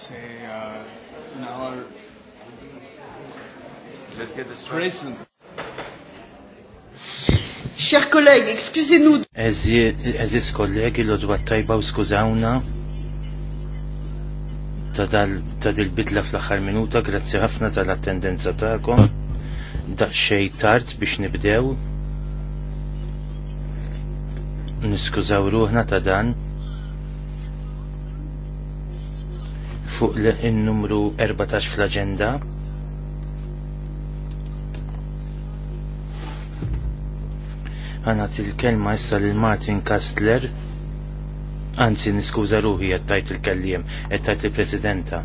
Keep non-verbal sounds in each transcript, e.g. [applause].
say, uh, in our Let's get this prison. Chers collègues, excusez-nous. kollegi l tajba u skużawna ta' dil-bidla fl-axar minuta, grazzi ħafna tal-attendenza ta'kom. Da' xej tard biex nibdew. Niskużaw ruħna ta' dan. fuq il-numru 14 fl-agenda. Għanat il-kelma issa l-Martin Kastler, anzi niskuza ruħi għattajt il-kellim, għattajt il-presidenta.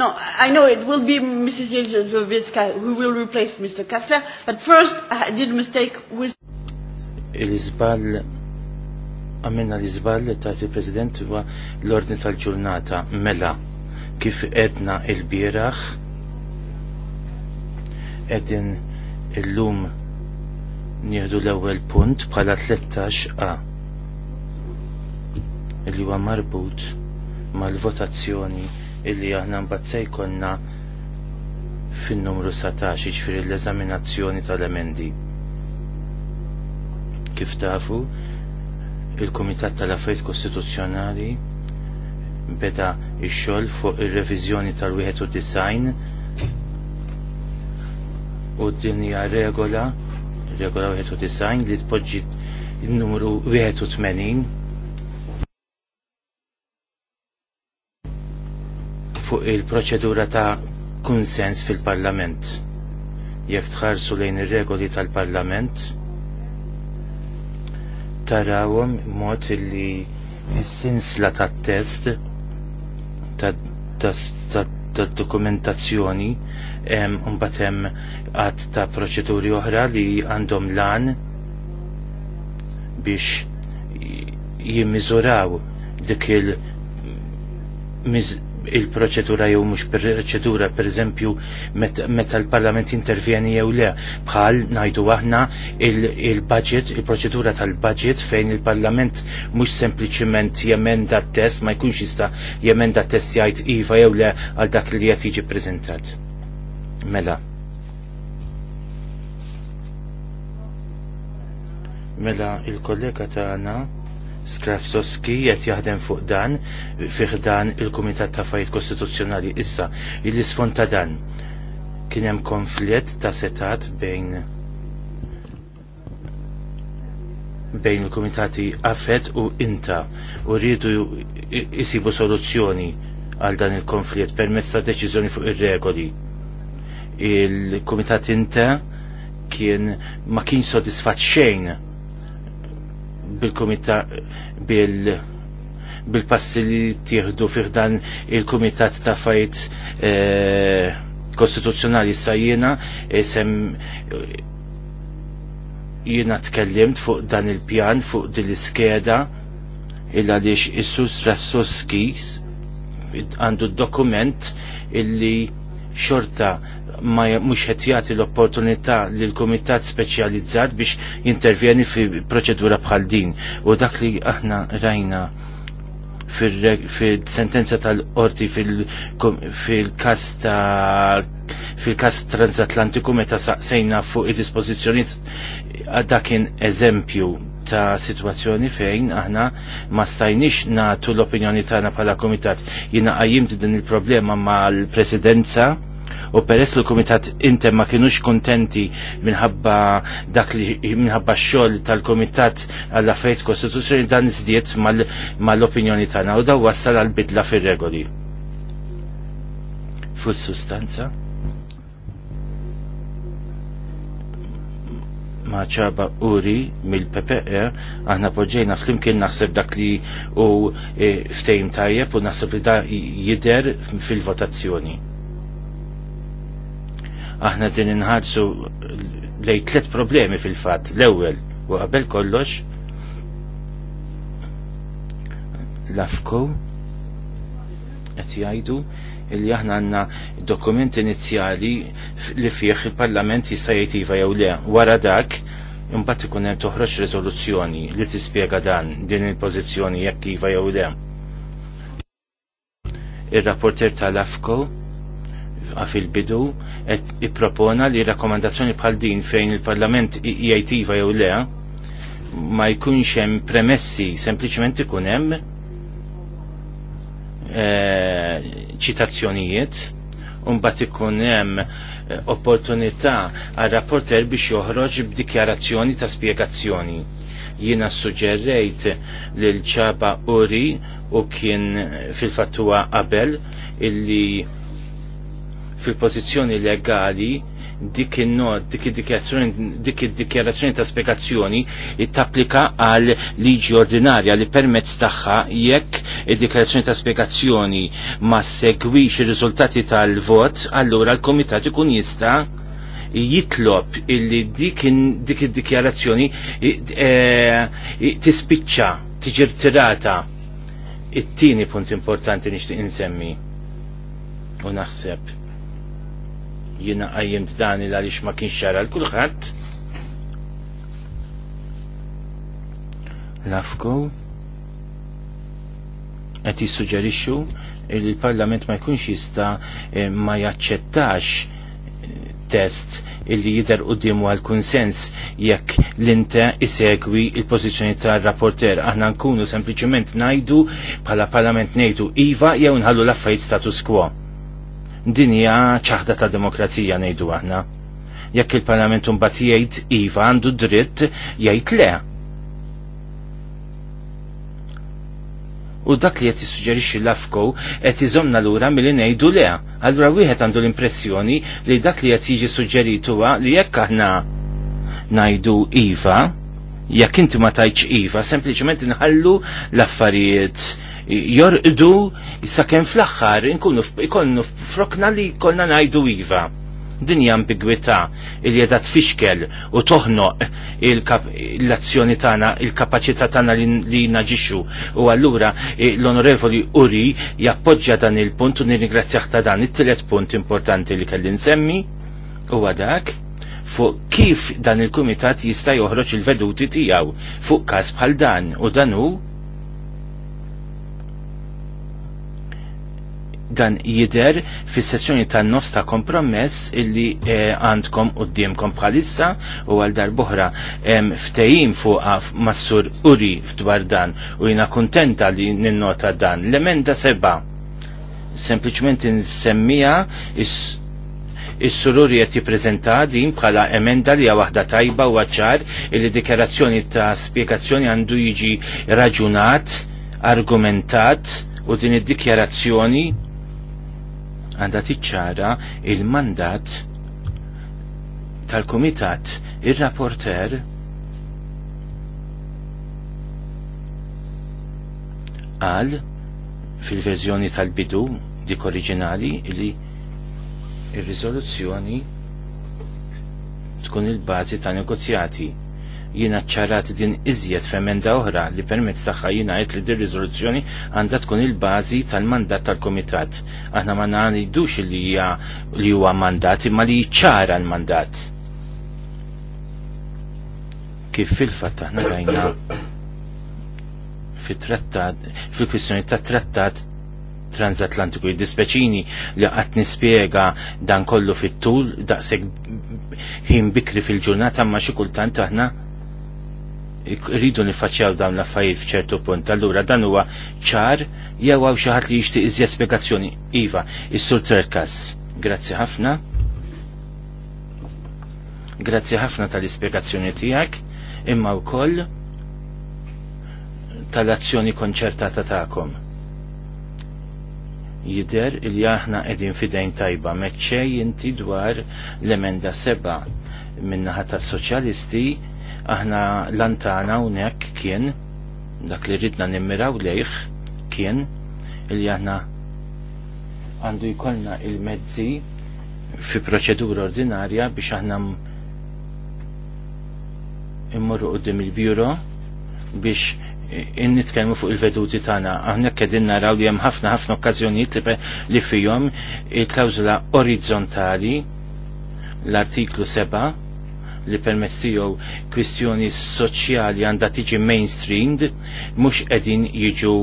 No, I know it will be Mrs. Jelzovitska who will replace Mr. Kastler, but first I did a mistake with... Il-izbal għamilna li zbal li tagħti president huwa l-ordni tal-ġurnata mela kif edna il biraħ edin il-lum nieħdu l-ewwel punt bħala 13 a li huwa marbut mal-votazzjoni illi aħna mbagħad se jkollna fin-numru 17 ġifieri l-eżaminazzjoni tal-emendi. Kif tafu, il-Kumitat tal-Affarijiet Kostituzzjonali beda ix-xogħol fuq ir-reviżjoni tal-91 u din hija regola regola 91 li tpoġġi n-numru 81 fuq il-proċedura ta' kunsens fil-Parlament. Jekk tħarsu lejn ir-regoli tal-Parlament, tarawhom mod li s-sinsla tat-test tad-dokumentazzjoni mbagħad hemm qatt ta' proċeduri oħra li għandhom lan biex jimmiżuraw dik il il-proċedura jew mhux proċedura pereżempju meta l-Parlament intervjeni jew le bħal ngħidu aħna il-budget, il-proċedura tal-budget fejn il-Parlament mhux sempliċiment jemenda t-test ma jkunx jista' jemenda t-test jgħid iva jew le għal dak li qed jiġi preżentat. Mela. Mela il-kollega tagħna Skraftoski qed jaħdem fuq dan fih dan il-Kumitat ta' Fajt Kostituzzjonali issa il-isfond ta' dan kien hemm konflitt ta' setat bejn bejn il-Kumitati Afet u Inta u rridu jisibu soluzzjoni għal dan il-konflitt permezz ta' deċiżjoni fuq ir-regoli. Il-Kumitat Inta kien ma kien sodisfat xejn bil-komitat bil komita bil bil passi li tieħdu fih dan il-Kumitat ta' Fajt e, eh, Kostituzzjonali sajjena jisem eh, eh, jiena tkellimt fuq dan il-pjan fuq din l-iskeda illa għaliex is-sus Rassoskis għandu d-dokument illi xorta ma mhux qed jagħti l-opportunità l kumitat speċjalizzat biex jintervjeni fi proċedura bħal din u dak li aħna rajna fil-sentenza tal-qorti fil-kas fil-kas transatlantiku meta saqsejna fuq id-dispożizzjoni dak kien eżempju ta' situazzjoni fejn aħna ma stajnix natu l-opinjoni tagħna bħala komitat. Jiena qajjimt din il-problema mal-presidenza u peress l komitat inte ma kienux kontenti minħabba dak li minħabba xogħol tal-komitat għall affarijiet kostituzzjoni dan iżdied mal-opinjoni tagħna u daw wassal għal bidla fir-regoli. Fil-sustanza? ma' ċaba Uri mill-PPE aħna poġġejna flimkien naħseb dak li u e, ftejm tajjeb u naħseb li da jider fil-votazzjoni. Aħna din inħarsu lej tliet problemi fil-fatt. L-ewwel u qabel kollox l-afku qed jgħidu illi aħna għanna dokument inizjali li fih il-Parlament jista' jgħid iva jew le. Wara dak imbagħad ikun hemm toħroġ riżoluzzjoni li tispjega dan din il-pożizzjoni jekk iva jew le. Ir-rapporter tal-AFCO għaf il-bidu et ippropona li rakkomandazzjoni bħal din fejn il-Parlament jgħajtiva jew le ma jkunx hemm premessi sempliċement ikun hemm eh, ċitazzjonijiet unbat ikun hemm eh, opportunità għal rapporter biex joħroġ b'dikjarazzjoni ta' spjegazzjoni. Jiena suġġerrejt lil ċaba Uri u kien fil-fattuwa qabel illi fil-pożizzjoni legali dik il no dik id-dikjarazzjoni ta' spiegazzjoni tapplika għal liġi ordinarja li permezz tagħha jekk id-dikjarazzjoni ta' spiegazzjoni ma segwix ir-riżultati tal-vot, allura l-komitat ikun jista' jitlob illi dik id-dikjarazzjoni e, tispiċċa, tiġir tirata. It-tieni punt importanti nixtieq insemmi u naħseb jina għajjimt dan il għalix ma kienx xara l-kulħadd. Lafko qed jissuġġerixxu li l-Parlament ma jkunx jista' eh, ma jaċċettax eh, test illi jidher dimu għal kunsens jekk l inta isegwi il-pożizzjoni tar-rapporter. Aħna nkunu sempliċement ngħidu bħala Parlament ngħidu iva jew nħallu l-affarijiet status quo dinja ċaħda ta' demokrazija nejdu aħna. Jekk il-Parlament mbagħad jgħid iva għandu dritt jgħid le. U dak li qed jissuġġerixxi l-afko qed iżomna lura milli ngħidu le. Allura wieħed għandu l-impressjoni li dak li qed jiġi suġġeritu li jekk aħna ngħidu iva, jekk inti ma tajċ iva, sempliciment nħallu l-affarijiet jorqdu sakemm fl-aħħar inkunu ikollu frokna li konna ngħidu iva. Din hija ambigwità li jeda tfixkel u toħnoq l-azzjoni tagħna, il-kapaċità tagħna li naġixxu. U allura l-Onorevoli Uri jappoġġja dan il-punt u nirringrazzjah ta' dan it-tielet punt importanti li kelli nsemmi huwa dak fuq kif dan il-kumitat jista' joħroġ il-veduti tiegħu fuq każ bħal dan u dan hu dan jider fis sezzjoni tan nofs ta' kompromess illi eh, għandkom e, u d-diemkom bħalissa u għal darbohra ftejim fuqa massur uri fdwar dan u jina kontenta li ninnota dan l-emenda seba sempliciment nsemmija is Is-surur qed jippreżenta din bħala emenda li waħda tajba u ċar il dikjarazzjoni ta' spjegazzjoni għandu jiġi raġunat, argumentat u din id-dikjarazzjoni għandha tiċċara il-mandat tal-Kumitat ir-rapporter għal fil-verżjoni tal-bidu dik oriġinali li ir-riżoluzzjoni tkun il-bażi ta' negozjati. Jiena ċarat din iżjed f'emenda oħra li permezz tagħha jina qed li din riżoluzzjoni għandha tkun il-bażi tal-mandat tal-Kumitat. Aħna ma ngħidux li hija li huwa mandat imma li ċara l-mandat. Kif fil-fatt aħna rajna [coughs] fit-trattat fil-kwistjoni tat-trattat transatlantiku id-dispeċini li qatt nispjega dan kollu fit-tul daqshekk ħin bikri fil-ġurnata ma xi kultant aħna rridu nifaċċjaw dawn l-affarijiet f'ċertu punt. Allura dan huwa ċar jew għaw xi ħadd li jixtieq iżja spjegazzjoni. Iva, is-Sur Terkas. Grazzi ħafna. Grazzi ħafna tal-ispjegazzjoni tiegħek imma wkoll tal-azzjoni konċertata tagħkom jider il aħna edin fidejn tajba meċċej inti dwar l-emenda seba minnaħa ta' soċjalisti aħna lantana unek kien dak li ridna nimmiraw lejħ kien il aħna għandu jkollna il-mezzi fi proċedura ordinarja biex aħna immorru qoddim il-bjuro biex nitkellmu fuq il-veduti tagħna. Aħna qegħdin naraw li hemm ħafna ħafna okkażjonijiet li fihom il-klawżula orizzontali l-artiklu 7 li permezz tiegħu kwistjoni soċjali għandha tiġi mainstreamed mhux qegħdin jiġu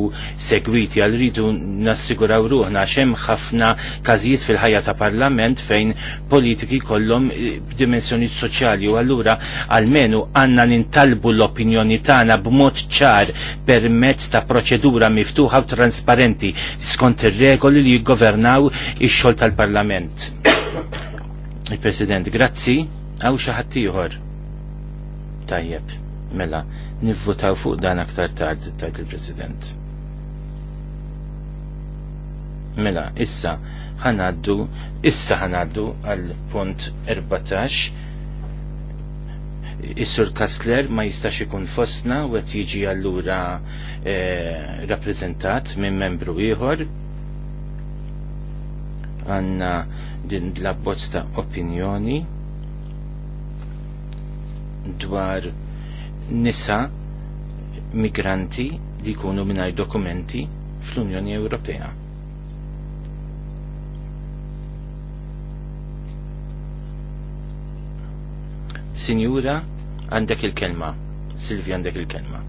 segwiti għal ridu nassiguraw ruħna xem ħafna każijiet fil-ħajja ta' parlament fejn politiki kollom eh, dimensjoni soċjali u allura għalmenu għandna nintalbu l-opinjoni tagħna b'mod ċar permezz ta' proċedura miftuħa u trasparenti skont ir-regoli li jiggovernaw ix-xogħol tal-Parlament. [coughs] Il-President, grazzi. Għaw xaħat ieħor. Tajjeb, mela, nivvotaw fuq dan aktar tard, tajt il-President. Mela, issa ħanaddu, issa ħanaddu għal punt 14. Is-Sur Kastler ma jistax ikun fostna u għet jiġi allura e, eh, rappreżentat minn membru ieħor għanna din l-abbozz ta' opinjoni dwar nisa migranti li jkunu mingħajr dokumenti fl-Unjoni Ewropea. Sinjura, għandek il-kelma. Silvi għandek il-kelma.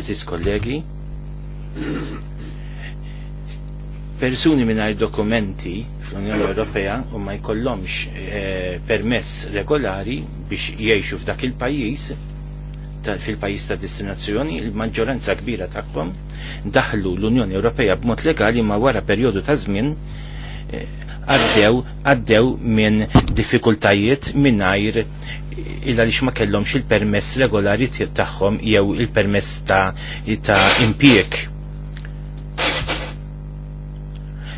Eżis kollegi, persuni mingħajr dokumenti fl-Unjoni Ewropea u ma jkollhomx eh, permess regolari biex jgħixu f'dak il-pajjiż fil-pajjiż ta' destinazzjoni, il-maġġoranza kbira tagħhom daħlu l-Unjoni Ewropea b'mod legali ma wara perjodu ta' żmien eh, għaddew għaddew minn diffikultajiet mingħajr illa lix ma kellhomx il-permess regolari tagħhom jew il-permess ta' ta' impjek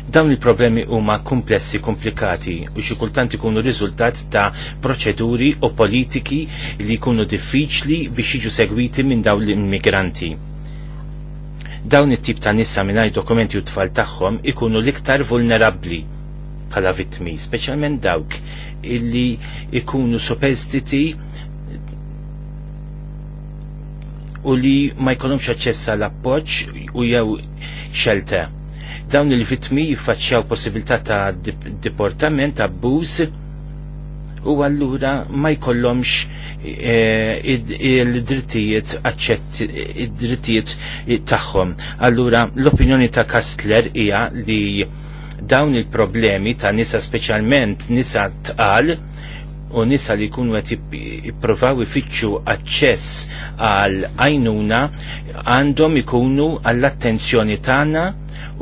Dawn il-problemi huma komplessi komplikati u xi kultant ikunu riżultat ta' proċeduri u politiki li jkunu diffiċli biex jiġu segwiti minn dawn l-immigranti. Dawn it-tip ta' nisa mingħajr dokumenti u tfal tagħhom ikunu l-iktar vulnerabbli bħala vittmi, speċjalment dawk illi ikunu superstiti u li ma jkollhomx aċċess għall appoġġ u jew xelta dawn il-vitmi jiffaċċaw possibilità ta' deportament, abbuż u allura ma jkollhomx e, il-drittijiet aċċett id-drittijiet tagħhom. Allura l-opinjoni ta' Kastler hija li dawn il-problemi ta' nisa speċjalment nisa tqal u nisa li kunu qed jipprovaw ifittxu aċċess għal għajnuna għandhom ikunu għall-attenzjoni tagħna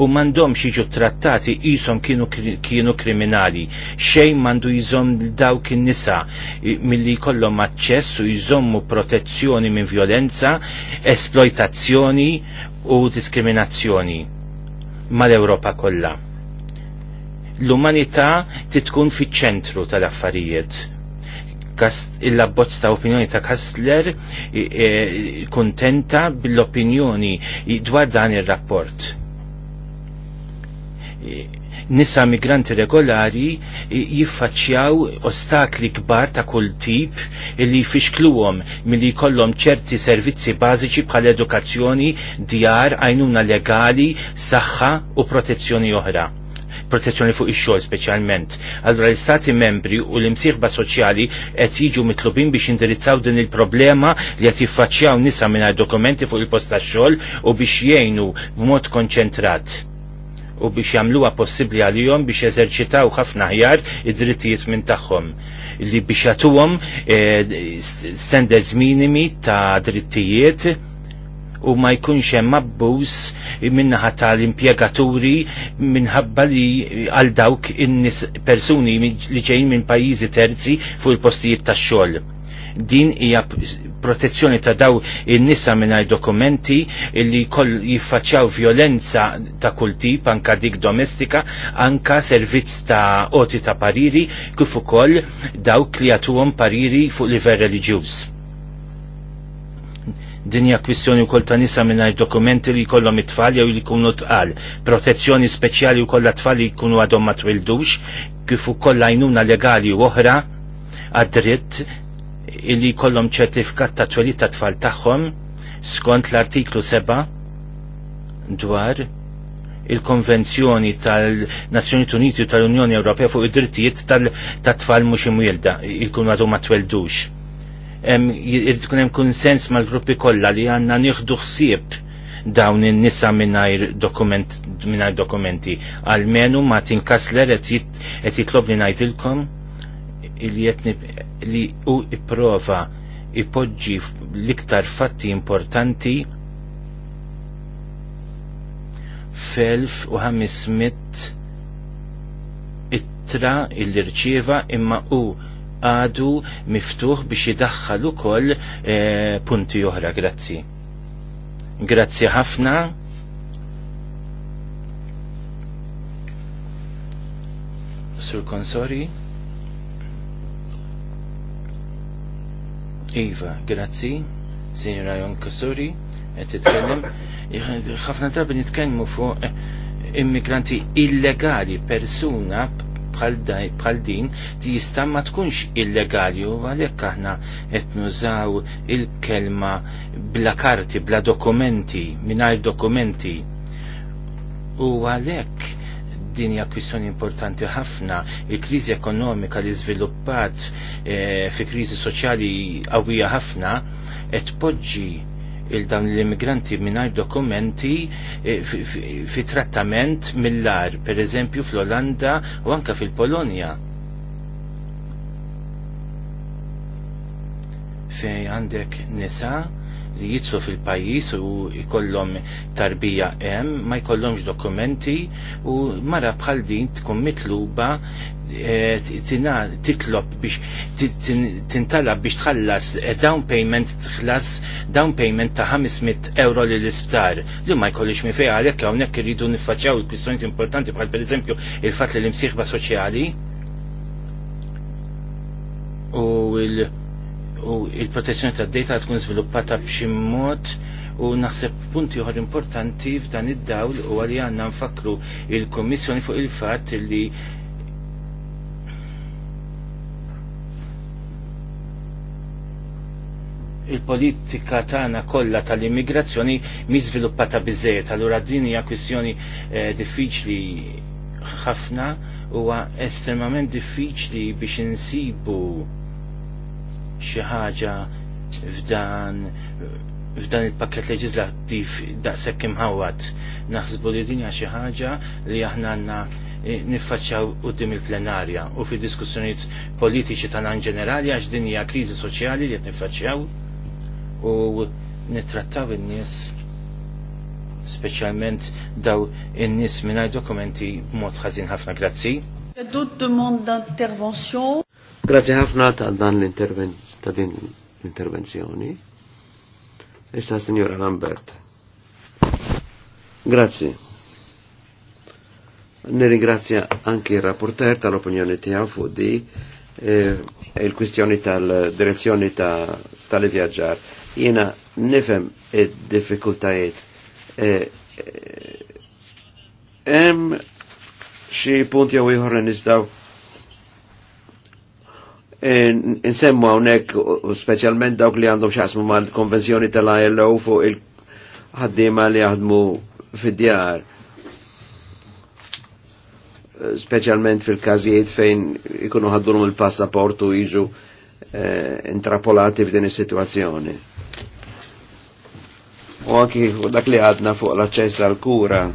u mandom xieġu trattati jisom kienu, kienu kriminali xejn mandu jizom dawk kien nisa milli kollhom aċċess u jżommu protezzjoni minn violenza, esploitazzjoni u diskriminazzjoni mal-Ewropa kollha. L-umanità titkun fi ċentru tal-affarijiet il-labbozz ta' opinjoni ta' Kastler e, kontenta bil-opinjoni dwar dan ir-rapport nisa migranti regolari jiffaċċjaw ostakli kbar ta' kull tip li jfixkluhom milli jkollhom ċerti servizzi bażiċi bħal edukazzjoni, djar, għajnuna legali, saħħa u protezzjoni oħra protezzjoni fuq ix-xogħol speċjalment. Allura l-istati membri u l-imsieħba soċjali qed jiġu mitlubin biex indirizzaw din il-problema li qed jiffaċċjaw nisa mingħajr dokumenti fuq il-post tax-xogħol u biex jgħinu b'mod konċentrat u biex jagħmluha possibbli għalihom biex jeżerċitaw ħafna ħjar id-drittijiet minn tagħhom li biex jagħtuhom eh, standards minimi ta' drittijiet u ma jkunx hemm abbuż minnaħa tal-impjegaturi minħabba li għal dawk in-nies persuni li ġejjin minn pajjiżi terzi fuq il-postijiet tax-xogħol din hija protezzjoni ta' daw in-nisa mingħajr dokumenti li koll jiffaċċjaw violenza ta' kull tip anka dik domestika, anka servizz ta' oti ta' pariri kif ukoll dawk li jagħtuhom pariri fuq livell reliġjuż. Din hija kwistjoni wkoll ta' nisa mingħajr dokumenti li jkollhom it-tfal jew li jkunu tqal, protezzjoni speċjali wkoll tfal li jkunu għadhom ma twildux, kif ukoll għajnuna legali u oħra għad-dritt illi kollom ċertifikat ta' ta' tfal tagħhom skont l-artiklu 7 dwar il-Konvenzjoni tal-Nazzjonijiet Uniti u tal-Unjoni Ewropea fuq id-drittijiet tat-tfal mhux imwielda jkun għadu ma tweldux. Irid tkun hemm kunsens mal-gruppi kollha li għandna nieħdu ħsieb dawn in-nisa mingħajr dokument mingħajr dokumenti. Almenu Martin Kassler qed jitlob li ngħidilkom il-li li u ipprova ipoġġi l-iktar fatti importanti felf u ħamismit ittra il-irċieva imma u għadu miftuħ biex jidaxħal ukoll e, punti oħra, grazzi. Grazzi ħafna. Sur Konsori. Iva, grazzi, signora Jon Kusuri, qed titkellem. Ħafna drabi nitkellmu fuq immigranti illegali, persuna bħal din jista' ma tkunx illegali u għalhekk aħna qed nużaw il-kelma bla karti, bla dokumenti, mingħajr dokumenti. U għalhekk din hija kwistjoni importanti ħafna. Il-kriżi ekonomika li żviluppat e, fi kriżi soċjali qawwija ħafna qed poġġi il-dawn l-immigranti mingħajr dokumenti e, fi, trattament mill-ar, per eżempju fl-Olanda u anka fil-Polonja. Fej għandek nisa' li jitsu fil-pajis u jkollhom tarbija hemm, ma jkollhomx dokumenti u mara bħal din tkun mitluba e, titlob biex tintalab biex tħallas e, down payment tħallas down payment ta' 500 euro li l-isptar li ma jkollix mi għalek għalhekk hawnhekk irridu niffaċċjaw il-kwistjonijiet importanti bħal pereżempju il-fatt li l-imsieħba soċjali u il- u il-protezzjoni tad data tkun sviluppata b'xi u naħseb punti oħra importanti f'dan id-dawl u għalli għanna nfakru il komissjoni fuq il-fatt li il-politika tagħna kollha tal-immigrazzjoni mi żviluppata biżejjed, allura din hija kwistjoni eh, diffiċli ħafna huwa estremament diffiċli biex insibu xi ħaġa f'dan f'dan il-pakket leġislattiv daqshekk imħawwad. Naħsbu li dinja xi ħaġa li aħna għandna eh, niffaċċaw qudiem il-plenarja u fi diskussjonijiet politiċi tagħna ġenerali għax din hija kriżi soċjali li qed niffaċċjaw u nittrattaw in-nies speċjalment daw in-nies mingħajr dokumenti b'mod ħażin ħafna grazzi. D'autres demande d'intervention. Grazie ħafna ta' dan l-intervenzjoni. Issa signora Lambert. Grazie. Ne ringrazia anche il-rapporter tal-opinjoni tiegħu fuq e eh, il questione tal direzione ta, tale Ta Jiena nifhem id-diffikultajiet. e eh, eh, ci punti a ieħor li Insemmu għonek, specialment dawk li għandhom x'asmu ma' l-konvenzjoni tal-ILO fuq il-ħaddima li jaħdmu fid-djar. Specialment fil-kazijiet fejn ikunu ħaddulhom il-passaport u jiġu eh, intrapolati f'din is-sitwazzjoni. U anki dak li għadna fuq l-aċċess għal-kura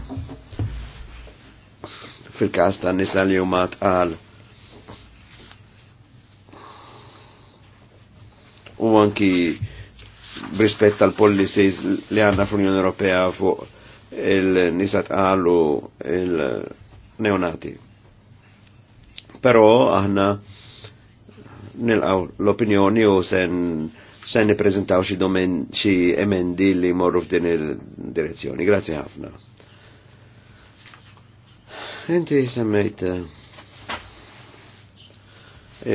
fil-kas tan nisa li huma tqal u anki rispett al policies li għanna fl-Unjoni Ewropea fuq il-nisat għalu il-neonati. Pero aħna nilqaw l-opinjoni u sen sen niprezentaw xi domen xi emendi li morru f'din il-direzzjoni. Grazzi ħafna. Inti semmejt eh,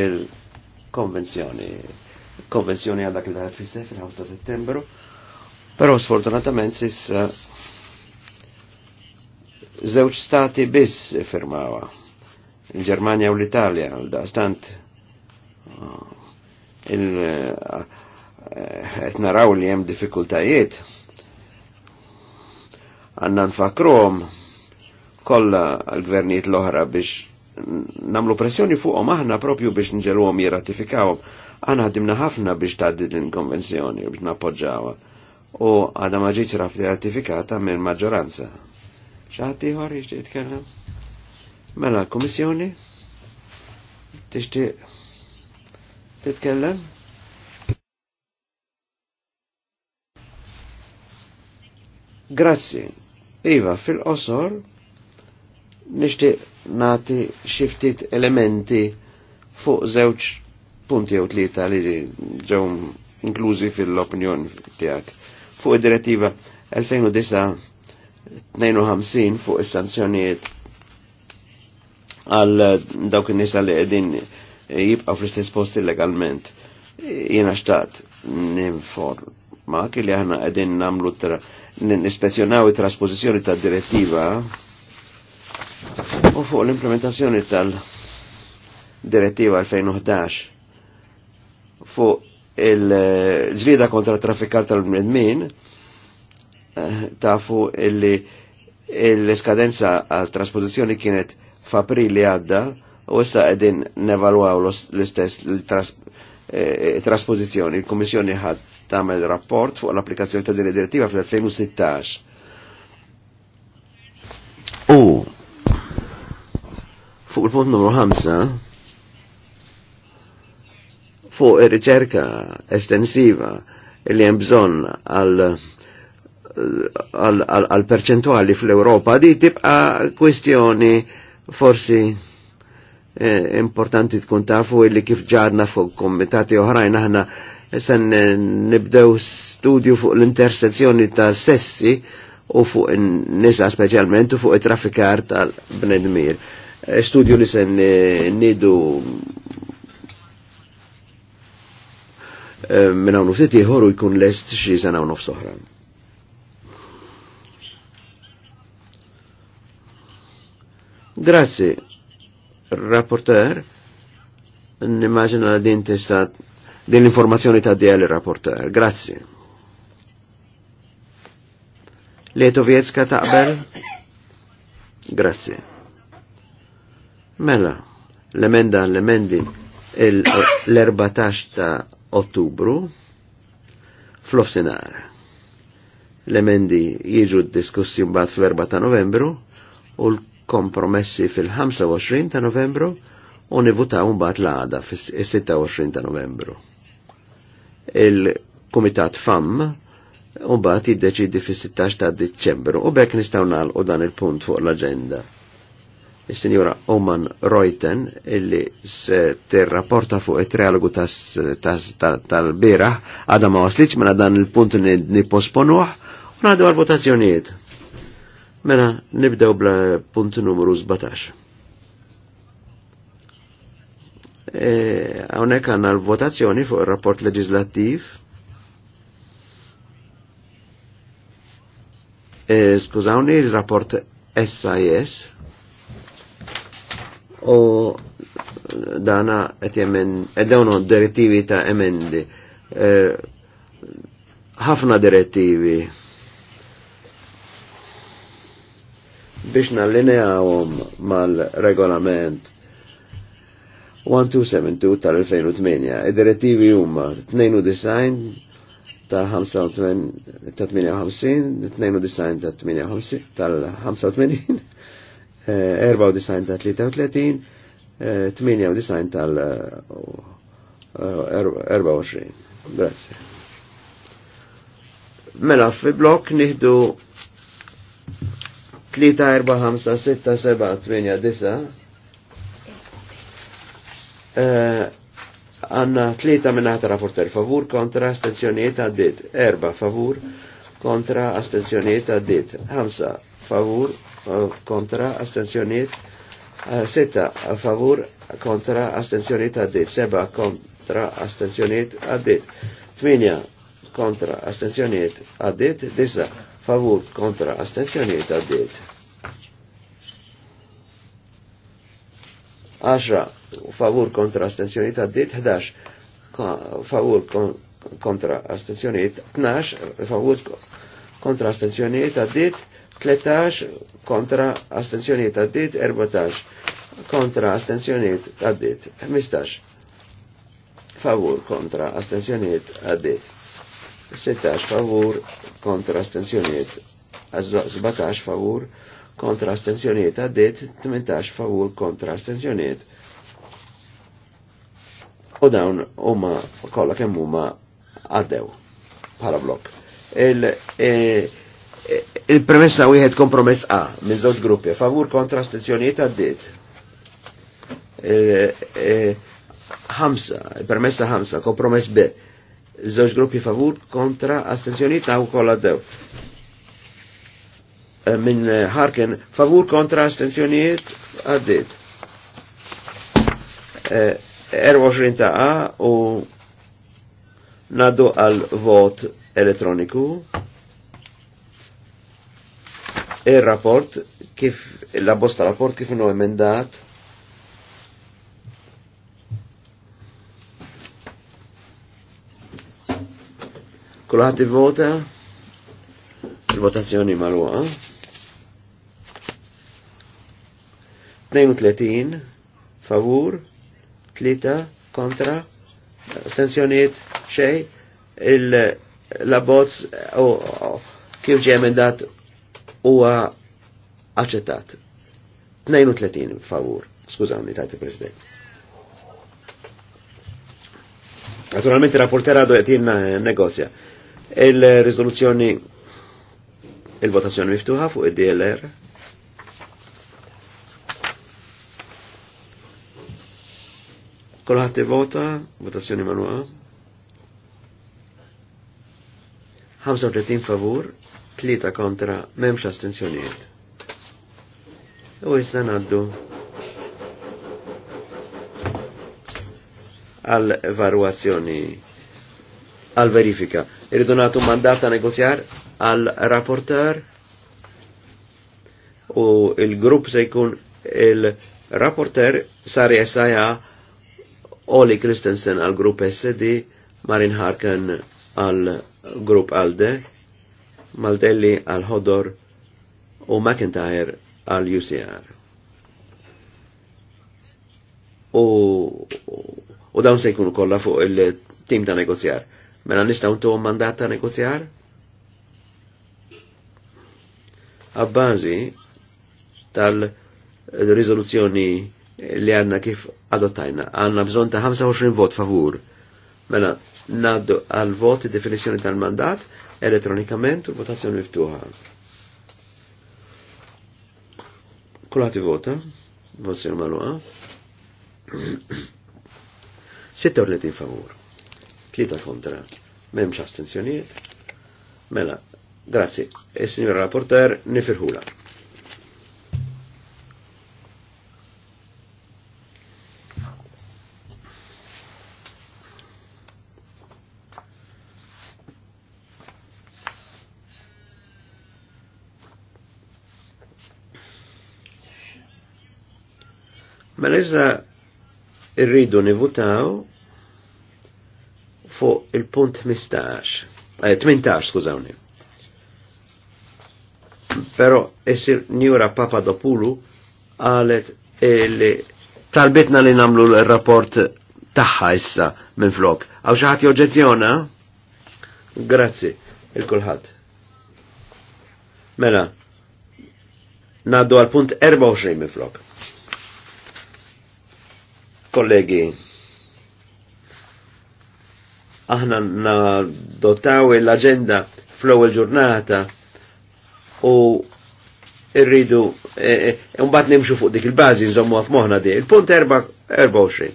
il-konvenzjoni konvenzjoni għal dak li daħet fil-5 ta' settembru. Però sfortunatament sis zewċ stati biss firmawa. il germania u l-Italja, da stant uh, il uh, naraw li hemm diffikultajiet għanna nfakrom kolla għal-gvernijiet l ohra biex namlu pressjoni fuqom aħna propju biex nġelhom jiratifikawom. Għana għadimna ħafna biex tgħaddi din konvenzjoni u biex nappoġġawha u għadha maġiċ rafti ratifikata mill maġġoranza. ċaħti ieħor jixtieq jitkellem? Mela l-Kummissjoni tixtieq titkellem? Grazzi. Iva, fil-qosor nixtieq nagħti xi ftit elementi fuq żewġ punti jew tlieta li ġew inklużi fil-opinjoni tiegħek. Fuq id-direttiva 2009-52 fuq is-sanzjonijiet għal dawk in-nisa li qegħdin jibqa' fl-istess post illegalment. Jiena xtaqt ninformak li aħna qegħdin nagħmlu nispezzjonaw it-trasposizzjoni tad-direttiva u fuq l-implementazzjoni tal-direttiva 2011 fuq il-ġlida kontra traffikar tal mredmin eh, tafu illi l skadenza għal trasposizjoni kienet f'April li għadda u issa qegħdin nevalwaw l-istess eh, eh, trasposizjoni. Il-Kummissjoni ħad tamel rapport fuq l-applikazzjoni ta' din direttiva fl-2016. U fuq il-punt numru 5 fuq ir-riċerka estensiva li hemm bżonn għal għal perċentuali fl ewropa di tibqa kwestjoni forsi eh, importanti tkun tafu illi kif ġadna fuq komitati oħrajn aħna sen nibdew studju fuq l-intersezzjoni ta' sessi u fuq nisa specialment u fuq it-traffikar tal-bnedmir. Eh, studju li sen eh, nidu Eh, minn hawn ftit ieħor u jkun lest xie sena u nofs oħra. Grazzi, rapporter, nimmaġina din tista' din l-informazzjoni ta' DL rapporter. Grazzi. Letoviecka taqbel? Grazzi. Mela, l-emenda l-emendi l-14 ta' ottubru fl-ofsenar. L-emendi jiġu diskussi mbagħad fl-4 ta' novembru u l-kompromessi fil-25 ta' novembru u nivutaw mbagħad l-għada fis-26 ta' novembru. Il-Kumitat FAM u mbagħad jiddeċidi fis-16 ta' Diċembru u bekk nistgħu nagħlqu dan il-punt fuq l-aġenda il-Sinjora Oman Reuten illi se tirrapporta fuq it realgu tal bira għada ma waslitx mela dan il-punt niposponuħ u għadu għal votazzjoniet Mena, nibdew bla punt numru 17. Għonek e, għanna l-votazzjoni fuq il-rapport leġislattiv e, Skużawni, il-rapport SIS u dana et jemen eh, dawnu direttivi ta' emendi. Eh, ħafna e, direttivi biex nallinejawhom mal-regolament 1272 tal-2008. Id-direttivi huma 92 ta' 58 ta' 58, ta' 58 tal-85 94 eh, ta' 33, 98 tal-24. Grazie. Mela, fi blok nihdu 3, 4, 5, 6, 7, 8, 9. Għanna 3 minnata rapporter favur kontra astenzjoniet għaddit, 4 favur kontra astenzjoniet għaddit, 5 favur kontra astenzjoniet sitta favur kontra astenzjoniet eh, għaddit seba kontra astenzjoniet għaddit tminja kontra astenzjoniet għaddit disa favur kontra astenzjoniet għaddit 10 favur kontra astenzjoniet għaddit 11 favur kontra astenzjoniet 12 favur kontra astenzjoniet għaddit 13 kontra astenzjoniet għaddit, 14 kontra astenzjoniet għaddit, 15 favur kontra astenzjoniet għaddit, 16 favur kontra astenzjoniet, 17 favur kontra astenzjoniet għaddit, 18 favur kontra astenzjoniet. U dawn huma kollha kemm huma għaddew bħala blok. Il, e, Il-premessa jħed kompromess A minn żewġ gruppi, favur kontra astenzjonijiet għaddiet. E, e, il premessa ħamsa, kompromess B. zoċ gruppi favur kontra astenzjonijiet għaw kollha dew. E, minn Harken, favur kontra astenzjonijiet għaddiet. 24 ta' A u naddu għal vot elettroniku. Il-rapport kif la bosta rapport kif no emendat Kulħat vota il-votazzjoni marwa. 32 favur, 3 kontra, sanzjoniet xej, il-labozz kif ġie emendat huwa aċċettat. 32 favur, skużawni tajt il-President. Naturalment il-rapportera għadu jgħatin eh, negozja. Il-rizoluzzjoni, il-votazzjoni miftuħa fuq id-DLR. Kolħat vota, votazzjoni manuqa. 35 favur, Tlita kontra memx astenzjoniet. U issa naddu għal evaluazzjoni għal verifika. Irridu natu mandata negozjar għal rapporter u il-grupp se jkun il-rapporter sari SIA Oli Kristensen għal grupp SD, Marin Harken għal grupp ALDE, Maldelli għal ħodor u McIntyre għal UCR. U, u dawn se jkunu kollha fuq il-tim ta' negozjar. Mela nistgħu ntu mandat ta' negozjar? Abbażi tal-riżoluzzjoni li għanna kif adottajna. Għanna bżon ta' 25 vot favur. Mela, naddu għal vot definizjoni tal-mandat elettronikament u votazzjoni miftuħa. Kulħat vota, votazzjoni maluqa. 36 [clears throat] favur, 3 kontra, memx astenzjoniet. Mela, grazie, il-signor rapporter nifirħula. Issa irridu nivutaw fuq il-punt 15, eh, 18, skużawni. Pero esir Njura Papadopoulou għalet li talbitna li namlu l-rapport taħħa issa minn flok. Għaw xaħat joġezzjona? Grazzi, il-kulħat. Mela, naddu għal punt 24 minn flok kollegi, aħna dotaw l-agenda fl-ewwel ġurnata u irridu e, e, e, bat nimxu fuq dik il-bażi nżommu f'moħħna di. Il-punt 24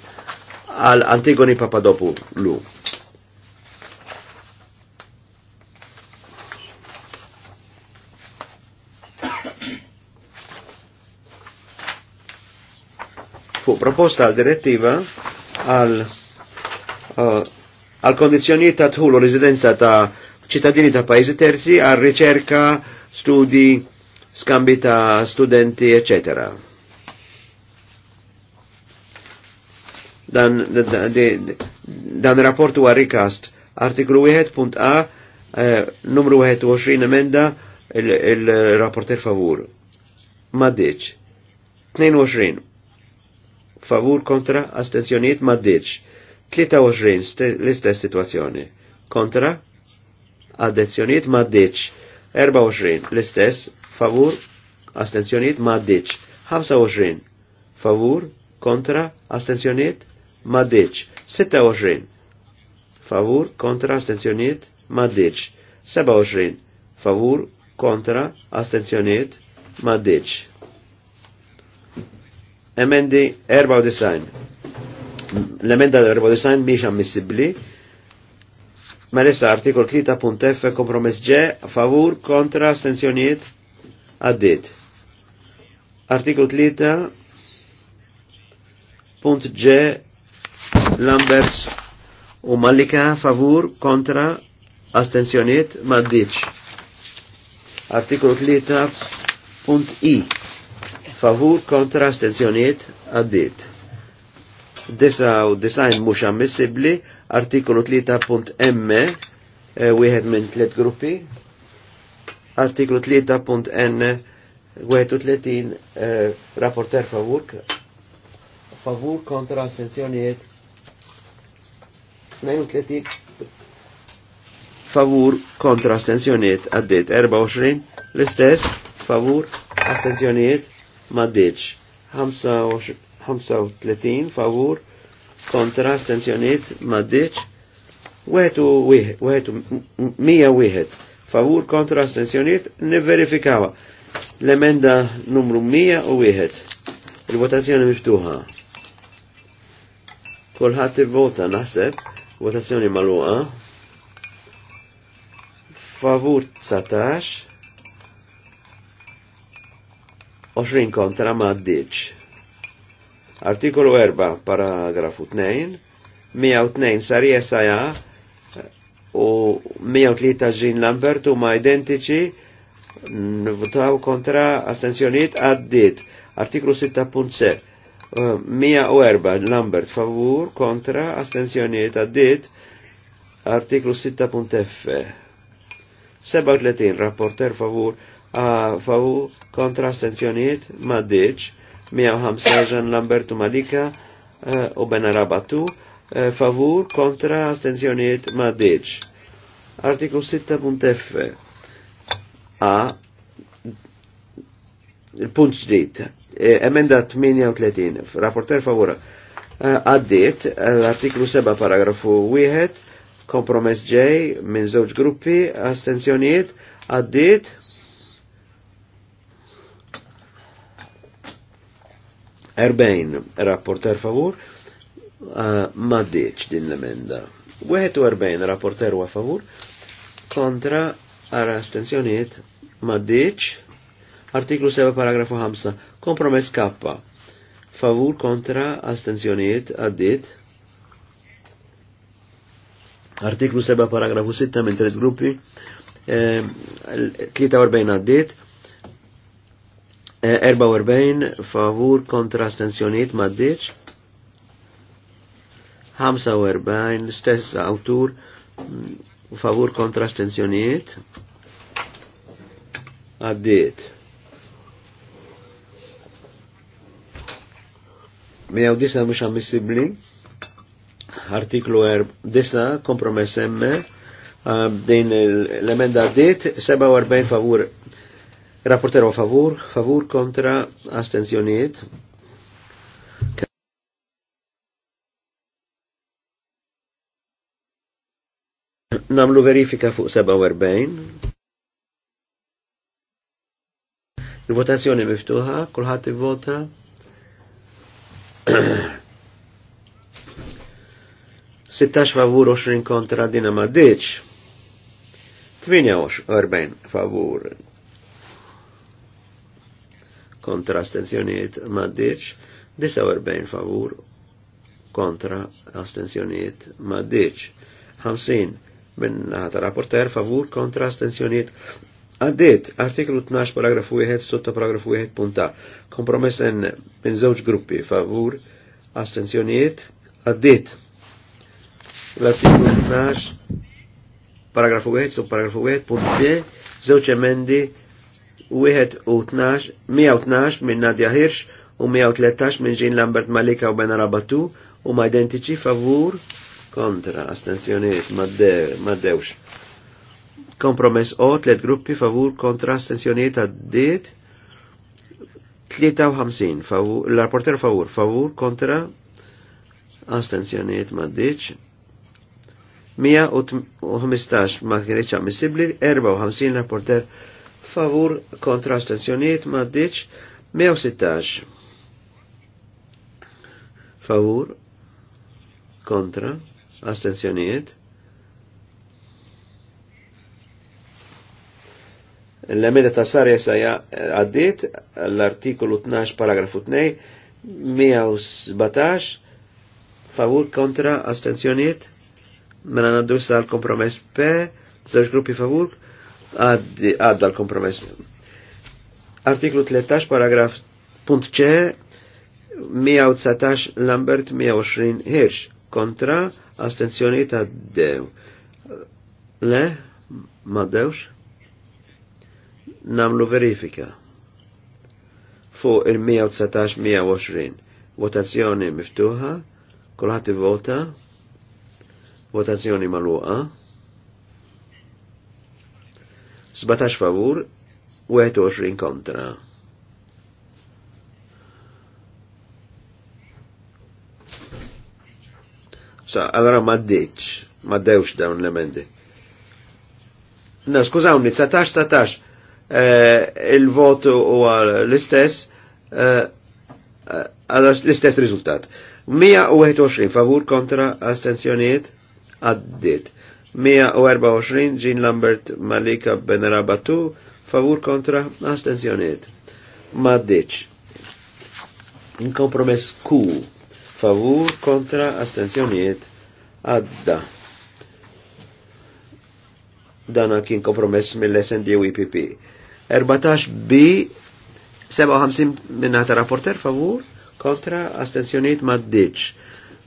għal Antigoni Papadopoulou. fuq proposta għal direttiva għal uh, għal kondizjonijiet ta' tħulu residenza ta' ċittadini ta' pajjiżi terzi għal riċerka, studi, skambi ta' studenti, eccetera. dan, dan rapport huwa rikast artiklu 1.a eh, numru 21 emenda il-rapporter il favur. Maddiċ. 22 favur kontra astenzjoniet maddiċ. 23 l-istess situazzjoni. Kontra addezzjoniet maddiċ. 24 l-istess favur astenzjoniet maddiċ. 25 favur kontra astenzjoniet maddiċ. 26 favur kontra astenzjoniet maddiċ. 27 favur kontra astenzjoniet maddiċ. Emendi 94. L-emenda 94 miex ammissibli. Ma lissa artikol 3.f kompromess ġe favur kontra astenzjoniet għaddit. Artikol 3.g Lamberts u Mallika favur kontra astenzjoniet maddiċ. Artikol 3.i favur kontra astenzjoniet għaddit. 99 mux ammissibbli, artikolu 3.m, eh, wieħed minn tliet gruppi, artiklu 3.n, 31 eh, rapporter favur, favur kontra astenzjoniet 32 favur kontra astenzjoniet għaddit 24 l-istess favur astenzjoniet ma 35 favur kontra Wetu wieħed, mija wieħed. favur kontra astensjoniet niverifikawa. L-emenda numru u wieħed. Il-votazzjoni miftuħa. Kolħat il-vota naħseb, votazzjoni maluqa. Favur 19, 20 kontra ma ddiċ. Artikolu 4, paragrafu 2, 102 sar jesaja u 103 Lambert u ma identiċi votaw kontra astensjoniet għaddit. Artiklu 6.7, 104 uh, Lambert favur kontra astensjoniet għaddit. Artiklu 6.f, 37 rapporter favur fawu kontra astenzjoniet maddiċ 105 ġan Lambertu Malika e, u Benarabatu e, favur kontra astenzjoniet deċ. Artiklu 6.f A il-punt ġdijt, e, emenda 38 rapporter favura għaddit l-artiklu 7 paragrafu 1 kompromess ġej minn żewġ gruppi astenzjoniet għaddit 40 rapporter favur, ma deċ din l-emenda. 41 rapporter wa favur, kontra għara stenzjoniet, ma deċ, artiklu 7 paragrafu 5, kompromess kappa, favur kontra astenzjoniet għaddit, artiklu 7 paragrafu 6 minn tret gruppi, 43 eh, għaddit, 44 favur kontra astensjoniet maddiċ. 45 stess autur favur kontra astensjoniet għaddiet. 109 mux ammissibli, artiklu 9, kompromess emme, din l-emenda għaddiet, 47 favur Rapportero favur, favur kontra astenzjoniet. Namlu verifika fuq 47. Il-votazzjoni miftuħa, kulħadd ivvota. [clears throat] Sittax favur 20 kontra dina ma' 48 favur kontra astenzjoniet maddiċ, 49 favur kontra astenzjoniet maddiċ, 50 minna ta' rapporter favur kontra astenzjoniet għaddit artiklu 12 paragrafu 1 sotto paragrafu 1 punta kompromessen minn żewġ gruppi favur astenzjoniet għaddit l-artiklu 12 paragrafu 1 sotto paragrafu 1 punta, B emendi 112 minn Nadja Hirsch u 113 minn Jean Lambert Malika u Bena Rabatu u ma identiċi favur kontra astensjoniet maddewx. Kompromess o tlet gruppi favur kontra astensjoniet għaddit 53 favur, l-rapporter favur, favur kontra astensjoniet maddiċ 115 ma kienieċ ammissibli, 54 rapporter favur kontra astensjoniet ma diċ 116 favur kontra astensjoniet l-emenda ta' sarja saja eh, għaddit l-artikolu 12 paragrafu 2 117 favur kontra astenzjoniet mela naddu l kompromess P żewġ gruppi favur għadda l-kompromess. Artiklu 13, paragraf punt C, 119 Lambert 120 Hirsch kontra astenzjoni ta' dew. Le, ma dewx? Namlu verifika. Fuq il-119-120 votazzjoni miftuħa, kolħati vota, votazzjoni maluqa. 17 favur, 21 kontra. Sa, allora ma maddewx dawn l-emendi. Na, skużawni, 19, 17, eh, il-votu u l-istess, eh, eh, għal l-istess rizultat. 121 favur kontra astensjoniet għaddit. 124 Jean Lambert Malika Benarabatu favur kontra astenzjoniet. Maddiċ. Inkompromess Q favur kontra astenzjoniet għadda. Dana kien kompromess mill-SND u IPP. 14 B 57 minna ta' rapporter favur kontra astenzjoniet maddiċ.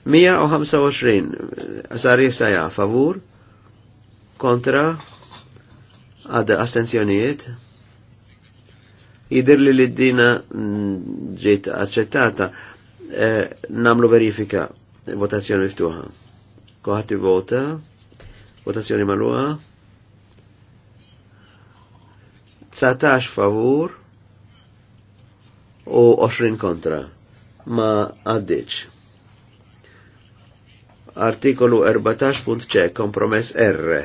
125 sarri sajja favur kontra għad astenzjonijiet jidir li l-dina ġiet accettata eh, namlu verifika votazzjoni ftuħa koħat vota votazzjoni maluħa 19 favur u 20 kontra ma għaddiċ artikolu 14.c kompromess R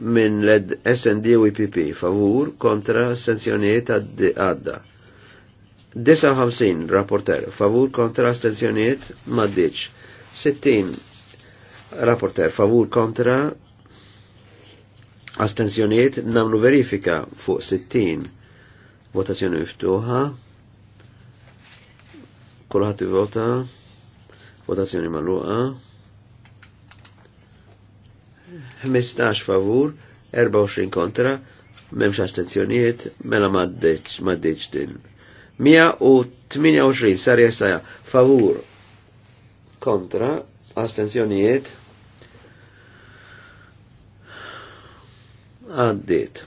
minn led snd u IPP favur kontra astenzjoniet għadda. 59 rapporter favur kontra astenzjoniet maddiċ. 60 rapporter favur kontra astenzjoniet namlu verifika fuq 60 votazzjoni miftuħa. Kulħat vota votazzjoni maluqa. 15 favur, 24 kontra, memx astenzjoniet, mela maddeċ, maddeċ din. 128 sar jessaja favur kontra astenzjoniet għaddit.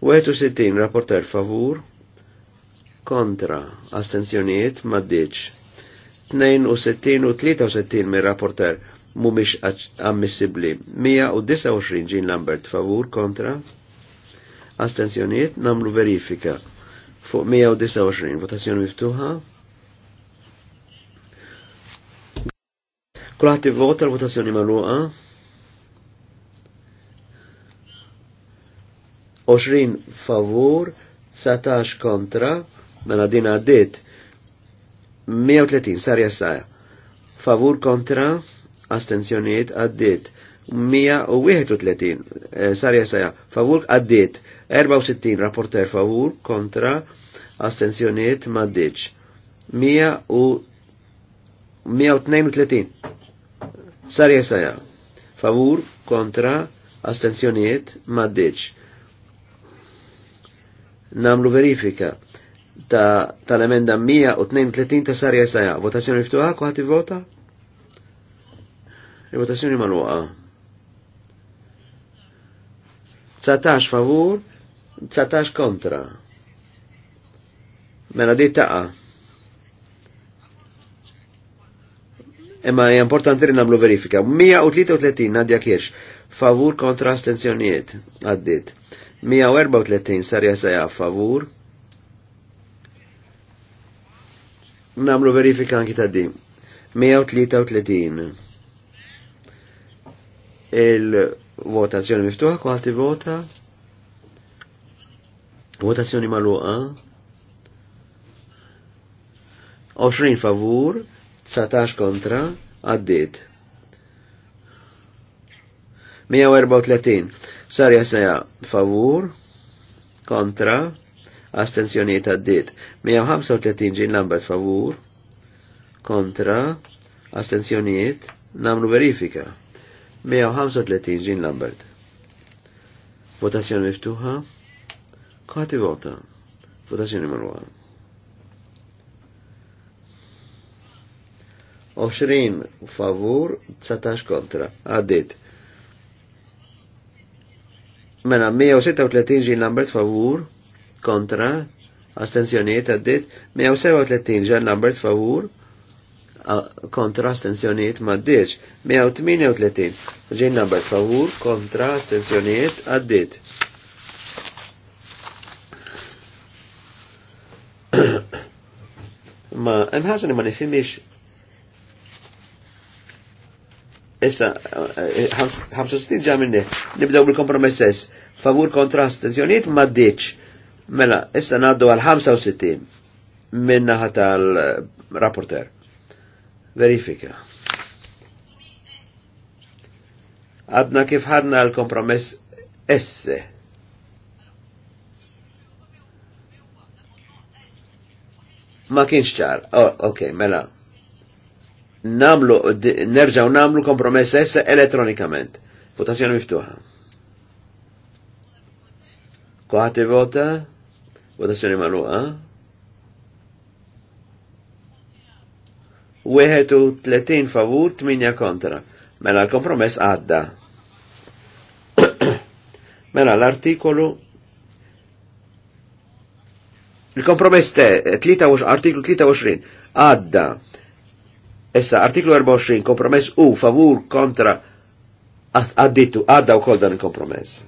61 rapporter favur kontra astenzjoniet maddeċ. 62 u 63 mir rapporter mumiex ammissibli. 129 ġin Lambert favur kontra Astenzjoniet namlu verifika fuq 129 votazzjoni miftuħa. Kulħat vota l-votazzjoni maluqa. 20 favur, 19 kontra, mela din għaddit 130 sarja saja. Favur kontra, astenzjoniet għaddit. 131 eh, sarja saja favur għaddit. 64 rapporter favur kontra astenzjoniet maddiċ. 132 sarja saja favur kontra astenzjoniet maddiċ. Namlu verifika ta' tal-emenda 132 ta' sarja saja. Votazzjoni ftuħa, kuħati vota? Votazzjoni maluqa. 19 favur, 19 kontra. Mela di taqa. Imma importanti li nagħmlu verifika. 133 Nadja Kirx favur kontra astenzjonijiet għaddit. 134 Sarja Saja favur. Namlu verifika anki ta' di. 133 il-votazzjoni miftuħa, kuħat vota votazzjoni maluqa, 20 favur, 19 kontra, għaddit. 134, sarja seja favur, kontra, astenzjoniet għaddit. 135 ġin Lambert favur, kontra, astenzjoniet, namlu verifika. 135 ġin Lambert. Votazzjoni miftuħa. Kati vota. Votazzjoni marwa. 20 favur, 19 kontra. Għaddit. Mela 136 ġin Lambert favur, kontra, astenzjoniet għaddit, 137 ġin Lambert favur, kontra astensjoniet maddiċ. 138. Ġin number favur kontra astensjoniet għaddit. [coughs] ma emħaġa li ma nifimix Issa, 65 eh, eh, ġa minni, nibdaw bil kompromesses favur kontra astenzjoniet ma Mela, issa naddu għal 65 minna ħata l-rapporter. Eh, verifika. Għadna kif ħadna l-kompromess esse. Ma kienx ċar. Oh, ok, mela. Namlu, nerġaw namlu kompromess esse elettronikament. Votazzjoni miftuħa. Kohati vota? Votazzjoni maluqa? Eh? 31 favur, 8 kontra. Mela l-kompromess għadda. [coughs] mela l-artikolu il-kompromess te, artiklu 23, għadda. Essa, artiklu 24, kompromess u favur kontra għadditu, għadda u koldan il-kompromess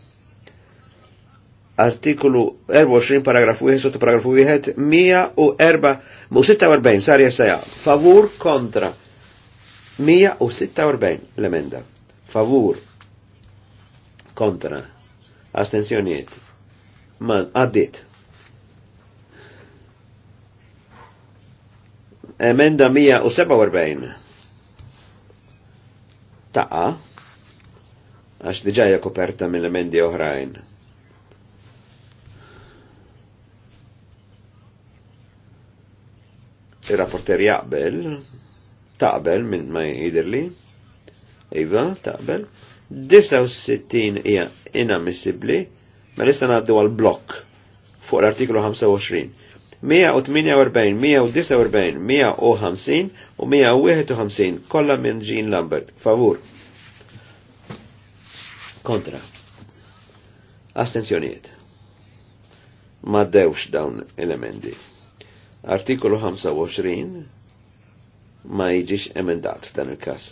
artikolu 24 paragrafu 1 sotto paragrafu 1 erba mu 46 sar jessaja favur kontra 146 l-emenda favur kontra astensjoniet man addit. emenda mia u 147 taqa għax diġaja koperta mill-emendi oħrajn. Il-rapporter jaqbel, taqbel minn ma jidirli, Iva, taqbel, 69 hija inammissibbli, ma nista' ngħaddu għal blok fuq l-artiklu 25. 148, 149, 150 u 151 kollha minn Jean Lambert. Favur. Kontra. Astenzjonijiet. Ma dewx dawn elementi. Artikolu 25 ma jiġix emendat f'dan il-kas.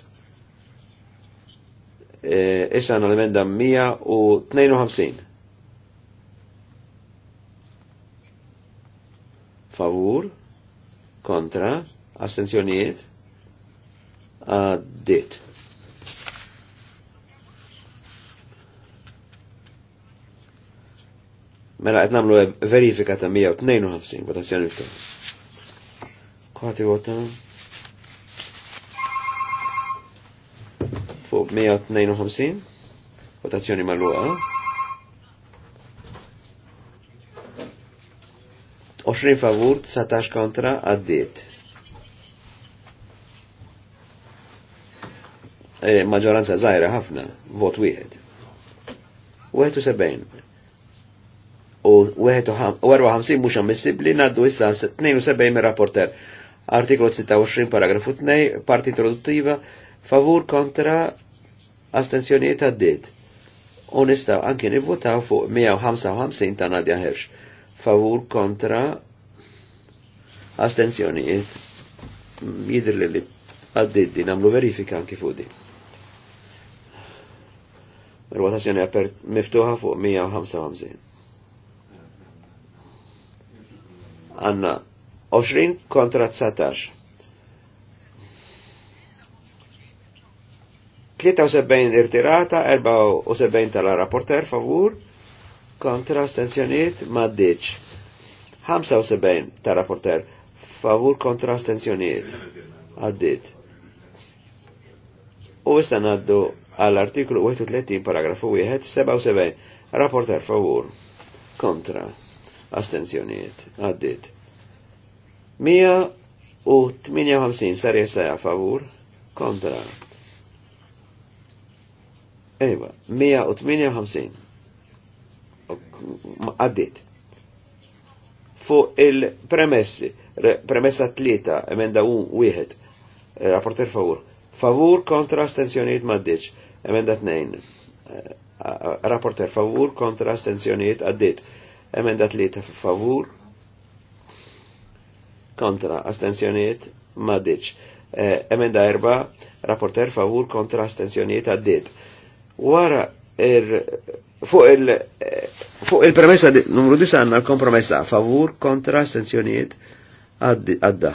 E, issa e, għanna l-emenda 152. Favur, kontra, astenzjoniet, għaddit. Uh, Mela qed nagħmlu verifika ta' 152 votazzjoni ftuħa. Kwati vota. Fuq 152 votazzjoni magħluqa. 20 favur, 19 kontra, għaddiet. Eh, maġoranza zaħira ħafna, vot wieħed. 71 u 54 mhux ammissibbli ngħaddu issa 72 mir-rapporter. Artiklu 26 paragrafu 2 parti introduttiva favur kontra astensjonijiet għaddit. U nistaw anki nivvotaw fuq 155 ta' Nadja Hersh. Favur kontra astensjonijiet. Jidr li li għaddit din għamlu verifika anki fuq di. Rwotazzjoni għapert miftuħa fuq 155. għanna 20 kontra 19. 73 irtirata, 74 tal-rapporter favur, kontra stenzjoniet maddiċ. 75 tal-rapporter favur kontra stenzjoniet Għaddit. U issa naddu għall-artiklu 31 paragrafu 1, 77 rapporter favur kontra astenzjoniet, għaddit. 158 sarja jessaja favur kontra. Ejwa, 158. Għaddit. Fu il-premessi, premessa tlieta, emenda u wieħed, rapporter favur. Favur kontra astenzjoniet maddiċ, emenda tnejn. Eh, rapporter favur kontra astenzjoniet għaddit. Emenda tlieta favur kontra astensjoniet maddiċ. E, emenda erba, rapporter favur kontra astensjoniet għaddit. Wara er, fuq il fuq il-premessa numru 9 għanna l-kompromessa favur kontra astensjoniet għadda.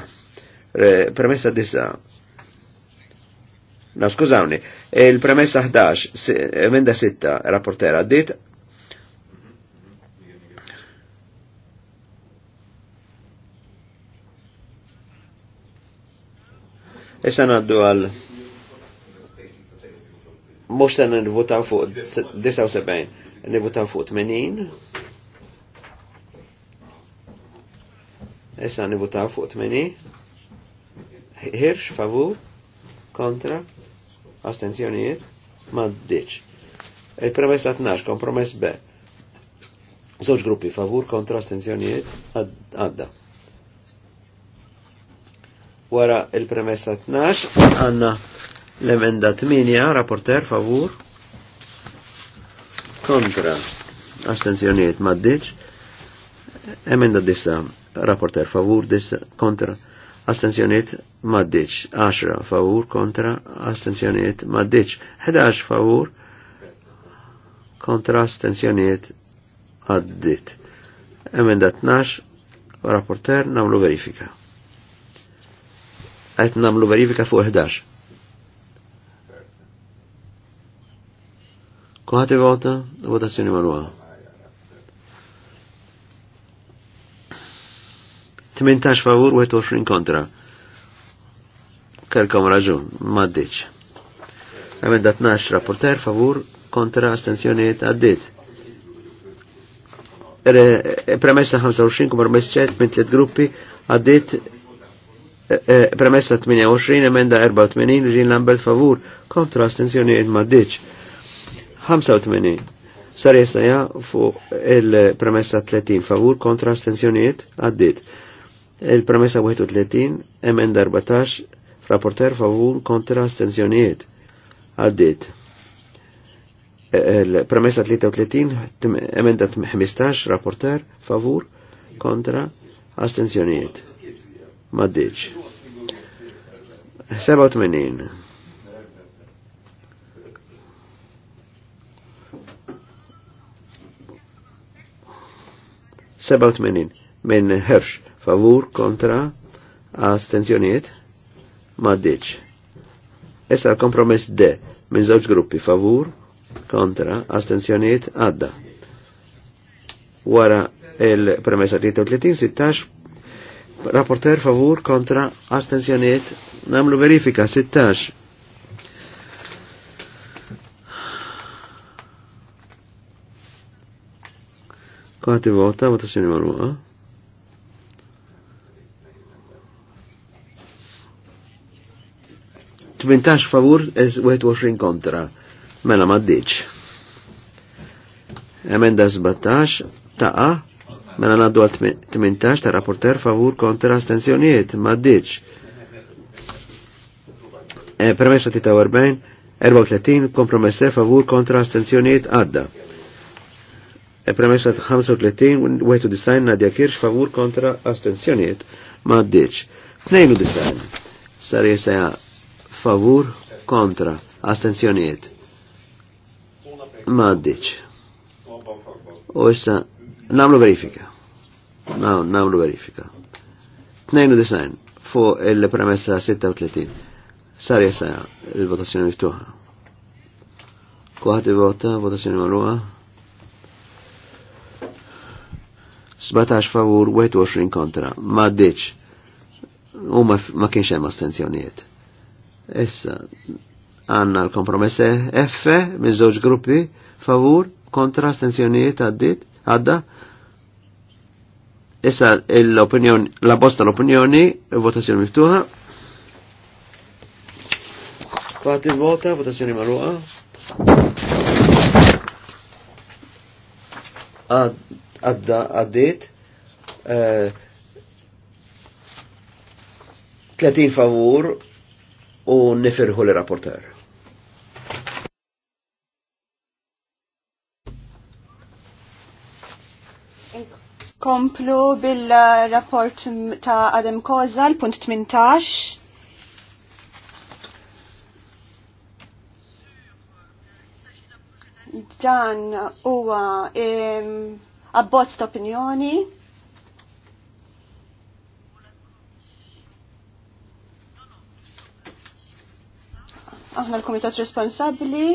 Premessa 9. Na skużawni, e il-premessa 11, emenda 6, rapporter għaddit, Issa naddu għal mux ta' nivutaw fuq 79, nivutaw fuq 80. Issa nivutaw fuq 80. Hirx, favur, kontra, astenzjonijiet, maddiċ. Il-promess 12, kompromess B. Zoċ gruppi, favur, kontra, astenzjonijiet, għadda. Ad Wara il-premessa 12 għanna l-emenda 8, rapporter favur. Kontra. Astenzjoniet maddiċ. Emenda 10, rapporter favur, dissa, kontra. Astenzjoniet maddiċ. 10 favur kontra. Astenzjoniet maddiċ. 11 favur kontra. Astenzjoniet għaddit. Emenda 12, rapporter namlu verifika għajt namlu verifika fuq 11. Kuħat vota votazzjoni manuwa. 18 favur, 21 kontra. Kelkom raġun, maddiċ. Emenda 12 rapporter favur, kontra astensjoniet għaddit. Premessa 25 kumar mesċet minn gruppi għaddit Eh, eh, premessa 28, emenda 84, ġin lambert favur, kontra astensjonijiet maddiċ. 85, sar jessaja fuq il-premessa 30, favur, kontra astensjonijiet għaddit. Il-premessa 31, emenda 14, rapporter favur, kontra astensjonijiet għaddit. Il-premessa 33, emenda 15, rapporter favur, kontra astensjonijiet maddiċ. 87. minn Hersh favur kontra astenzjoniet maddiċ. Esta l-kompromess D minn zoċ gruppi favur kontra astenzjoniet għadda. Wara il-premessa 33 16 Rapporter favur kontra astenzjoniet namlu verifika 16. Kati vota, votazzjoni marruqa. Tmintax favur, 21 kontra. Mela maddiċ. Emenda 17, ta'a. Mela naddu għal 18 ta' rapporter favur kontra astensjonijiet, ma' diċ. E, Premessa ti 40, 34, kompromesse favur kontra astensjonijiet għadda. E, Premessa 35, 91, Nadja kirx favur kontra astensjonijiet, ma' diċ. 92, sar jesaja favur kontra astensjonijiet. Ma' diċ. U issa namlu verifika. namlu verifika. 92 fuq il-premessa 36. Sar jessa il-votazzjoni miftuħa. Kuħati vota votazzjoni marruħa. 17 favur, 21 kontra. Ma ddiċ. U ma kienx hemm astenzjonijiet. Issa għanna l-kompromesse F minn żewġ gruppi favur kontra astenzjonijiet għaddit għadda. Issa l-opinjoni, la bosta l-opinjoni, votazzjoni miftuħa. Fati vota, votazzjoni marruqa. Għadda, għaddit. 30 eh, favur u nifirħu l-rapporter. Komplu bil-rapport ta' Adam Koza, l-punt 18. Dan huwa abbozz ta' opinjoni. Aħna l-komitat responsabli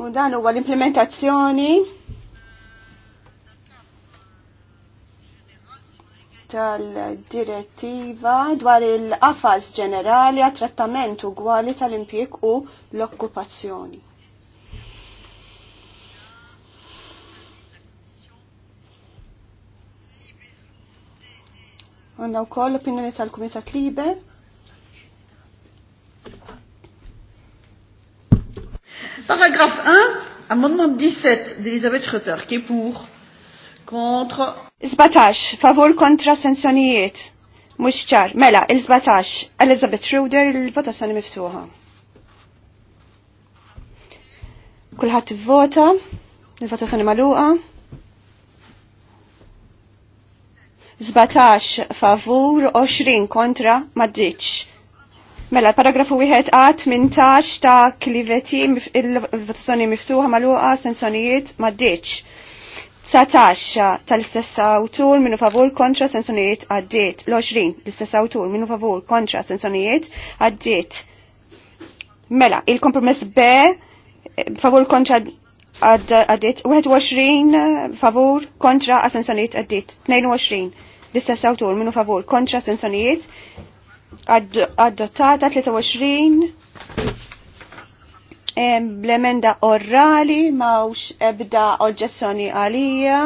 u dan huwa l-implementazzjoni tal-direttiva dwar il-qafas ġenerali għat trattament ugwali tal-impjek u l-okkupazzjoni. Għanna u koll opinjoni tal-Kumitat Libe. Paragraf 1, amendement 17 d'Elisabeth Schroeter, qui est pour Kontra. Zbatax, favur kontra stenzjonijiet. Mux ċar. Mela, il zbatax Elizabeth Ruder, il-votazzjoni miftuħa. Kulħat vota, il-votazzjoni maluqa. Zbatax favur, 20 kontra, maddiċ. Mela, paragrafu wieħed għat 18 ta' kliveti il-votazzjoni miftuħa maluqa, stenzjonijiet, maddiċ. 19 uh, tal-istess awtur minnu favur kontra sensonijiet għaddiet. L-20 l-istess awtur minnu favur kontra sensonijiet għaddiet. Mela, il-kompromess B favur kontra għaddiet. 21 favur kontra assenzjonijiet għaddiet. 22 l-istess awtur minnu favur kontra sensonijiet adottata 23 blemenda orrali mawx ebda oġġezzjoni għalija.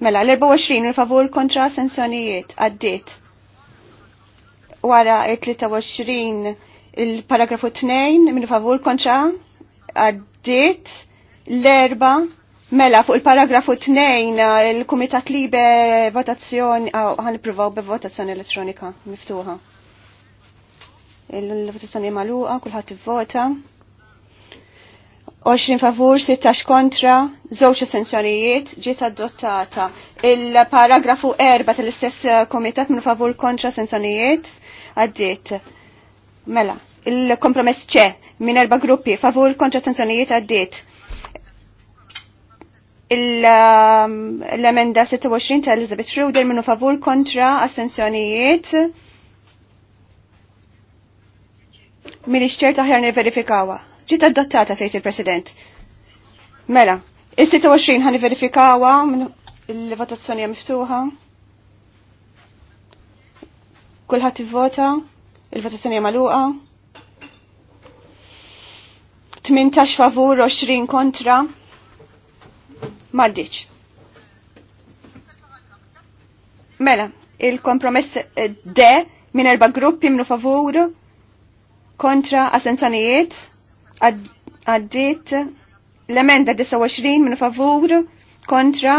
Mela, l-24 il-favur kontra sensonijiet, għaddit. Wara il-23 il-paragrafu 2 minn favur kontra għaddit l-erba Mela, fuq il-paragrafu 2, il-Kumitat Libe votazzjoni, għan provaw be votazzjoni elettronika miftuħa il-votazzjoni maluqa, kulħadd ivvota. 20 favur, 16 kontra, żewġ assenzjonijiet ġiet adottata. Il-paragrafu 4 tal-istess eh, komitat minn favur kontra assenzjonijiet għaddiet. Mela, il-kompromess ċe minn erba gruppi favur kontra assenzjonijiet għaddiet ehm, l-emenda 26 ta' Elizabeth Ruder minnu favur kontra assenzjonijiet? minix ċerta ħjar niverifikawa. Ġiet adottata tgħid il-President. Mela, is-26 ħan minn il-votazzjoni miftuħa. Kulħadd ivvota, il-votazzjoni maluqa. 18 favur, 20 kontra. Maddiċ. Mela, il-kompromess eh, D minn erba gruppi minnu favur, kontra assenzjonijiet għaddit l-emenda 29 minn favur kontra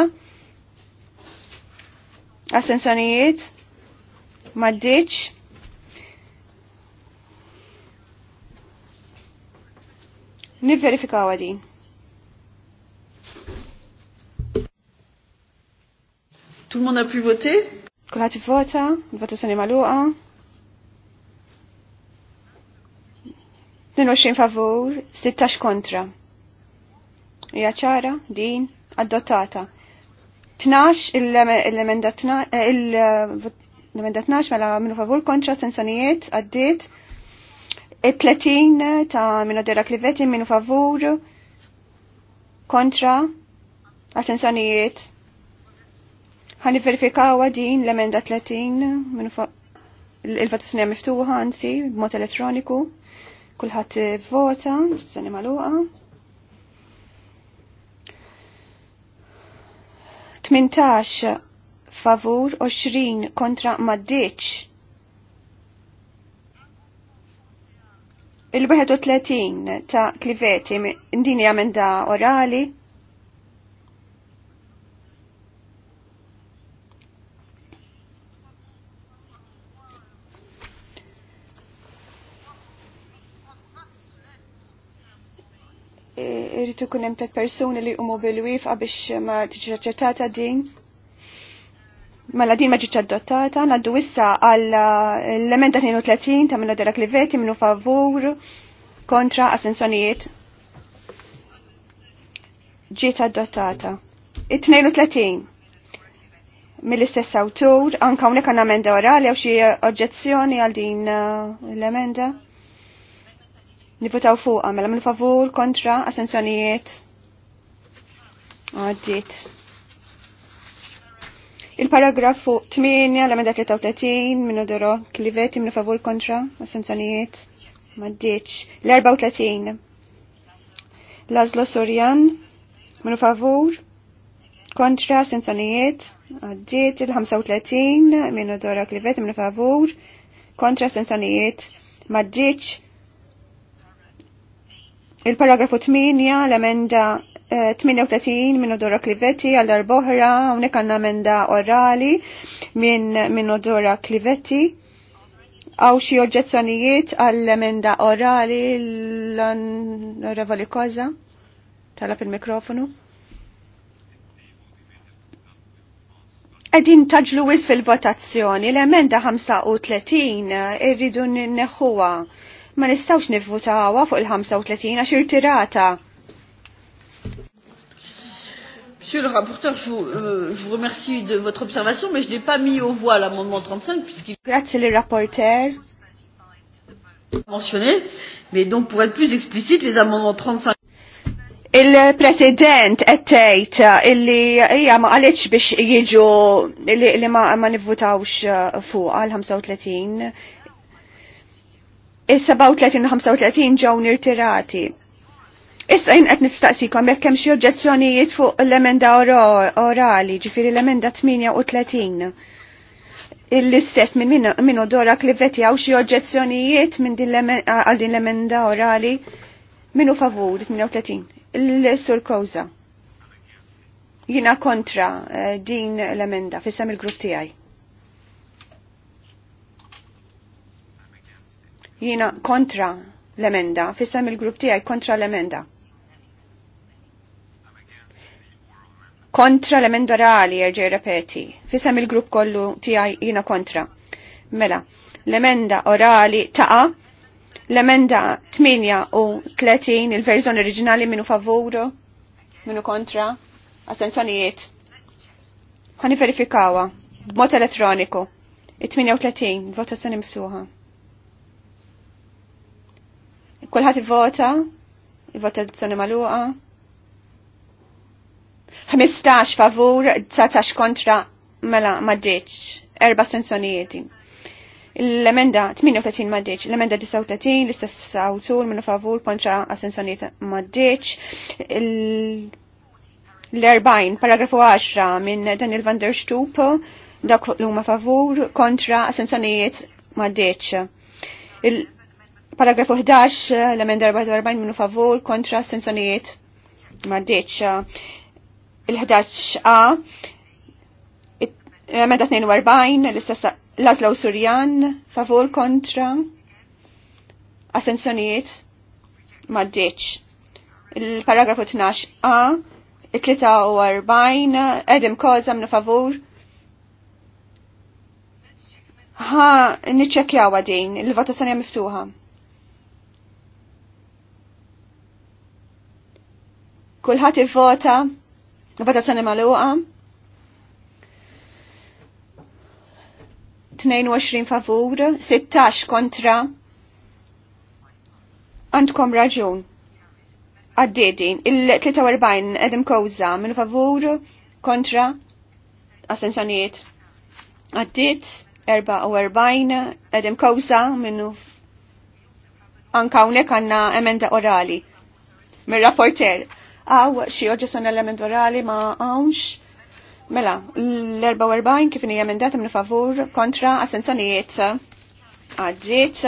assenzjonijiet maddiċ Nivverifikaw għadin. Tout le monde a pu voter? Kulħat vota, votazzjoni maluqa. 22 favur, 16 kontra. Hija ċara din addottata. 12 eh, l-emenda 12 mela minu favur kontra sensonijiet għaddiet. 30 ta' minu dera kliveti minu favur kontra assenzjonijiet. Għan verifikaw għadin l-emenda 30 minu il-votazzjoni miftuħa, anzi, mot elettroniku. Kulħadd vota, votazzjoni maluqa. 18 favur 20 kontra maddiċ. Il-31 ta' kliveti ndini għamenda orali irritu kunem ta' persuni li umu bil wif biex ma tiġi ċertata din. Mela din ma ġiċ adottata, naddu issa għal eh, l-emenda 32 ta' minnu derak li veti minnu favur kontra assenzjonijiet. Ġiet adottata. It-32 mill-istess awtur, anka unek għan amenda orali għaw xie oġġezzjoni għal din eh, l-emenda. Nivotaw fuqa, mela minn favur, kontra, assenzjonijiet. Għaddit. Il-paragrafu 8, l-emenda 33, minn odoro, kliveti minn favur, kontra, assenzjonijiet. Maddiċ. L-34. Lazlo Sorjan, minn favur, kontra, assenzjonijiet. Għaddit. Il-35, minn odoro, kliveti minn favur, kontra, assenzjonijiet. Maddiċ Il-paragrafu 8, l-emenda 38 eh, minn Odora Klivetti għal darboħra, unek għanna emenda orali minn min Odora Klivetti. Għaw xie oġġezzjonijiet għall emenda orali l-onorevoli Koza. Talab il-mikrofonu. Għedin taġlu wis fil-votazzjoni, l-emenda 35 irridu neħuwa ma nistawx nivvutawa fuq il-35 għax irtirata. Monsieur le rapporteur, je vous, euh, je vous remercie de votre observation, mais je n'ai pas mis au voie l'amendement 35 puisqu'il... Grazie le rapporteur. Mentionné, mais donc pour être plus explicite, les amendements 35... Il-President għettejt euh, illi hija ma għalix biex jiġu li ma nivvutawx euh, fuq għal 35 is-37 ġew nirtirati. Issa jien qed nistaqsikom jekk hemm xi oġġezzjonijiet fuq l-emenda orali, ġifieri l-emenda 38 il-listet minn min odora kliveti għaw xie oġġezzjonijiet minn din l-emenda orali minnu favur 38 il-sur kawza jina kontra eh, din l-emenda fissam il-grupp tijaj Jiena kontra l-emenda, fissam il-grupp tiegħi kontra l-emenda. Kontra l-emenda reali, erġej repeti. Fissam il-grupp kollu tiegħi jina kontra. Mela, l-emenda orali taqa, l-emenda 38 il-verżjoni oriġinali minu favuru, minu kontra, assenzjonijiet. Ħani verifikawa, b'mod elettroniku. 38, votazzjoni miftuħa. Kulħadd ivvota, votazzjoni magħluqa. 15 favur, 19 kontra, mela maġġieċ, erba' sensonijieti. L-emenda 38 maddeċ, l-emenda 39, l-istess autur minu favur kontra assenzjoniet maddeċ, l-40, paragrafu 10 minn Daniel van der Stoop, dak l-huma favur kontra assenzjoniet maddeċ. Paragrafu 11, eh, l-emenda 44 minu favur kontra sensonijiet ma deċ eh, il-11a, emenda 42, l-istess Lazlaw Surjan, favur kontra assenzjonijiet ma deċ. Il-paragrafu 12a, il-43, edem koza minu favur ħa niċċekjawa din, il-votazzjoni miftuħa. Kulħadd ivvota votazzjoni magħluqa. 22 favur, 16 kontra. Għandkom raġun. Għaddidin, il-43 edem kowza minn favur kontra assenzjonijiet. Għaddit 44 edem kowza minnu anka unek għanna emenda orali. Mir-rapporter għaw xie oġġesson element orali ma għawx. Mela, l-44 kif nija emendata minn favur kontra assenzjonijiet għadżiet.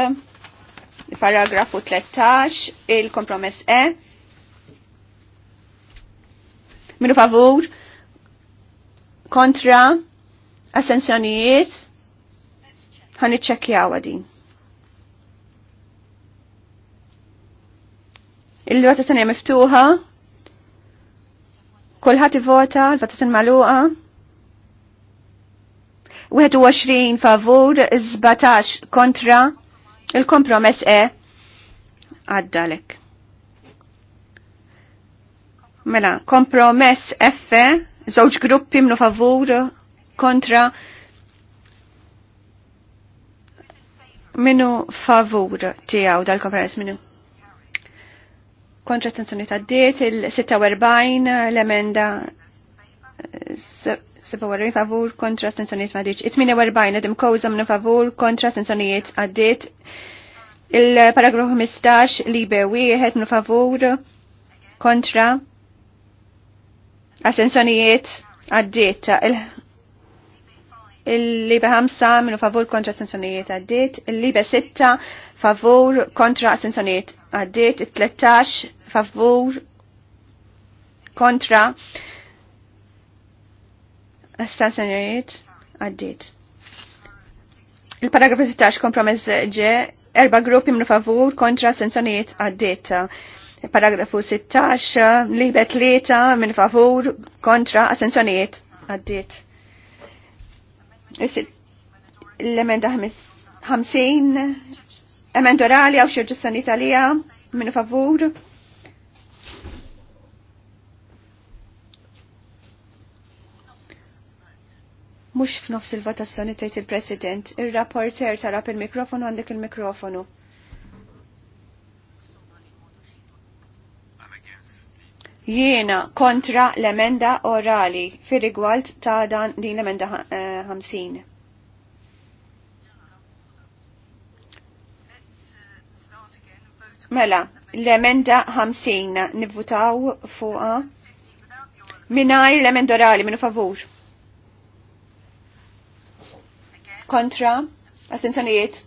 Paragrafu 13, il-kompromess E. Minu favur kontra assenzjonijiet ħaniċċekkjaw din. Il-lota tanja miftuħa. Kolħat vota l-votazzjoni maluqa. 21 favur, 17 kontra, il-kompromess e għaddalek. Mela, kompromess F, żewġ gruppi mnu favur, kontra, minu favur tijaw dal-kompromess minu kontrastenzjoni ta' diet il-46 l-emenda 47 eh, favur kontra sanzjoniet diet, diċ. 48 edim kowza minn favur kontra sanzjoniet diet, Il-paragraf 15 li wieħed minn favur kontra assenzjonijiet għaddit il-liba 5 minu favur kontra sanzjonijiet għaddit, il-liba sitta favur kontra sanzjonijiet għaddit, il-13 favur kontra sanzjonijiet għaddit. Il-paragrafu 16 kompromess ġe, erba gruppi minu favur kontra sanzjonijiet għaddit. Paragrafu 16, libe 3 minn favur kontra assenzjonijiet għaddit l-emenda 50, emenda orali għaw xirġizzjoni talija, minu favur. Mux f'nofs il-votazzjoni tgħid il-President, ir-rapporter tara il mikrofonu għandek il mikrofonu jiena kontra l-emenda orali fir rigwalt ta' dan din l-emenda 50. Eh, mela, l-emenda 50 nivvutaw fuqa minajr l-emenda orali minu favur. Kontra, għasintanijiet,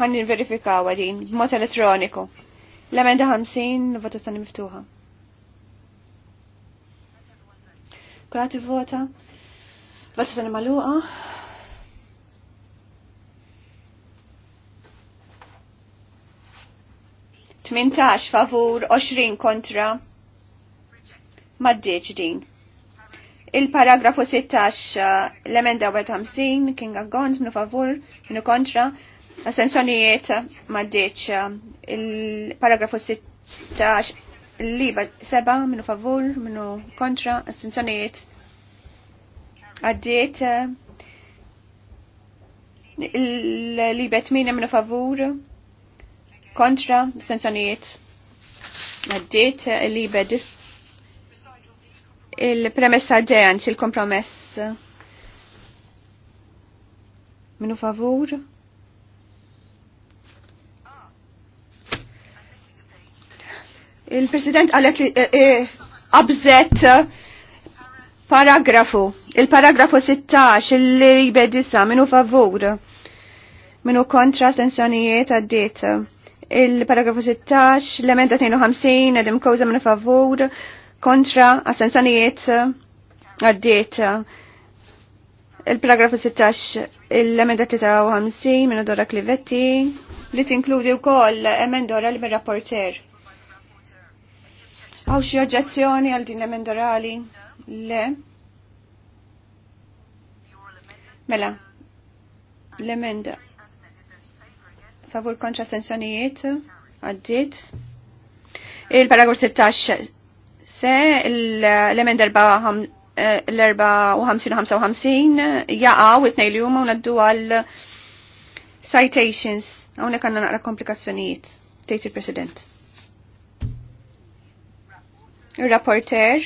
ħan verifikaw għadin, b'mod elettroniku. L-emenda 50 votazzjoni miftuħa. Kulħadd ivvota. Votazzjoni maluqa. Tmintax favur 20 kontra. Maddeċ din. Il-paragrafu 16 uh, l-emenda 51 kien għagons minu favur minu kontra. Assenzjonijiet maddiċ uh, il-paragrafu 16 ba seba minnu favur, minnu kontra, astenzjonijiet. Għaddiet eh, li liba tmina minnu favur, kontra, astenzjonijiet. Għaddiet l-liba eh, il-premessa għaddiet, il-kompromess. Minu favur? Il-President għalet li eh, eh, abżet eh, paragrafu. Il-paragrafu 16 li jibedisa minu favur. Minu kontra stenzjonijiet għaddit. Il-paragrafu 16, l-emenda 52, edem kawza minu favur, kontra astenzjonijiet għaddit. Il-paragrafu 16, l-emenda 53 minu dora klivetti, li tinkludi u koll emendora li mir-rapporter. Għaw xie oġġezzjoni għal din emendorali? Le. Mela. L-emenda. Favur kontra sensjonijiet. Għaddit. il paragur 16 se l-emenda 54-55 eh, jaqaw itnej li juma unaddu għal citations. Għawnek għanna naqra komplikazzjonijiet. Tejt il-President. Il-rapporter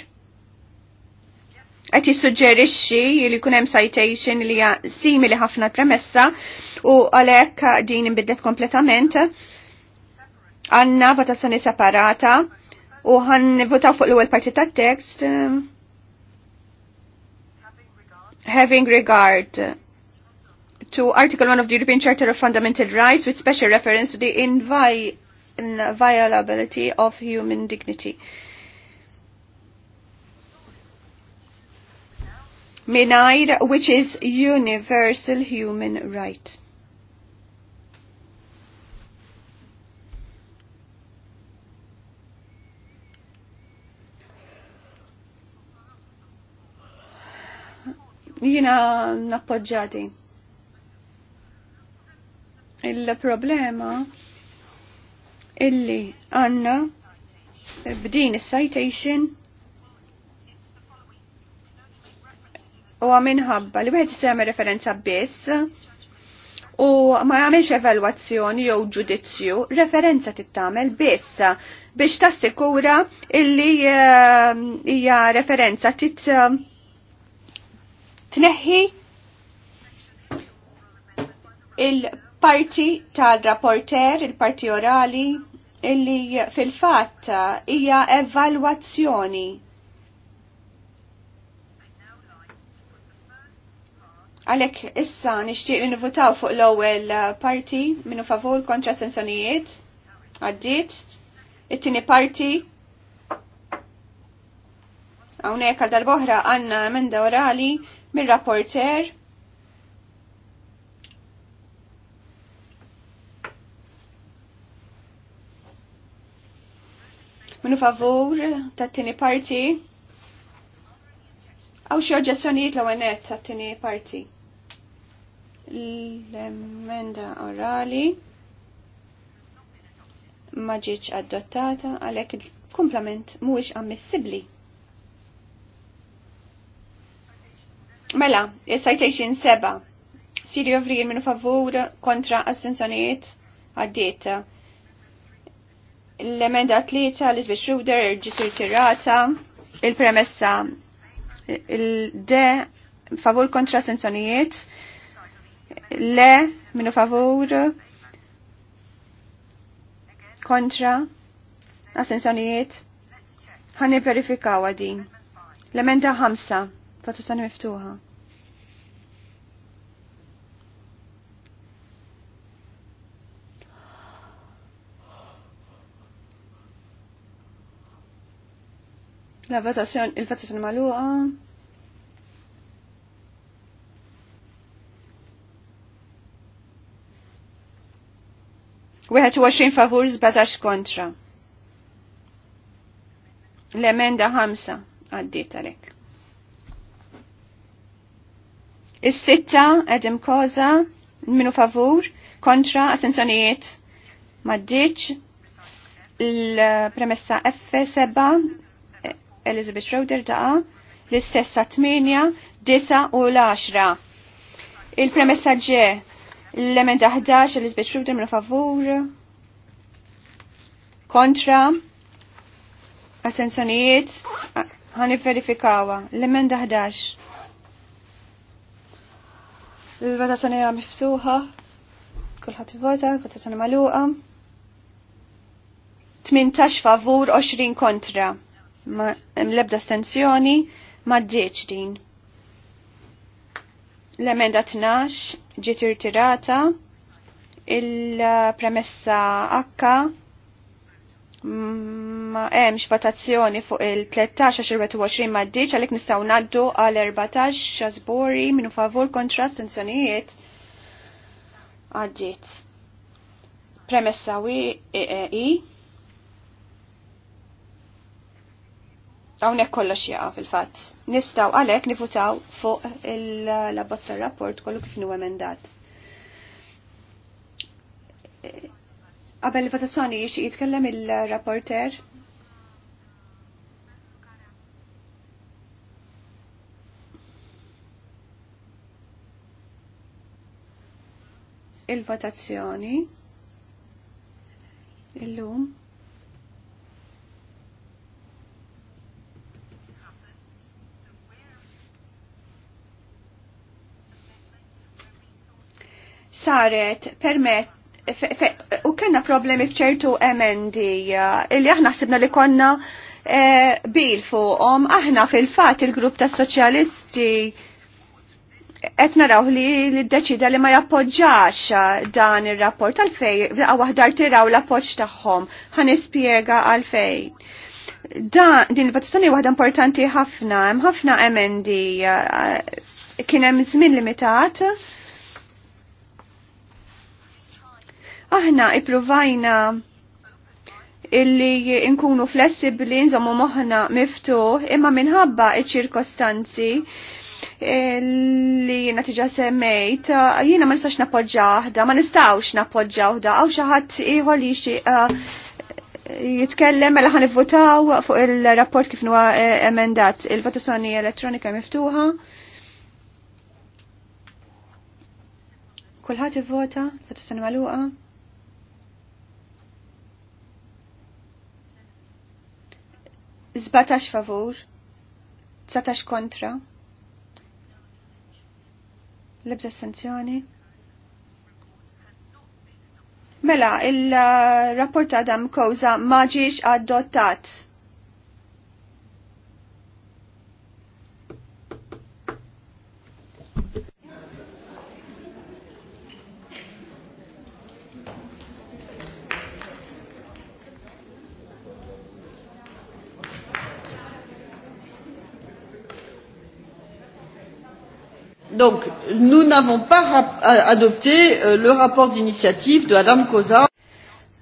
għati suġġerixxi li kunem citation li simili ħafna premessa u għalek din imbidlet kompletament għanna votazzjoni separata u għan votaw fuq l-ewwel parti tat-tekst having regard to Article 1 of the European Charter of Fundamental Rights with special reference to the inviolability of human dignity. minajr which is universal human right. Jina nappoġġadi. Il-problema illi għanna b'din is-citation huwa minħabba li wieħed jista' jagħmel referenza biss u ma jagħmilx evalwazzjoni jew ġudizzju, referenza tittamel biss biex tassikura illi ehm, hija referenza tit ehm, tneħħi il-parti tal-rapporter, il-parti orali, illi fil-fatt hija evalwazzjoni Għalek issa nishtiq li nivutaw fuq l-ewwel uh, parti minnu favur kontra sensonijiet. Għaddiet. It-tieni parti hawnhekk għal darb'oħra għandna emenda orali mir-rapporter. Minnu favur tat-tieni parti. Għaw xi oġġezzjonijiet l-ewwel nett tat-tieni parti l-emenda orali ma ġietx adottata għalhekk il-kumplament mhuwiex ammissibbli. Mela, il e citation seba. Siri Ovrir minu favur kontra astensjonijiet għaddiet. L-emenda tlieta l ruder Schruder ġiet tirata il-premessa il-de favur kontra astensjonijiet le, minu favur, kontra, assenzjonijiet, ħani verifikaw għadin. L-emenda ħamsa, sani miftuħa. La votazione, il-votazzjoni maluqa. 21 favur żbatax kontra. L-emenda ħamsa għaddiet għalek. Is-sitta għedim koza minu favur kontra assenzjonijiet maddiċ l-premessa F7 Elizabeth Schroeder daqa l-istessa 8, 9 u l-10. Il-premessa G l-emenda 11 l-izbet xubdem la favur kontra assenzjonijiet Għani verifikawa l-emenda 11 l-votazzjoni għam miftuħa kulħadd ivota votazzjoni magħluqa 18 favur 20 kontra Mlebda l-ebda stenzjoni ma din L-emenda 12 ġiet irtirata il-premessa H ma hemmx votazzjoni fuq il-13 20 ma ddiċ għalhekk nistgħu ngħaddu għal 14 xażburi minu favur kontra astensjonijiet għaddiet. Premessa wi e- e- i hawnhekk kollox jaqa' fil-fatt. Nistgħu għalhekk nifutaw fuq l-abbozza rapport kollu kif nu emendat. Qabel il-votazzjoni jiex jitkellem il-rapporter. il-votazzjoni illum. saret permet u kena problemi fċertu emendi eh, illi aħna ħsibna li konna eh, bil fuqhom aħna fil-fat il-grupp ta' soċjalisti qed naraw li d deċida li ma jappoġġax dan ir-rapport għalfej waħdar tiraw l-appoġġ tagħhom ħanispjega għalfejn. Da, din il-votazzjoni waħda importanti ħafna, hemm ħafna emendi eh, kien hemm żmien limitat Aħna ipprovajna illi nkunu flessibli, nżommu moħna miftuħ, imma minħabba iċ-ċirkostanzi eh, li jiena tiġa semmejt, eh, jiena ma nistax napoġġa ħda, ma nistax napoġġa ħda, għaw xaħat iħol li xie eh, jitkellem mela ħan votaw fuq il-rapport kif nuwa emendat il-votazzjoni elettronika miftuħa. Kulħat ivvota, votazzjoni maluqa. Zbatax favur, zatax kontra. Lebda sanzjoni. Mela, il-rapport Adam Koza maġiġ adottat. Donc, nous n'avons pas adopté euh, le rapport d'initiative de Adam Koza.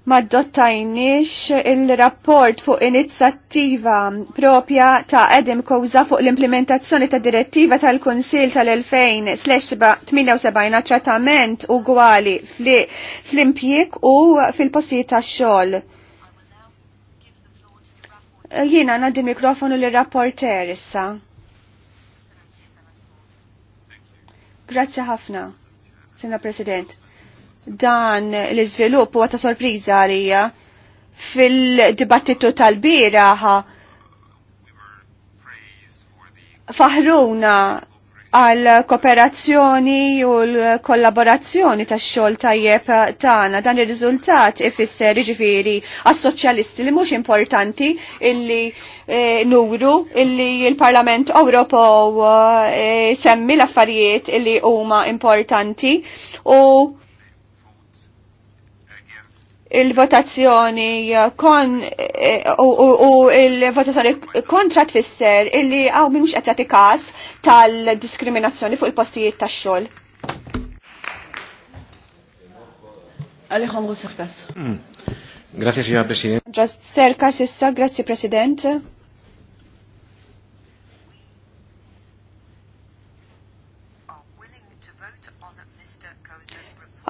Ma dottajniex il-rapport fuq inizjattiva propja ta' Adam Koza fuq l-implementazzjoni ta' direttiva tal-Konsil tal-2000-78 trattament ugwali fl-impjek u fil-postijiet ta' xogħol. Jiena nadim mikrofonu l-rapporter issa. Grazzi ħafna, Sena President. Dan l-izvilupp huwa ta' sorpriża għalija fil-dibattitu tal-biraħ faħruna għal kooperazzjoni u l-kollaborazzjoni ta' xol tajjeb tagħna dan ir-riżultat ifisser jiġifieri għas-soċjalisti li mhux importanti illi e, nuru illi l-Parlament Ewropo Ewropew e, semmi l-affarijiet illi huma importanti u il-votazzjoni kon u il-votazzjoni kontra tfisser illi għaw minn mux għetjati kas tal-diskriminazzjoni fuq il-postijiet ta' xol. Alejandro Serkas. Mm. Grazie, signora Presidente. Just Serkas issa, grazie, Presidente.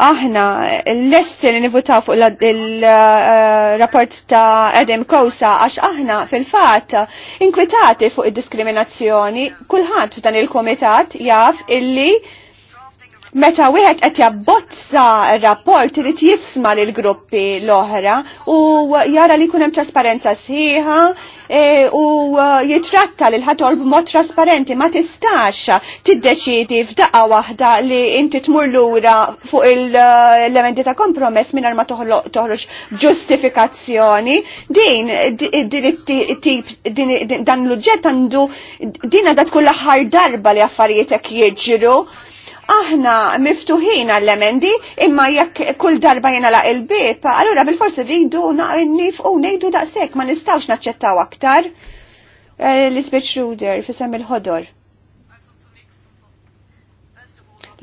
Aħna l-lesti li nivutaw fuq il-rapport eh, ta' Edem Kousa għax aħna fil-fat inkwitati fuq id-diskriminazzjoni. Kulħadd f'dan il-komitat jaf illi meta wieħed qed jabbozza rapport irid jisma' lil gruppi l-oħra u jara li jkun hemm trasparenza sħiħa e, u e, jitratta lil ħatol b'mod trasparenti ma tistax tiddeċidi f'daqqa waħda li inti tmur lura fuq il elementi ta' kompromess mingħajr ma toħroġ ġustifikazzjoni din dan l-uġġett għandu din għadha tkun l-aħħar darba li affarijiet hekk jiġru Aħna miftuħin għall-emendi imma jekk kull darba jenala il-bib, allura bil-forsi rridu u nejdu daqshekk ma nistgħux naċċettaw aktar eh, l-isbet Schruder fisem il-ħodor.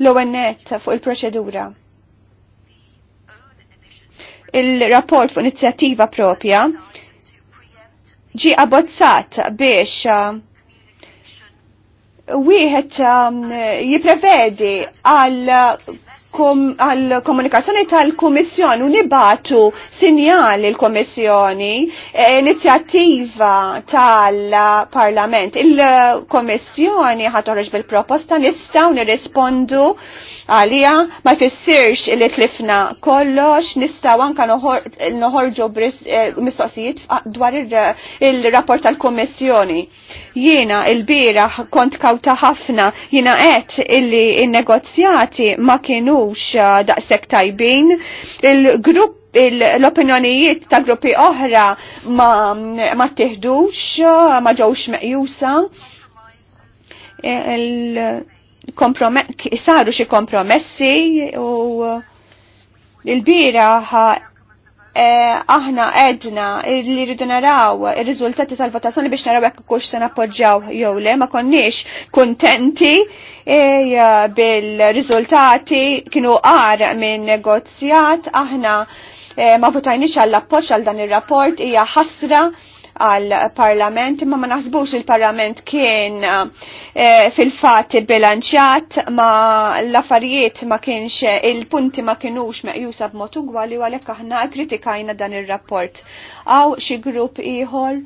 L-ONET fuq il-proċedura. Il-rapport fuq inizjattiva propja ġi abbozzat biex eh, wieħed um, jiprevedi għal għal-komunikazzjoni tal-Kummissjoni u nibatu sinjali l-Kommissjoni eh, inizjattiva tal-Parlament. Il-Kommissjoni ħatħorġ bil-proposta nistaw nirrispondu għalija ma jfissirx li tlifna kollox nistaw anka noħorġu eh, mistoqsijiet dwar il-rapport tal-Kommissjoni. Jiena il-bira kont kawta ħafna jiena għet illi il-negozjati ma kienux uh, daqshekk tajbin. Il-grupp l-opinjonijiet ta' gruppi oħra ma, ma tiħdux, uh, ma ġewx meqjusa. Saru xi kompromessi u uh, l-bira Eh, aħna edna li rridu naraw ir-riżultati tal-votazzjoni biex naraw jekk kux se nappoġġjaw jew le ma konniex kuntenti eh, bil-riżultati kienu qar minn negozjat aħna eh, ma votajniex għall appoġġ għal dan ir-rapport hija ħasra għal-parlament, imma ma naħsbux il-parlament kien eh, fil-fat bilanċjat, ma l-affarijiet ma kienx, il-punti ma kienux meqjusa b'mod ugwali u għalhekk aħna kritikajna dan ir-rapport. Aw xi grupp ieħor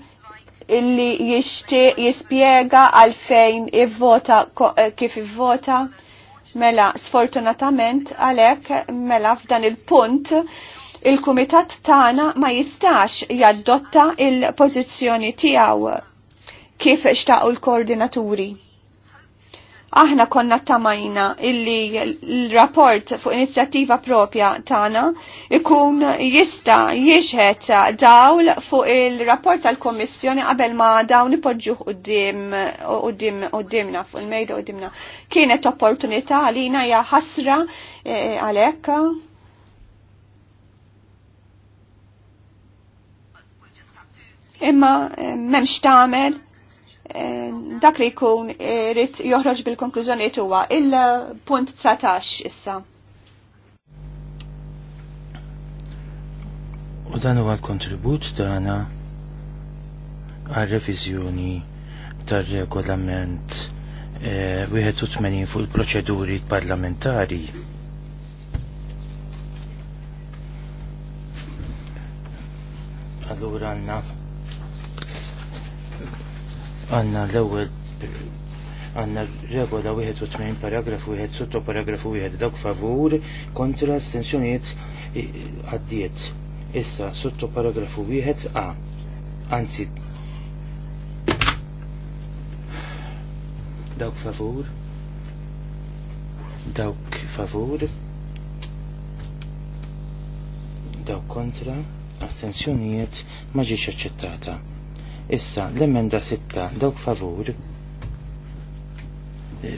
illi jixtieq jispjega għalfejn ivvota eh, kif ivvota. Mela, sfortunatament, għalek, mela f'dan il-punt, il-kumitat tagħna ma jistax jaddotta il-pożizzjoni tiegħu kif xtaqu l-koordinaturi. Aħna konna tamajna illi l-rapport fuq inizjattiva propja tagħna ikun jista jiexħet dawl fuq il-rapport tal komissjoni qabel ma dawn ipoġġuh qudiemna fuq il-mejda qudiemna. Kienet opportunità għalina ja ħasra eh, għalhekk. imma eh, memx tamer eh, dak li jkun rrit joħroġ bil-konklużjoni tuwa il-punt 19 issa. U dan huwa l-kontribut tagħna għal-reviżjoni tar-regolament 81 eh, fuq il-proċeduri parlamentari. Allura għandna għanna l-ewel għanna regola 81 paragrafu 1 sotto paragrafu 1 dawk favur kontra stensjoniet għaddiet. Issa sotto paragrafu 1 A. Anzi, dawk favur dawk favur dawk kontra astensjoniet ma ġietx aċċettata. Issa, l-emenda sitta, dawk favur, eh,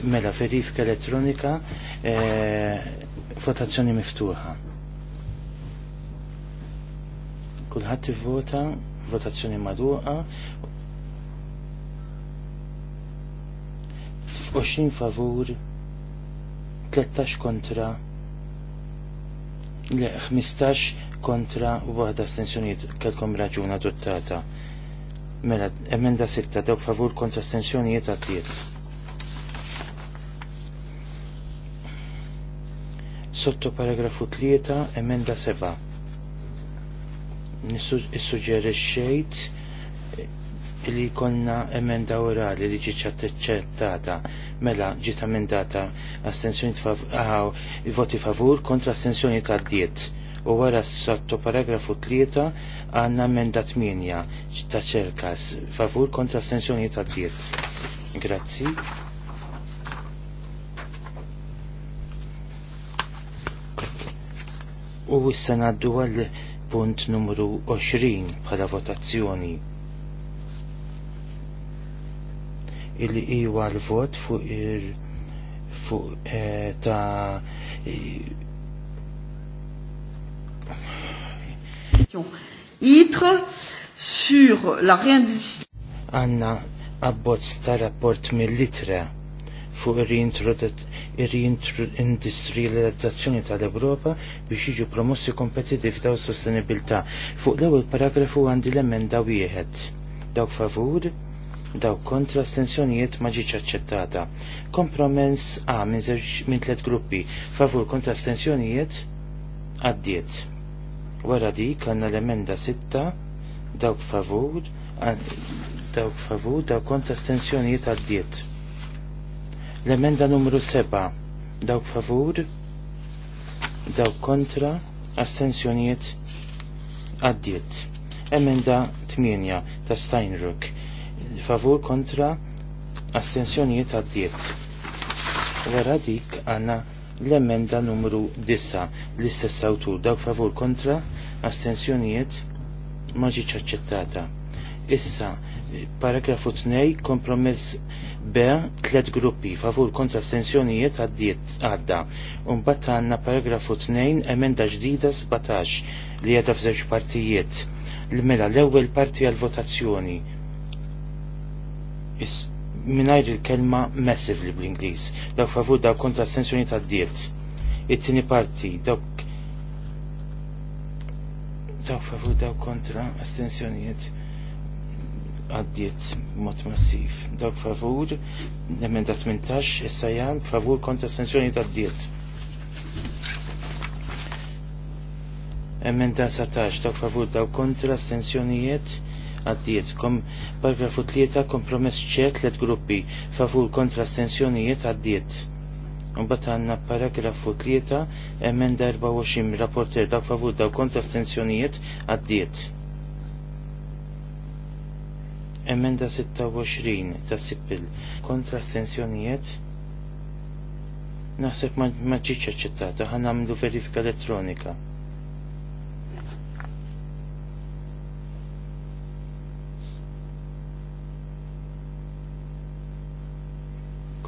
mela verifika elettronika, eh, votazzjoni miftuħa. Kulħadd ivvota, votazzjoni madwuqa, 20 favur, 13 kontra, 15 kontra u waħda astensjoniet kelkom raġuna adottata. Mela, emenda sitta, dawk favur kontra astensjonijiet għaddiet. Sotto paragrafu tlieta, emenda seba. Nissuġġeri xejt eh, li konna emenda orali li ġiċa ċettata mela ġiet emendata astensjoni voti favur kontra astensjoni t diet u wara s-sattu paragrafu 3 għanna emenda 8 ta' ċerkas favur kontra s-sensjoni ta' diet. Grazzi. U issa naddu għal punt numru 20 bħala votazzjoni. illi iwa l-vot fuq ir fuq eh, ta' ITRE sur la réindustrie. Anna abbozz ta' rapport mill-litra fuq ir-reindustrializzazzjoni tal-Ewropa biex jiġu promossi kompetitività u sostenibilità. Fuq l-ewwel paragrafu għandi l-emenda wieħed. Dawk favur, dawk kontra stensjonijiet ma ġiċ aċċettata. Kompromess A minn min tliet gruppi favur kontra stensjonijiet għaddiet Wara dik għandna l-emenda sitta, dawk favur dawk favur dawk kont astensjonijiet għaddiet. L-emenda numru 7 dawk favur dawk kontra astensjoniet għaddiet. Emenda 8 ta' Steinruck favur kontra astensjoniet għaddiet. Wara dik għandna l-emenda numru 9 l-istess awtur dawk favur kontra astensjonijiet ma ġietx aċċettata. Issa paragrafu 2 kompromess B tlet gruppi favur kontra astensjonijiet għaddiet għadda. Unbat għandna paragrafu 2 emenda ġdida 17 li għadha f'żewġ partijiet. L-mela l-ewwel parti għal votazzjoni minajr il-kelma massively bl-Inglis, dawk favur dawk kontra sensjoni ta' diet. It-tini parti, dawk dawk favur dawk kontra astensjoniet għaddiet mod massiv. Dawk favur, emenda 18, issajam, favur kontra astensjoniet għaddiet. Emenda 17, daw favur dawk kontra astensjonijiet għaddiet. Kom paragrafu tlieta kompromess ċert let gruppi favur kontra astensjonijiet għaddiet. bat għandna paragrafu tlieta emenda 24 rapporter dak favur daw kontra astensjonijiet għaddiet. Emenda 26 ta' sippil kontra astensjonijiet naħseb ma ċittata aċċettata ħan nagħmlu verifika elettronika.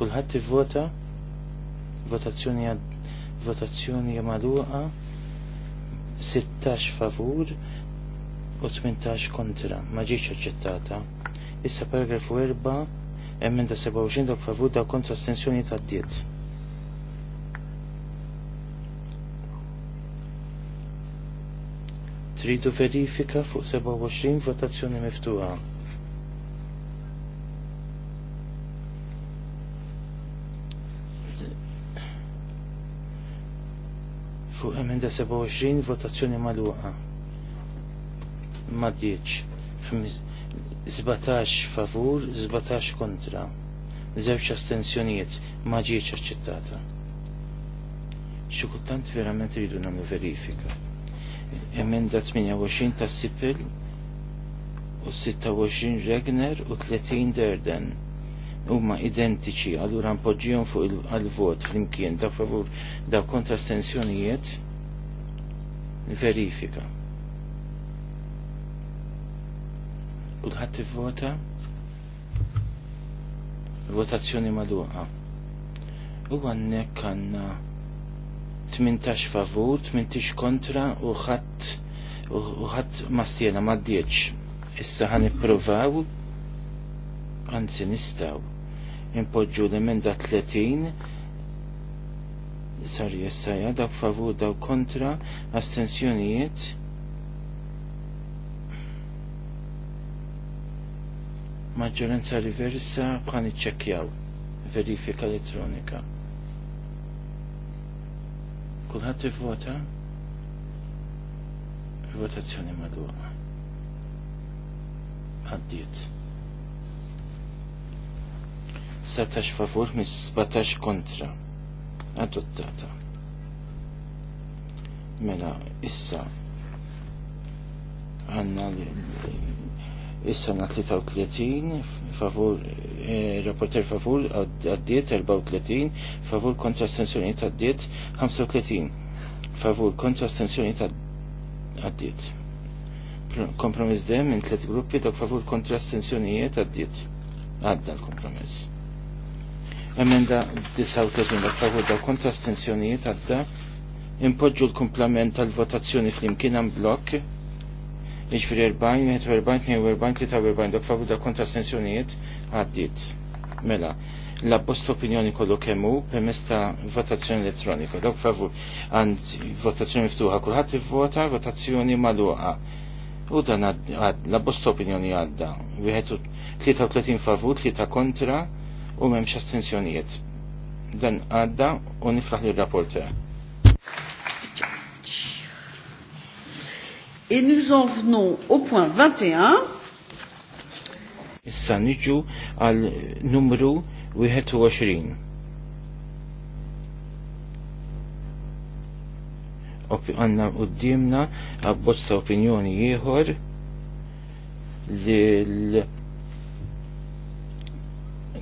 Kulħadd ivvota votazzjoni votazzjoni magħluqa 16 favur u 18 kontra ma ġietx aċċettata. Issa paragrafu 4 emenda 27 dok favur da kontra astensjoni ta' diet. Tridu verifika fuq 27 votazzjoni miftuħa. fuq emenda 27 votazzjoni maluqa maddieċ 17 favur 17 kontra zewċ astensjonijiet ma ġieċ aċċettata xikultant verament rridu namlu verifika emenda 28 ta' Sipil u 26 Regner u 30 Derden huma identiċi allura npoġġihom fuq il vot flimkien da favur da kontra stensjonijiet verifika. U l-ħadd ivvota votazzjoni madwaqa. U għannek għanna 18 favur, 18 kontra u ħadd u ħadd ma stjena ma Issa ħan ippruvaw anzi nistaw impoġġu l-emenda 30 sar jessaja dawk favur daw kontra astensjonijiet maġġoranza riversa bħan iċċekkjaw verifika elettronika kulħadd ivvota votazzjoni madwar għaddiet setax favur, 17 kontra. Adottata. Mela, issa għanna issa għanna 33 favur eh, rapporter favur għaddiet 34 favur kontra stensjoni ta' għaddiet 35 favur kontra stensjoni ta' għaddiet kompromiss dem minn tliet gruppi dok favur kontra astensjonijiet għaddiet għadda l-kompromiss Emenda 39 fawur daw kontra stensjonijiet għadda. Impoġġu l-komplement tal-votazzjoni fl-imkien għan blok. iġfri 40, 41, 42, 43 dak daw kontra stensjonijiet għaddit. Mela, l-abbost opinjoni kollu kemmu permess ta' votazzjoni elettronika. Dak favu. għand votazzjoni miftuħa kulħadd vota votazzjoni magħluqa. U dan għad, l-abbost opinjoni għadda. 33 favur, 3 kontra, u memx astensjonijiet. Dan għadda u nifraħ li rapporter. E nous en venons au point 21. Issa niġu għal numru 21. Għanna u d-dimna għabbozza opinjoni jieħor li l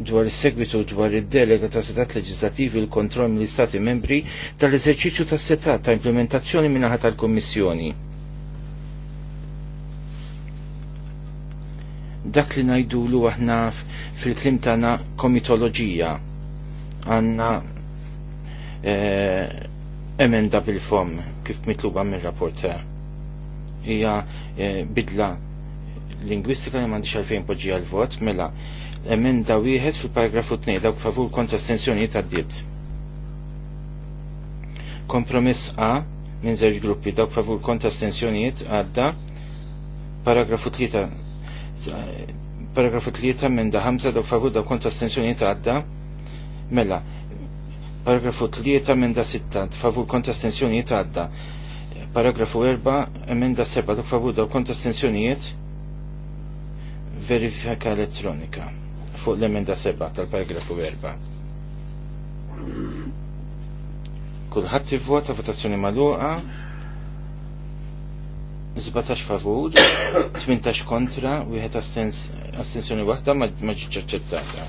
dwar is-segwitu dwar id-delega ta' setat leġislativi l kontroll mill-Istati membri tal-eżerċizzju tas setat ta' implementazzjoni minnaħa tal-Kommissjoni. Dak li najdulu aħna fil-klim tagħna komitoloġija għandna eh, emenda bil-fom kif mitluba mir-rapporter. Hija eh, bidla lingwistika li m'għandix għalfejn poġġija l-vot mela emenda wieħed fil-paragrafu 2 dawk favur kontra stensjonijiet għaddiet. Kompromiss A minn żewġ gruppi dawk favur kontra stensjonijiet għadda paragrafu 3 paragrafu 3 minn da ħamsa dawk favur dawk kontra stensjonijiet għadda mela paragrafu 3 minn da 6 favur kontra stensjonijiet għadda paragrafu 4 emenda 7 dawk favur dawk kontra stensjonijiet verifika elettronika fuq l-emenda 7 tal-paragrafu 4. Kulħadd ivvota votazzjoni magħluqa 17 favur, 18 kontra, wieħed astensjoni waħda ma ġietx aċċettata.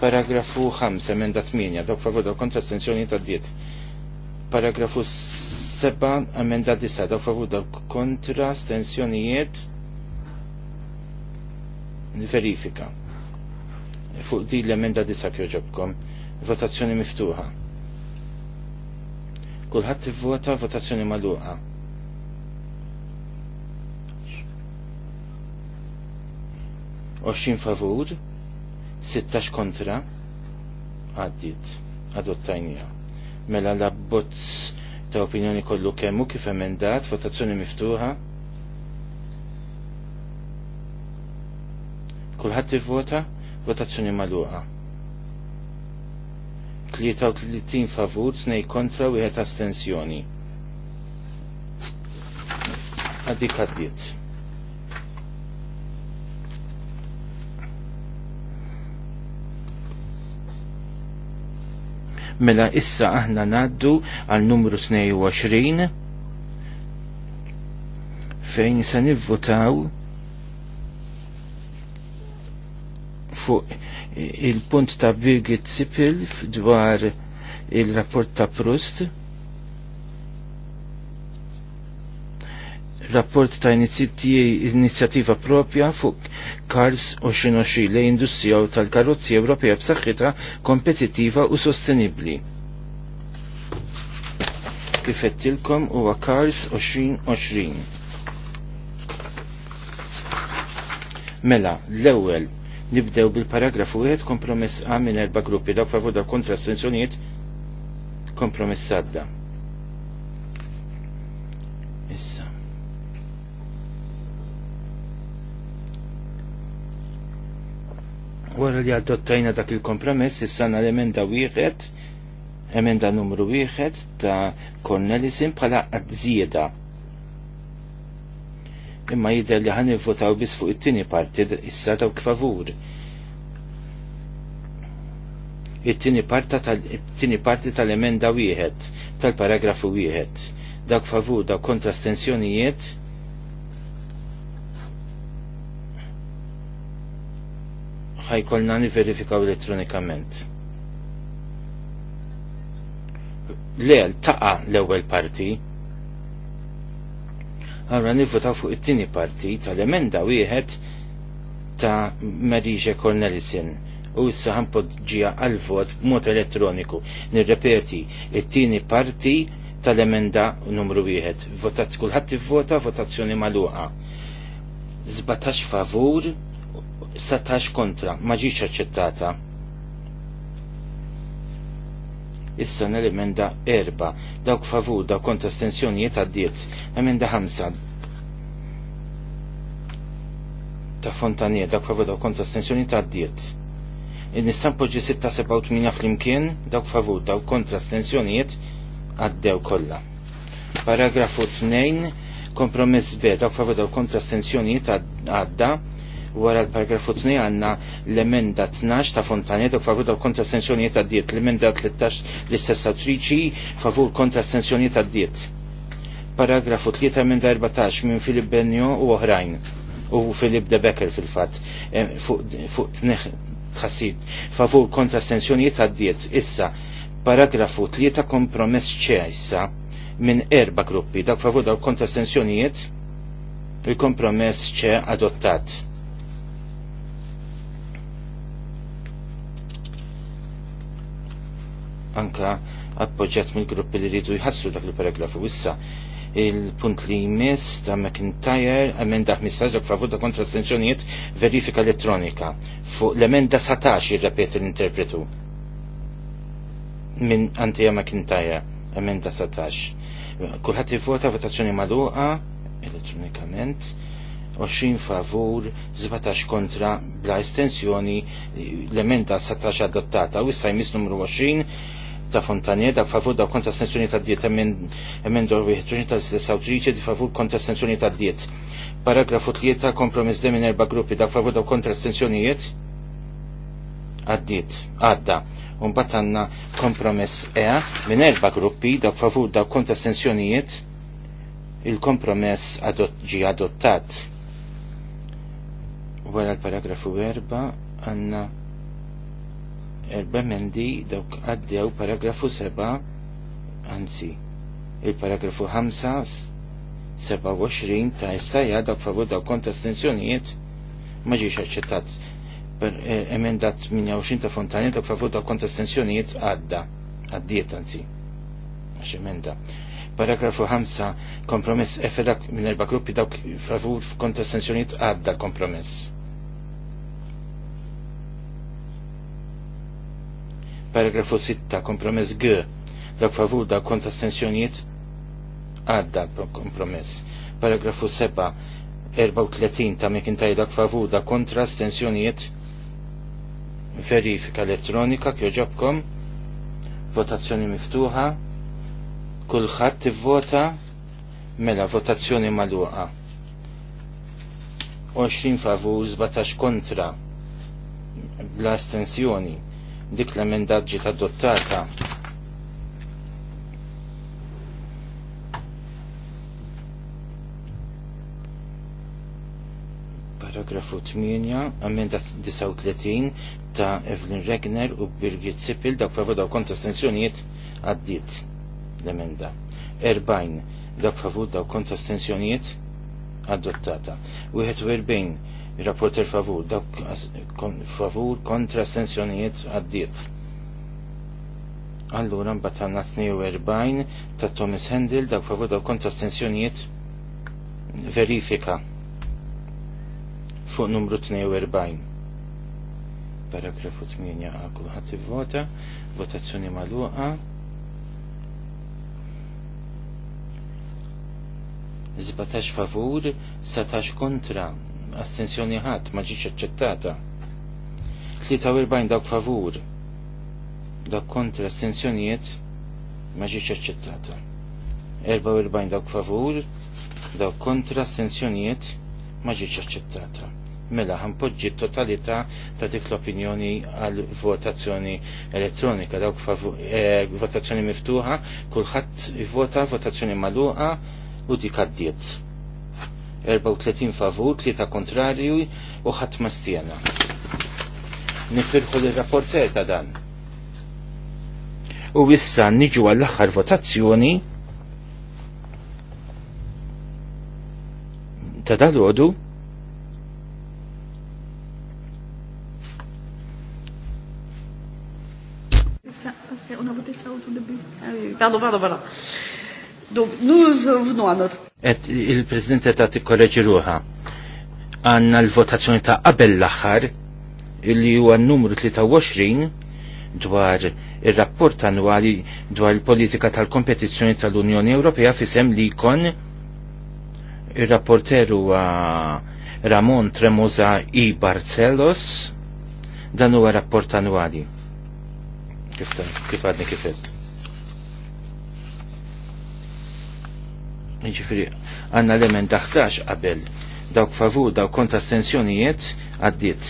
Paragrafu 5, emenda 8, dawk favur dawk kontra astensjoni ta' diet. Paragrafu 7, emenda 9, dawk favur dawk kontra astensjonijiet verifika fuq di l-emenda disak joġobkom. Votazzjoni miftuħa. Kulħadd ivvota votazzjoni magħluqa. Oxin favur, 16 kontra, għaddit, għadottajnija. Mela l-abbozz ta' opinjoni kollu kemmu kif emendat, votazzjoni miftuħa, kulħadd ivvota, vota votazzjoni maluqa. tlittin favur, snej kontra, jħet astensjoni. Għaddi għaddiet. Mela issa aħna naddu għal numru 22 fejn se nivvotaw fuq il-punt ta' Birgit Sipil dwar il-rapport ta' Proust. rapport ta' inizjattiva propja fuq Kars Xinoxi l industrija u tal-karozzi Ewropea b'saħħitha kompetittiva u sostenibbli. Kif qedtilkom huwa Kars 2020. Mela, l-ewwel Nibdew bil-paragrafu għed kompromess A minn erba gruppi daw favur daw kontra astensjonijiet kompromess għadda. Issa. Wara li adottajna dak il-kompromess, issa għan l-emenda wieħed, emenda numru wieħed ta' Cornelisin bħala għadżieda imma jidher li ħan nivvotaw biss fuq it-tieni parti issa dawk favur. It-tieni parti tal-tieni parti tal-emenda wieħed tal-paragrafu wieħed. Dak favur dak kontra stensjonijiet ħajkolna niverifikaw elettronikament. Le, taqa l-ewwel parti, Għara nivvotaw fuq it-tieni parti tal-emenda wieħed ta' Marija Cornelissen u issa ħanpoġġija għal vot mod elettroniku. Nirrepeti, it-tieni parti tal-emenda numru wieħed. Votat kulħadd ivvota votazzjoni magħluqa. 17 favur, 17 kontra, ma ġiċ aċċettata issa nel emenda erba dawk favur da kontra stensjonijiet għaddiet emenda ħamsa ta' Fontanier dawk favur dawk kontra stensjonijiet għaddiet Nistan poġi 6-7-8 flimkien, dawk favur, dawk kontra stensjonijiet, għaddew kolla. Paragrafu 2, kompromess B, dawk favur, dawk kontra stensjonijiet għadda, wara l-paragrafu 2 għanna l-emenda 12 ta' Fontanet u favur ta' kontra sanzjonijiet ta' diet, l-emenda 13 l-istess triċi favur kontra sanzjonijiet ta' diet. Paragrafu 3 emenda 14 minn Filip Benjo u oħrajn u Filip de Becker fil-fat e, fuq tħassid favur kontra sanzjonijiet ta' diet. Issa, paragrafu 3 kompromess ċeħissa issa minn erba gruppi dak favur daw kontra il-kompromess ċe adottat anka appoġġat mill-gruppi li rridu jħassru dak il-paragrafu issa il-punt li jmiss ta' McIntyre emenda 15 favur ta' kontra astensjonijiet verifika elettronika fuq l-emenda 17 jirrepeti l-interpretu minn Antija McIntyre emenda 17 kulħadd ivvota votazzjoni maluqa elettronikament 20 favur, 17 kontra, bla estensjoni, l-emenda 17 adottata, u issa jmiss numru 20, ta' fontanie, dak favur da kontra sanzjoni ta' diet emendo 21 tal-istess awtriċi di favur kontra sanzjoni ta' diet. Paragrafu tlieta kompromis kompromiss de minn erba' gruppi dak favur da kontra sanzjonijiet għaddiet għadda. Unbat għanna kompromess E minn erba' gruppi dak favur da' kontra sanzjonijiet il-kompromess adot, ġi adottat. Wara l-paragrafu erba' għanna erbemendi dawk għaddew paragrafu 7 anzi il-paragrafu 5 27 ta' essaja dawk favur dawk konta stenzjonijiet ma ġiex aċċettat per emendat 28 ta' fontani dawk favur dawk konta stenzjonijiet għadda għaddiet anzi għax emenda paragrafu 5 kompromess F dak minn erba' gruppi dawk favur konta stenzjonijiet għadda kompromess Paragrafu 6, kompromess G, dak favur da kontra astensjonijiet għadda kompromess. Paragrafu 7, 34 ta' McIntyre dak favur da kontra astensjonijiet verifika elettronika kjoġobkom, votazzjoni miftuħa, kulħadd tivvota mela votazzjoni magħluqa. 20 favur, 17 kontra, bla astensjoni dik l-emenda ġiet adottata. Paragrafu 8, emenda 39 ta' Evelyn Regner u Birgit Sipil dak favur daw kontra stenzjonijiet għaddit l-emenda. Erbajn. dak favur daw kontra stenzjonijiet adottata. 41 Rapporter favur, dak favur kontra astensjonijiet għaddiet. Allura mbagħad għandna 42 ta' Thomas Hendel, dak favur dak kontra astensjonijiet verifika fuq numru 42. Paragrafu 8 għal kulħadd ivvota, votazzjoni maluqa, Zbatax favur, satax kontra, astensjoni ħadd ma ġietx aċċettata. 43 dawk favur dak kontra astensjonijiet ma ġietx aċċettata. 44 dawk favur dawk kontra astensjonijiet ma ġietx aċċettata. Mela ħanpoġġi t-totalità ta' dik l-opinjoni għal votazzjoni elettronika dawk eh, votazzjoni miftuħa, kulħadd ivvota votazzjoni magħluqa u dik għaddiet. 34 favur, 3 kontrarju u ħadd ma stjena. Nifirħu li rapporter ta' dan. U issa niġu għall-aħħar votazzjoni ta' dal-għodu Parlo, parlo, parlo. Et il-President ta' t korreġi ruha. Għandna l-votazzjoni ta' qabel l-aħħar li huwa n-numru 23 dwar ir-rapport annwali dwar il-politika tal-kompetizzjoni tal-Unjoni Ewropea fisem li kon ir rapporteru huwa Ramon Tremosa i Barcelos dan huwa rapport annwali. kif għadni kifet. Ġifiri, għanna l-emenda 11 qabel dawk favur dawk konta stenzjonijiet għaddit.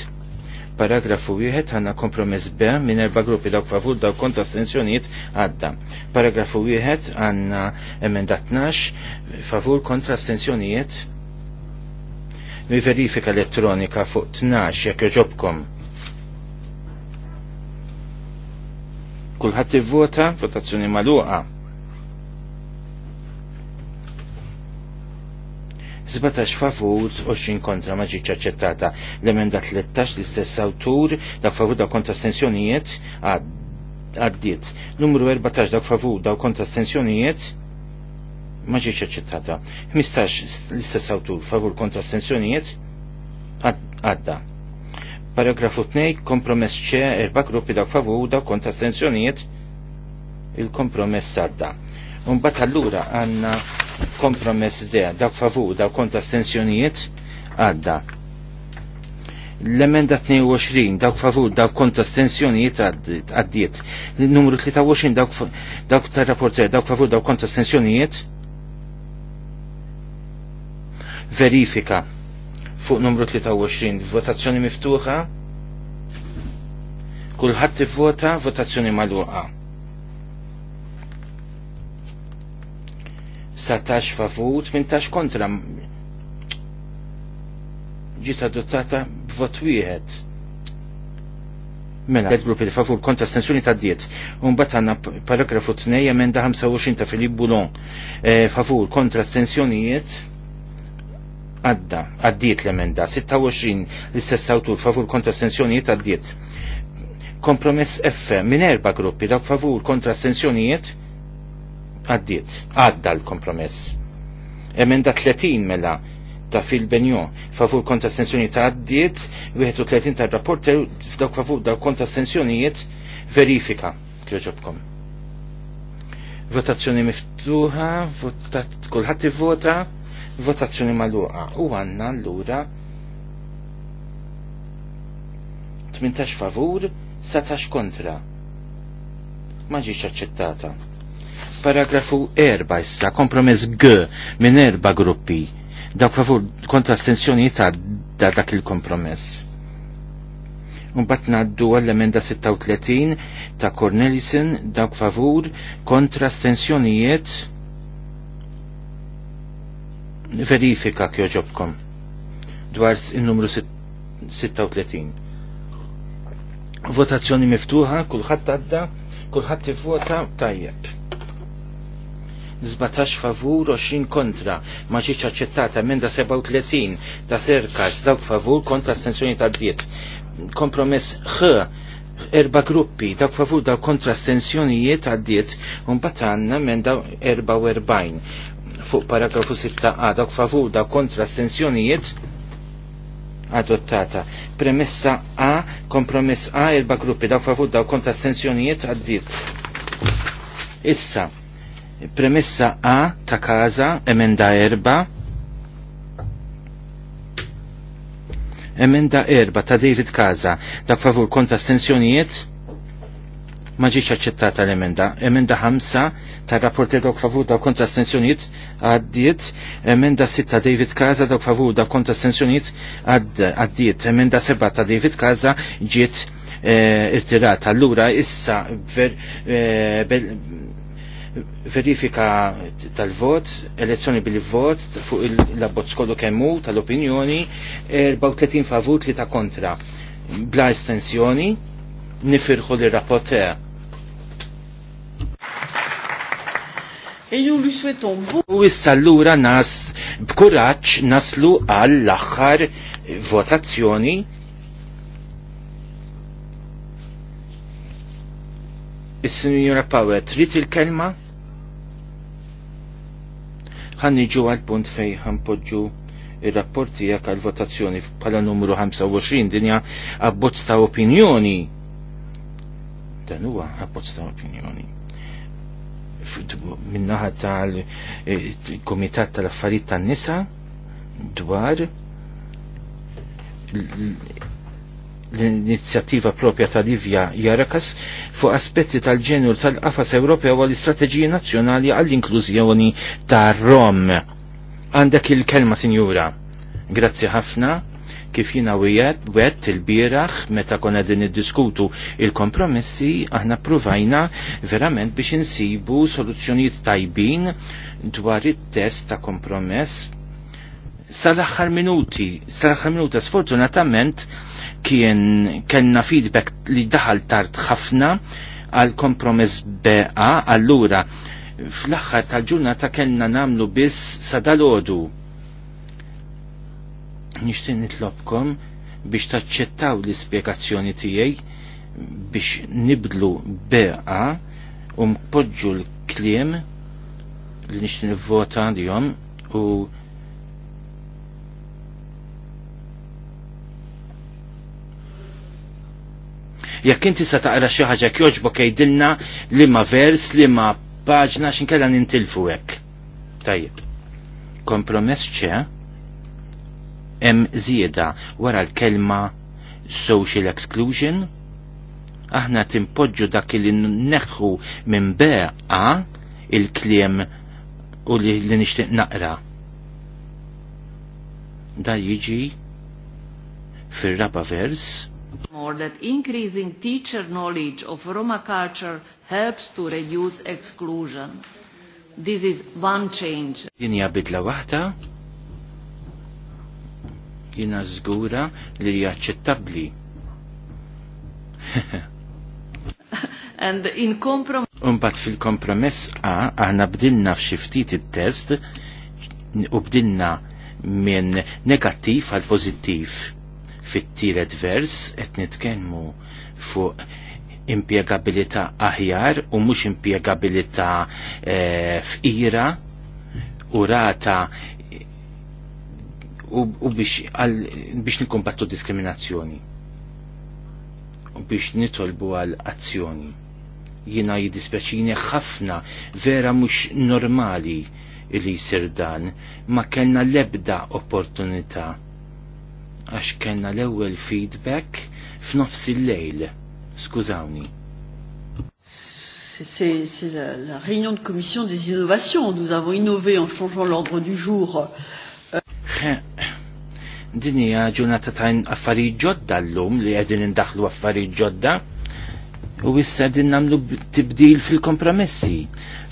Paragrafu wieħed għandna kompromess B minn erba gruppi dawk favur dawk konta stenzjonijiet għadda. Paragrafu wieħed għandna emenda 12 favur kontra astensjonijiet mi verifika elettronika fuq 12 jekk joġobkom. Kulħadd ivvota votazzjoni magħluqa. 17 favur, 20 kontra ma ġiċ aċċettata. L-emenda 13 l-istess autur, dak favur dak kontra stensjonijiet għaddiet. Numru 14 dak favur dak kontra stensjonijiet ma ġiċ aċċettata. 15 l-istess autur favur kontra stensjonijiet għadda. Paragrafu 2 kompromess ċe erba gruppi dak favur dak kontra stensjonijiet il-kompromess għadda bat allura għanna kompromess de, dak favur, da kontra astensjonijiet, għadda. L-emenda 22, dak favur, da kontra astensjonijiet għaddiet. Numru 23, dak, dak ta' rapporter, dak favur, da kontra astensjonijiet, verifika fuq numru 23, votazzjoni miftuħa, kulħadd ivvota votazzjoni magħluqa. 19 favur, tax kontra ġiet adottata b'vot wieħed. Mela, għed grupp li favur kontra stensjoni ta' diet. Unbat għanna paragrafu 2, emenda 25 ta' Filip Boulon. E, favur kontra stensjonijiet għadda, għaddiet l-emenda. 26 l-istess autur, favur kontra stensjonijiet għaddiet. Kompromess F, minn erba gruppi, dak favur kontra stensjonijiet għaddiet, għadda l-kompromess. Emenda 30 mela ta' fil benju favur konta stenzjoni ta' għaddiet, 31 ta' rapporter f'dawk favur daw konta stensjonijiet, verifika, kjoġobkom. Votazzjoni miftuħa, votat, kullħat vota, votazzjoni maluqa. U għanna l-ura 18 favur, 17 kontra. Ma ġiċ aċċettata. Paragrafu erba' issa, kompromess G minn erba gruppi. Dawk favur kontra astensjoni ta' da dak il-kompromess. Unbat naddu għall-emenda 36 ta' Cornelison dawk favur kontra stensjonijiet verifika kjoġobkom dwar il-numru 36. Votazzjoni miftuħa, kullħat għadda, kullħat tivvota tajjeb. 17 favur 20 kontra ma ġiċ aċċettata emenda 37 ta' serkas dawk favur kontra astensjoni ta' diet kompromess ħ erba gruppi dawk favur dawk kontra astensjonijiet ta' diet un batanna emenda 44 fuq paragrafu 6a dawk favur dawk kontra stensjonijiet adottata. Premessa A, kompromess A, erba gruppi, dawk favur daw kontra astensjonijiet għaddit. Issa, Premessa A ta' kaza, emenda erba. Emenda erba ta' David Kaza, dak favur konta stensjonijiet, ma ġiċ aċċettata l-emenda. Emenda 5 ta' rapporti dok favur daw kontra stensjonijiet għaddiet. Emenda 6 ta' David Kaza dok favur daw kontra stensjonijiet għaddiet. Emenda 7 ta' David Kaza ġiet eh, irtirata. Allura issa ver, eh, verifika tal-vot, elezzjoni bil-vot fuq il labot skollu kemmu tal-opinjoni, 34 favur, 3 kontra. Bla estensjoni, nifirħu l-rapporter. Ejju li xwetom. U issa allura nas b'kuraġġ naslu għall-aħħar votazzjoni is sinjora Power, trid il-kelma? ħanniġu għal punt fej ħanpoġġu il-rapporti tiegħek għal votazzjoni bħala numru 25 dinja abbozz ta' opinjoni. Dan huwa abbozz ta' opinjoni. Minnaħa tal-Komitat eh, tal-Affarijiet tan-Nisa dwar l-inizjattiva propja ta' Livja Jarakas fuq aspetti tal-ġenur tal-qafas u l istrateġiji nazzjonali għall-inklużjoni ta' Rom. Għandek il-kelma, sinjura. Grazzi ħafna kif jina wijat wet il-biraħ meta kon din id-diskutu il-kompromessi aħna provajna verament biex insibu soluzzjonijiet tajbin dwar it-test ta' kompromess sal-axħar minuti, sal-axħar minuta sfortunatament kien kellna feedback li daħal tard ħafna għal kompromess beqa allura fl-axħar tal-ġurnata kellna namlu biss sadalodu. Nixtieq nitlobkom biex taċċettaw l-ispjegazzjoni tiegħi biex nibdlu beqa u mpoġġu l-kliem li nixtin vota l u Jekk inti sa taqra xi ħaġa jogħġbok jgħidilna li ma vers li ma paġna x'inkella nintilfu hekk. Tajjeb. Kompromess ċe hemm żieda wara l-kelma social exclusion aħna timpoġġu dak li neħħu minn beqa il-kliem u li, li nixtieq naqra. Da jiġi fir-raba vers More that increasing teacher knowledge of Roma culture helps to reduce exclusion. This is one change. Dinja bidla waħda jina zgura li jaċċettabli. [laughs] And in compromise... Umbat fil-kompromess A, aħna bdinna f'xiftit il-test u bdinna minn negattiv għal pozittiv fit-tielet vers qed nitkellmu fuq impjegabilità aħjar u mhux impjegabilità e, eh, f'ira u rata u, u biex, għal, biex nikombattu diskriminazzjoni u biex nitolbu għal azzjoni jina jidispeċini ħafna vera mhux normali li jisir dan ma kellna lebda opportunità għax kellna l-ewwel feedback f'nofs il-lejl. Skużawni. C'est la, la réunion de commission des innovations. Nous avons innové en changeant l'ordre du jour. Din hija ġurnata ta' affarijiet ġodda llum li qegħdin indaħlu affarijiet ġodda u issa din nagħmlu tibdil fil-kompromessi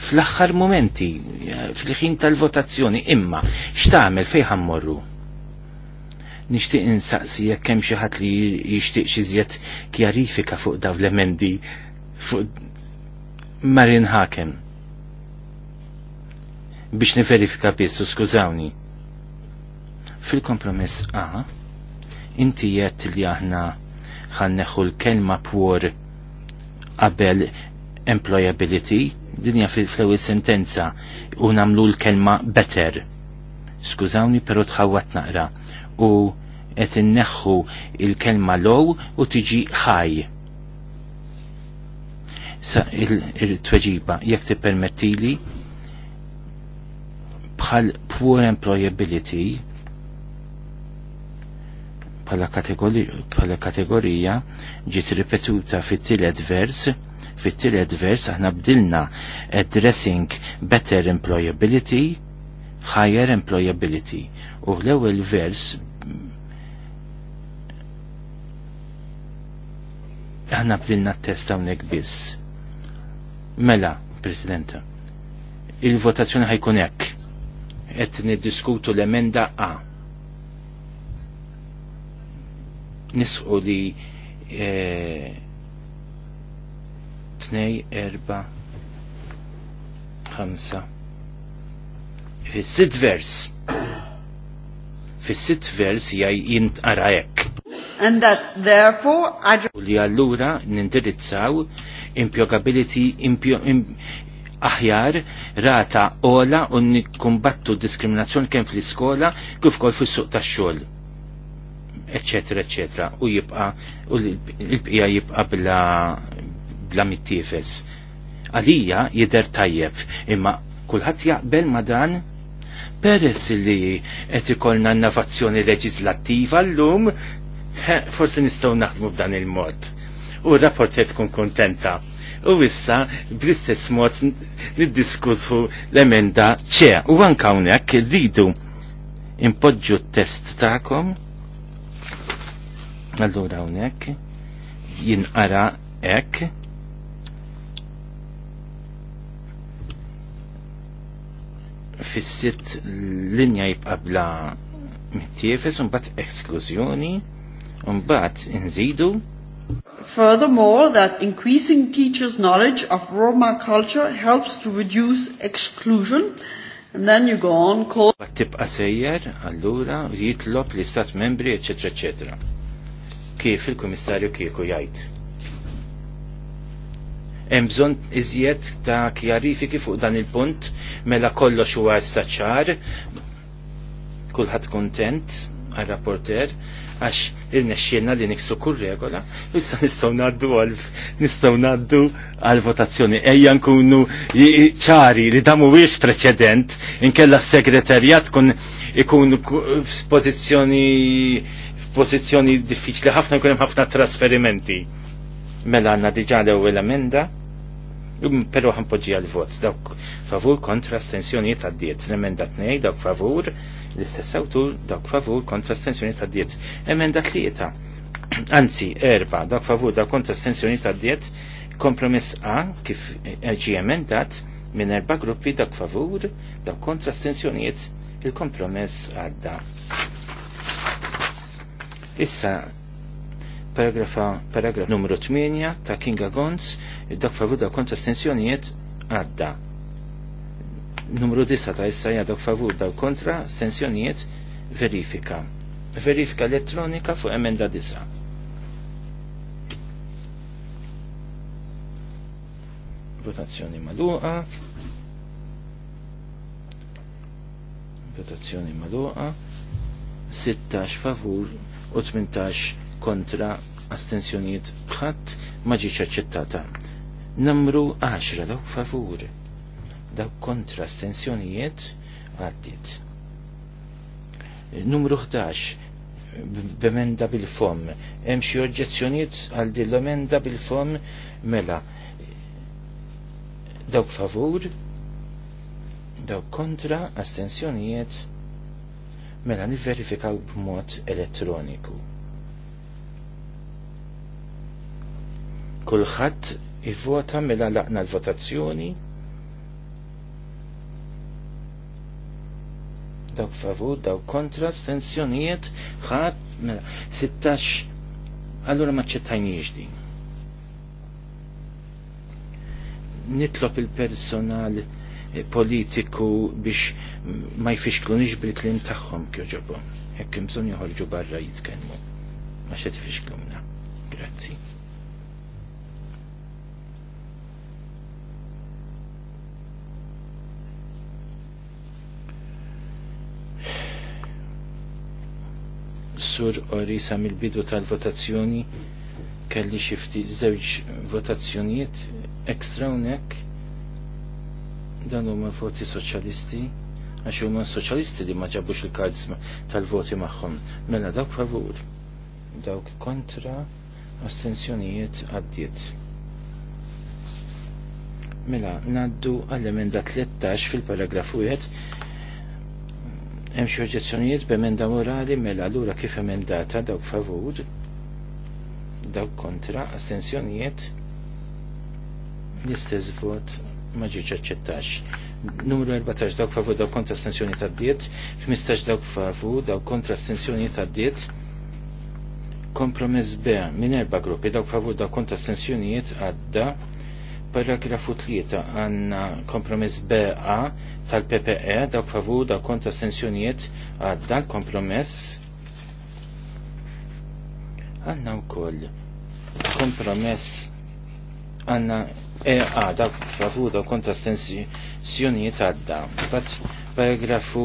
fl-aħħar momenti eh, fil-ħin tal-votazzjoni imma x'tagħmel fejn morru? nixtieq insaqsi jekk hemm xi ħadd li jixtieq xi żjed kjarifika fuq dawn l-emendi fuq Marin Hakem biex niverifika biss u skużawni. Fil-kompromess A, inti jett li aħna ħanneħu l-kelma pur qabel employability, dinja fil-flewil sentenza, u namlu l-kelma better. Skużawni, pero tħawat naqra u qed inneħħu il-kelma low u tiġi ħaj. Sa il-tweġiba jekk tippermettili bħal poor employability bħala kategorija ġiet ripetuta fit-tielet vers fit-tielet vers aħna bdilna addressing better employability higher employability u l-ewwel vers Aħna bdilna t-test hawnhekk biss. Mela, Presidenta, il-votazzjoni ħajkun hekk. Qed niddiskutu l-emenda A. Nisqu li e, tnej erba ħamsa fis-sit vers fis-sit vers jgħid jintqara hekk and that therefore li allura nindirizzaw impiegability aħjar rata ola u nikkumbattu diskriminazzjoni kemm fl-iskola kif ukoll fis-suq tax-xogħol eccetera eccetera u jibqa u l-bqija jibqa bla bla mittifes għalija jider tajjeb imma kulħadd jaqbel ma dan peress li qed ikollna innovazzjoni leġislattiva llum forsi nistgħu naħdmu b'dan il-mod. U rapporti tkun kontenta. U issa bl-istess mod niddiskutu l-emenda ċe. U anka hawnhekk rridu impoġġu t-test tagħkom. Allura hawnhekk jinqara hekk. Fissit linja jibqa' bla mittiefes un bat eksklużjoni Umbat inżidu. Furthermore, that increasing teachers' knowledge of Roma culture helps to reduce exclusion And then you go on call. Tibqa sejjer, allura, jitlob li stat membri, etc., etc. Kif il-komissarju kieku jajt. Hemm bżonn iżjed ta' kjarifiki fuq dan il-punt mela kollox huwa issa ċar, kulħadd kuntent għar-rapporter għax il-nexxienna li niksu kull regola, issa nistgħu ngħaddu għal nistgħu ngħaddu għal votazzjoni. Ejja nkunu ċari li damu mhuwiex preċedent inkella s-segretarjat kun ikunu f'pożizzjoni f'pożizzjoni diffiċli ħafna jkun hemm ħafna trasferimenti. Mela għandna diġà l-ewwel emenda, um, però ħanpoġġi għal vot dawk favur kontra astensjonijiet għaddiet. L-emenda tnej dawk favur L-istess awtur dawk favur kontra astensjoni ta' diet. Emenda tlieta. [clears throat] Anzi, erba, dawk favur dawk kontra astensjoni ta' diet. Kompromess A kif ġi emendat minn erba gruppi dak favur, dak kontra stensjoniet il-kompromess għadda. Issa, paragrafa, paragraf numru 8 ta' Kinga Gons, dak favur dawk kontra stensjoniet għadda numru 9 ta' issa jadok favur daw kontra stensjonijiet verifika. Verifika elettronika fuq emenda 9. Votazzjoni maluqa. Votazzjoni maluqa. 16 favur u 18 kontra astensjoniet bħadd ma ġiċ aċċettata. Numru 10 daw favur da kontra stensjonijiet għaddit. Numru 11 b'emenda bil-fom. Hemm xi oġġezzjonijiet għal din l-emenda bil-fom mela dawk favur, dawk kontra, astensjonijiet, mela nifverifikaw b'mod elettroniku. Kulħadd ivvota mela laqna l-votazzjoni dawk favur, dawk kontra, stenzjonijiet, ħat, mela, 16, allura maċċettajniex din. Nitlop il-personal eh, politiku biex ma jfixklunix bil-klim tagħhom kjoġobhom. Hekk imżon joħorġu barra jitkellmu. Ma xed fixklumna. Grazzi. sur Orisa mill-bidu tal-votazzjoni kelli xifti żewġ votazzjonijiet ekstra hawnhekk dan huma voti soċjalisti għax huma soċjalisti li ma ġabux il-kards tal-voti magħhom. Mela dawk favur, dawk kontra, astensjonijiet għaddiet. Mela, naddu għall-emenda 13 fil-paragrafu Hemm xi oġġezzjonijiet b'emenda morali mela allura kif emendata dawk favur, dawk kontra, astensjonijiet l-istess vot ma ġiġ aċċettax. Numru 14 dawk favur dawk kontra astensjoni ta' diet, 15 dawk favur dawk kontra astensjoni ta' diet, kompromess B minn erba gruppi dawk favur dawk kontra astensjonijiet għadda Paragrafu 3 għanna kompromess BA tal-PPE dawk favu dawk kontra sensjoniet għad l-kompromess għanna u koll kompromess għanna EA dawk favur dawk kontra sensjonijiet e għadda. Bat paragrafu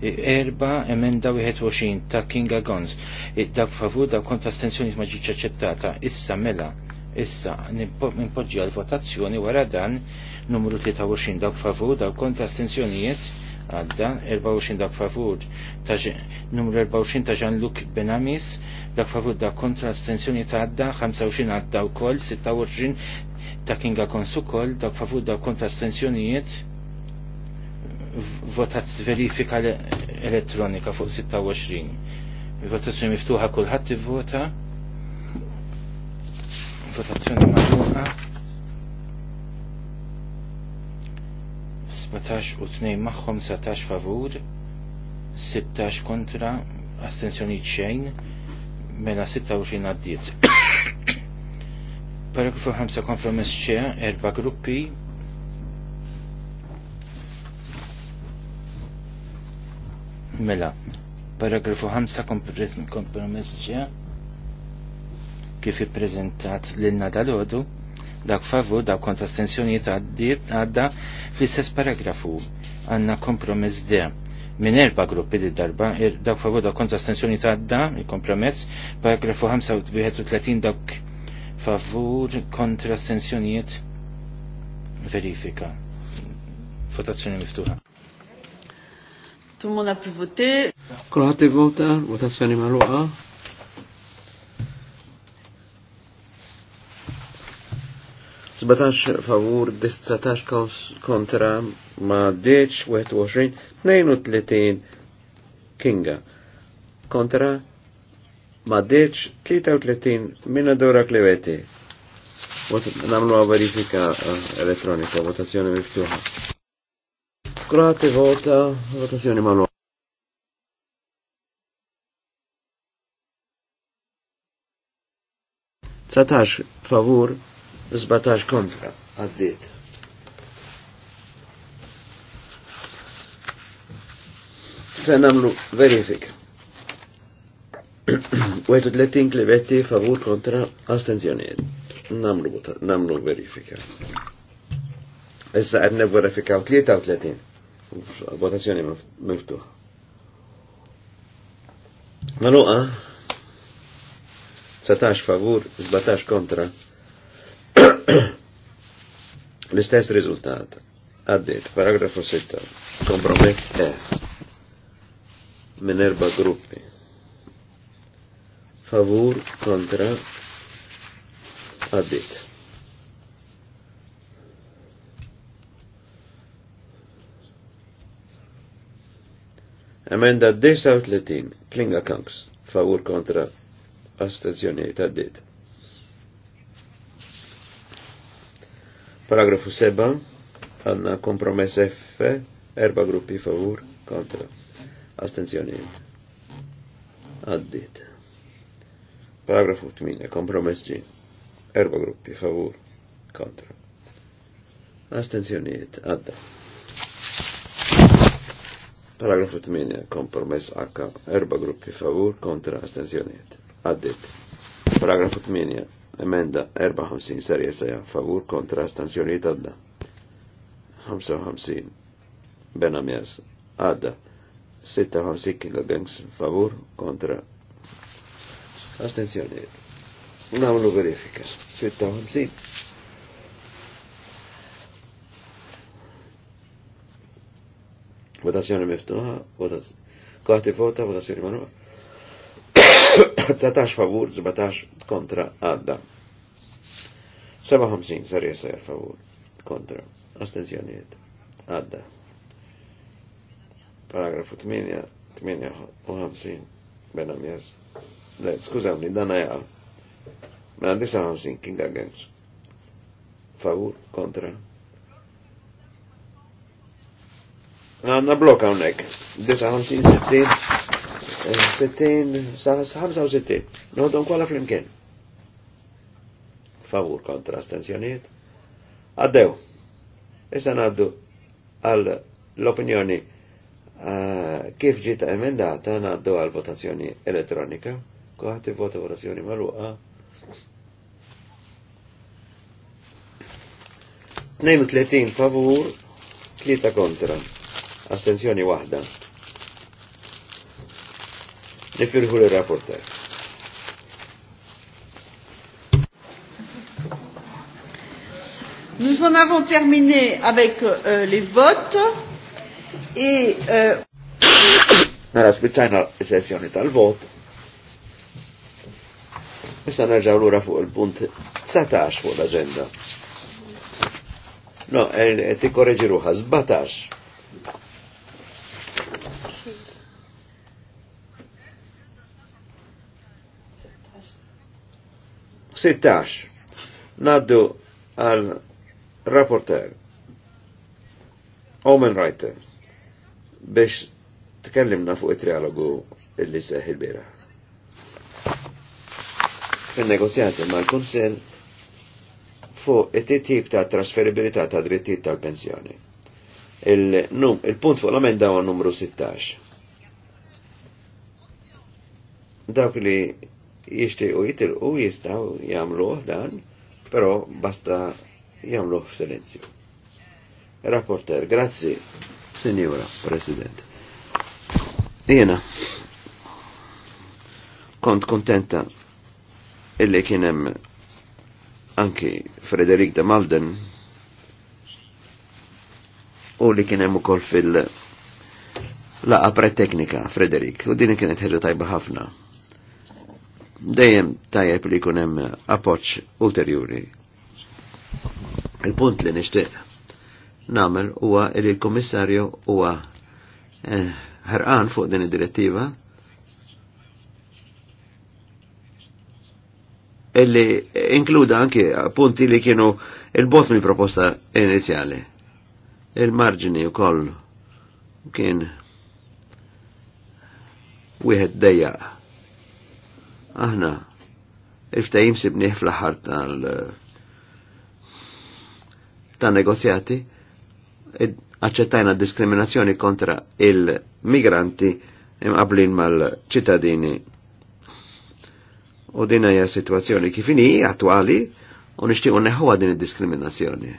erba emenda 21 ta' Kinga Gons e, dak favur da' kontra astensjoni ma ġiċ aċċettata issa mela Issa, nimpoġġi għal-votazzjoni wara dan numru 23 dak favur, dak kontra astenzjonijiet għadda, 24 dak favur, numru 24 ta' jean Benamis, dak favur, dak kontra astenzjonijiet għadda, 25 għadda u koll, 26 ta' Kinga Konsu koll, dak favur, dak kontra astenzjonijiet votazz verifika elettronika fuq 26. Votazzjoni miftuħa kulħadd i vota votazzjoni magħluqa 17 u 2 magħhom 17 favur 16 kontra astensjonijiet xejn mela 26 għaddiet. [coughs] Paragrafu 5 kompromess xe, erba gruppi mela paragrafu 5 kompromess ġe kif ippreżentat lil dal Odu dak favur dak kont astensjonijiet għadda fl-istess paragrafu għanna kompromess de minn erba gruppi di darba, er, dak favu dak kontra astensjoni ta' għadda, il-kompromess, paragrafu 35 dak favur kontra astensjonijiet verifika. Votazzjoni miftuħa. Tumuna pivote. Kulħat vota, votazzjoni maluqa. 17 favur, 19 kontra ma' deċ, 21, 32 kinga. Kontra ma' deċ, 33 minna dora kleveti. Namlu għa verifika eh, elektronika votazzjoni miftuħa. Kurati vota, votazzjoni manuali. Satash, favur, 17 kontra għaddit. Se namlu verifika. 31 [clears throat] klibetti favur kontra astenzjoniet. Namlu, namlu verifika. Issa għedne verifikaw 33. Votazzjoni miftuħa. Maluqa, 19 favur, 17 kontra, [coughs] L-istess rizultat. Għaddit, paragrafu 6, kompromess E. Minn erba gruppi. Favur, kontra, għaddit. Emenda 39, klinga kanks, favur kontra, astazzjoniet għaddit. Paragrafu 7, għanna kompromess F, erba gruppi favur, kontra. astenzjoni Għaddit. Paragrafu 8, kompromess G, erba gruppi favur, kontra. astenzjoni għadda. Paragrafu 8, kompromess H, erba gruppi favur, kontra, astenzjoni Għaddit. Paragrafu 8, Emenda 54 ser jesaja favur kontra stanzjoni tadda. 55 Benamias għadda. 56 kilogangs favur kontra astenzjoniet. Namlu verifika. 56. Votazzjoni miftuħa, votazzjoni. Kati vota, votazzjoni manuħa. 19 favur, 17 kontra għadda. 57 sar jesser favur, kontra, astenzjoniet, għadda. Paragrafu 8, 58, bena mjez. Le, skużawni, dana jgħal. Mela 59 King Agents. Favur, kontra. Għanna blokka għonek. 59, 60, 65, sa 65. Nħoddhom kollha flimkien. Favur kontra astensjoniet. Għaddew. Issa ngħaddu għal l-opinjoni eh, kif ġiet emendata ngħaddu għal votazzjoni elettronika. Kuħat vota votazzjoni magħluqa. 30 favur, 3 kontra. Astenzjoni waħda. Nifirħu e l-rapporter. Nous en avons terminé avec euh, les votes et euh... Nara spiċċajna sessjoni tal-vot. Issa nerġaw lura fuq il-punt 17 fuq l-agenda. No, eh, ti korreġi ruħa, 17. 16. Naddu għal rapporter Omen Writer biex tkellimna fuq it-trialogu illi seħ il-bira. Il-negozjati mal kunsel fuq it-tip ta' trasferibilità ta' drittijiet tal-pensjoni. Il-punt fuq l-amenda huwa numru 16. Dawk li jitil u jistaw jamluħ dan, pero basta jamluħ f-silenzju. Rapporter, grazzi, Signora President. Jena, kont kontenta illi kienem anki Frederik de Malden u li kienem u fil laqa pre-teknika, Frederik, u din kienet ħirri tajba ħafna dejjem tajjeb li jkun hemm appoġġ ulterjuri. Il-punt li nixtieq nagħmel huwa li l-Kummissarju huwa eh, ħerqan fuq din id-direttiva illi inkluda anke punti li kienu il-bot proposta inizjali. Il-marġini u koll kien wieħed dejjaq Aħna, iftaj ftajim sibniħ fl-ħar tal ta' negozjati, għacċettajna diskriminazzjoni kontra il-migranti imqablin mal-ċittadini. U din hija situazzjoni kifini attuali, u nixtiequ neħħuha din id-diskriminazzjoni.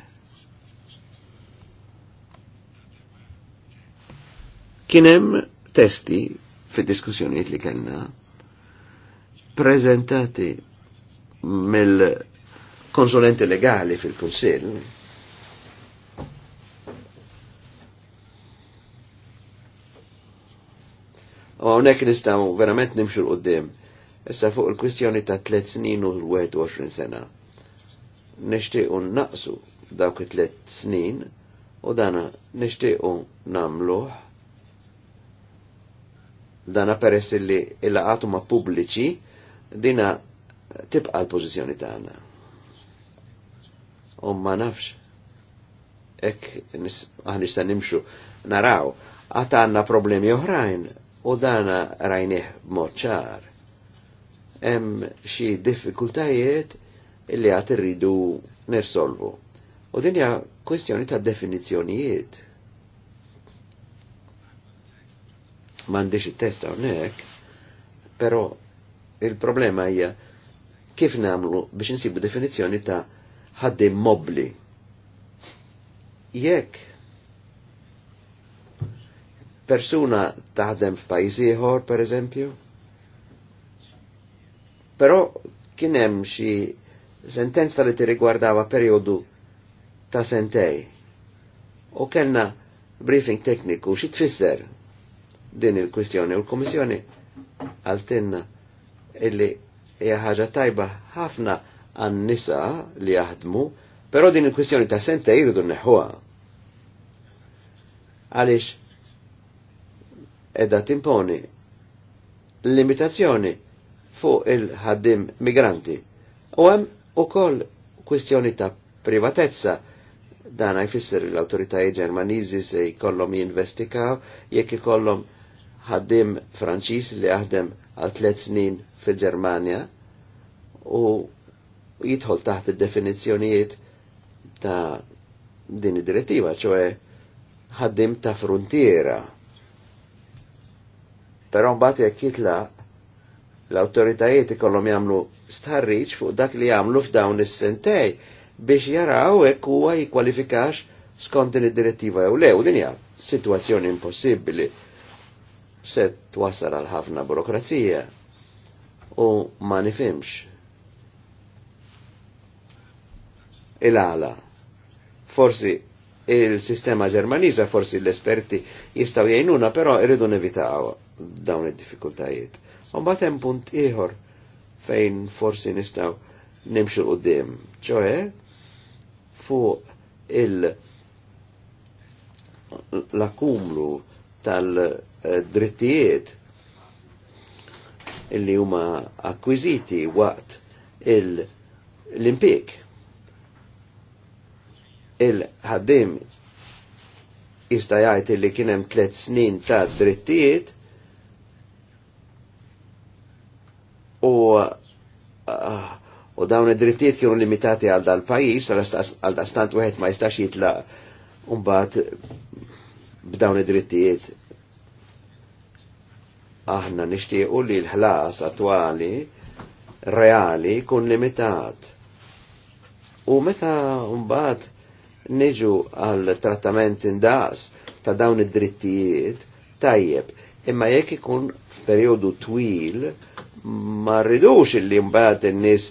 Kien hemm testi fid-diskussjonijiet li kellna prezentati mill-konsulenti legali fil-Kunsill U għonek nistaw verament nimxu l-qoddim. Issa fuq il-kwistjoni ta' 3 snin u 21 sena. un naqsu dawk 3 snin u dana nishtiqu namluħ dana peress li il għatuma ma' pubbliċi dina tibqa l-pozizjoni tagħna. U ma nafx hekk aħna nista' nimxu naraw għata għandna problemi oħrajn u dana rajnieh moċċar. Hemm xi diffikultajiet illi għad irridu nersolvu. U dinja kwestjoni ta' definizzjonijiet. M'għandix it-test hawnhekk, pero il-problema hija kif namlu biex insibu definizzjoni ta' ħaddim mobli. Jekk persuna taħdem f'pajjiż per pereżempju, però kien hemm xi sentenza li tirigwardawa perjodu ta' sentej. U kellna briefing tekniku xi tfisser din il-kwistjoni u l-Kummissjoni għaltinna illi hija ħaġa tajba ħafna għan nisa li jaħdmu, però din il-kwistjoni ta' sente jridu neħuha. Għaliex edha timponi limitazzjoni fuq il-ħaddim migranti. U hemm ukoll kwistjoni ta' privatezza dan jfisser l awtoritajiet ġermaniżi se jkollhom jinvestigaw jekk ikollhom ħaddim Franċiż li jaħdem għal tliet snin fil-Ġermanja u jidħol taħt id-definizzjonijiet ta' din id-direttiva, ċoe ħaddim ta' frontiera. Però mbagħad jekk jitla l-autoritajiet ikollhom jagħmlu starriċ fuq dak li jagħmlu f'dawn is-sentej biex jaraw hekk huwa jikkwalifikax skont din id-direttiva jew le u din hija sitwazzjoni impossibbli se twasal għal ħafna burokrazija u ma nifimx. Il-għala, forsi il-sistema ġermaniza, forsi l-esperti jistaw jajnuna, pero irridu nevitaw dawn il-difikultajiet. Un batem punt iħor fejn forsi nistaw nimxu u dim, ċoħe fu il-lakumlu il- lakumlu akumlu tal-drittijiet illi huma akkwiżiti waqt l-impik. Il-ħaddim jista' jgħid illi kien hemm tliet snin ta' drittijiet u uh, u dawn id-drittijiet kienu limitati għal dal-pajjiż għal dastant wieħed ma jistax jitlaq Umbat b'dawn id-drittijiet. Aħna nixtiequ li l-ħlas attwali reali kun limitat. U meta mbagħad niġu għal trattament indaqs ta' dawn id-drittijiet tajjeb, imma jekk ikun periodu twil ma rridux illi mbagħad in-nies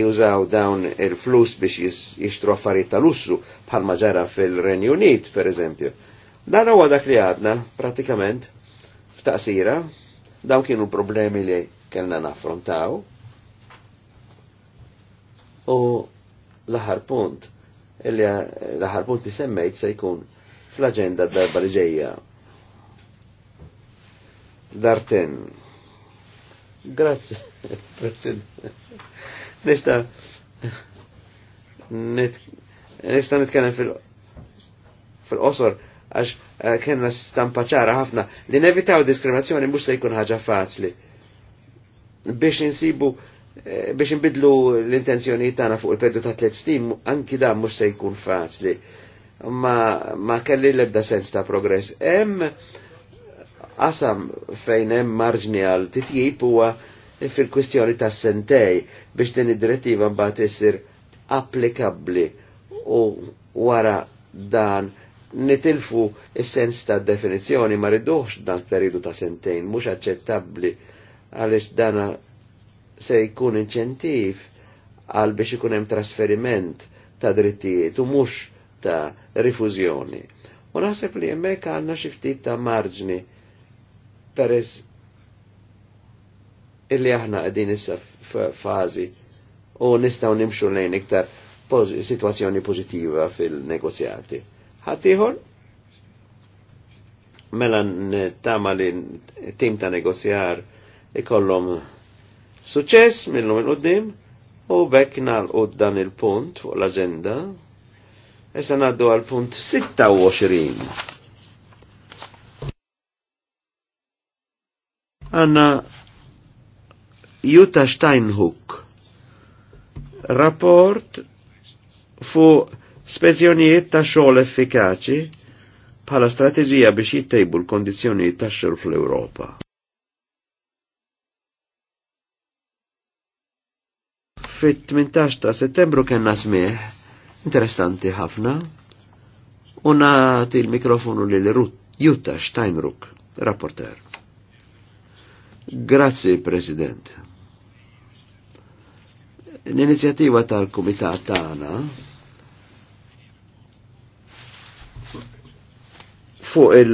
jużaw dawn il-flus biex jixtru affarijiet tal-ussu bħalma ġara fil-Renju Unit, per eżempju. Dan huwa dak li għadna, pratikament, f'taqsira, dawn kienu problemi li kellna naffrontaw. U l aħħar punt, l-aħar punt li semmejt se jkun fl-agenda darba li ġejja. Darten. Grazie, [laughs] President. Nista nista nitkellem fil-qosor. Fil għax eh, kena stampa ċara ħafna li nevitaw diskriminazzjoni mhux se jkun ħaġa faċli. Biex insibu eh, biex nbidlu l-intenzjoni tagħna fuq il-perdu ta' tliet snin anki dan mhux se jkun faċli. Ma, ma kelli l-ebda sens ta' progress. Hemm asam fejn hemm marġni għal titjib huwa fil-kwistjoni ta' sentej biex din id-direttiva mbagħad isir applikabbli u wara dan nitilfu is-sens ta' definizzjoni ma ridux dan periodu ta' sentejn mhux aċċettabbli għaliex dana se jkun inċentiv għal biex ikun hemm trasferiment ta' drittijiet u mhux ta' rifużjoni. U naħseb li hemmhekk għandna xi ftit ta' marġni peress illi aħna qegħdin issa fażi u nistgħu nimxu lejn iktar situazzjoni pożittiva fil-negozjati ħaddieħor. Mela tama li tim ta' negozjar ikollom suċess minnhom il qoddim u bekna l dan il-punt fuq l agenda Issa naddu għal punt 26. għanna Jutta Steinhook rapport fu spezzjonijiet ta' xogħol effikaċi bħala strateġija biex jittejbu l-kondizzjonijiet ta' xogħol fl-Ewropa. Fit-18 ta' settembru kellna smieħ interessanti ħafna u nagħti l-mikrofonu lil Jutta Steinruck, rapporter. Grazzi, President. L-inizjattiva tal-Kumitat tagħna fuq eh,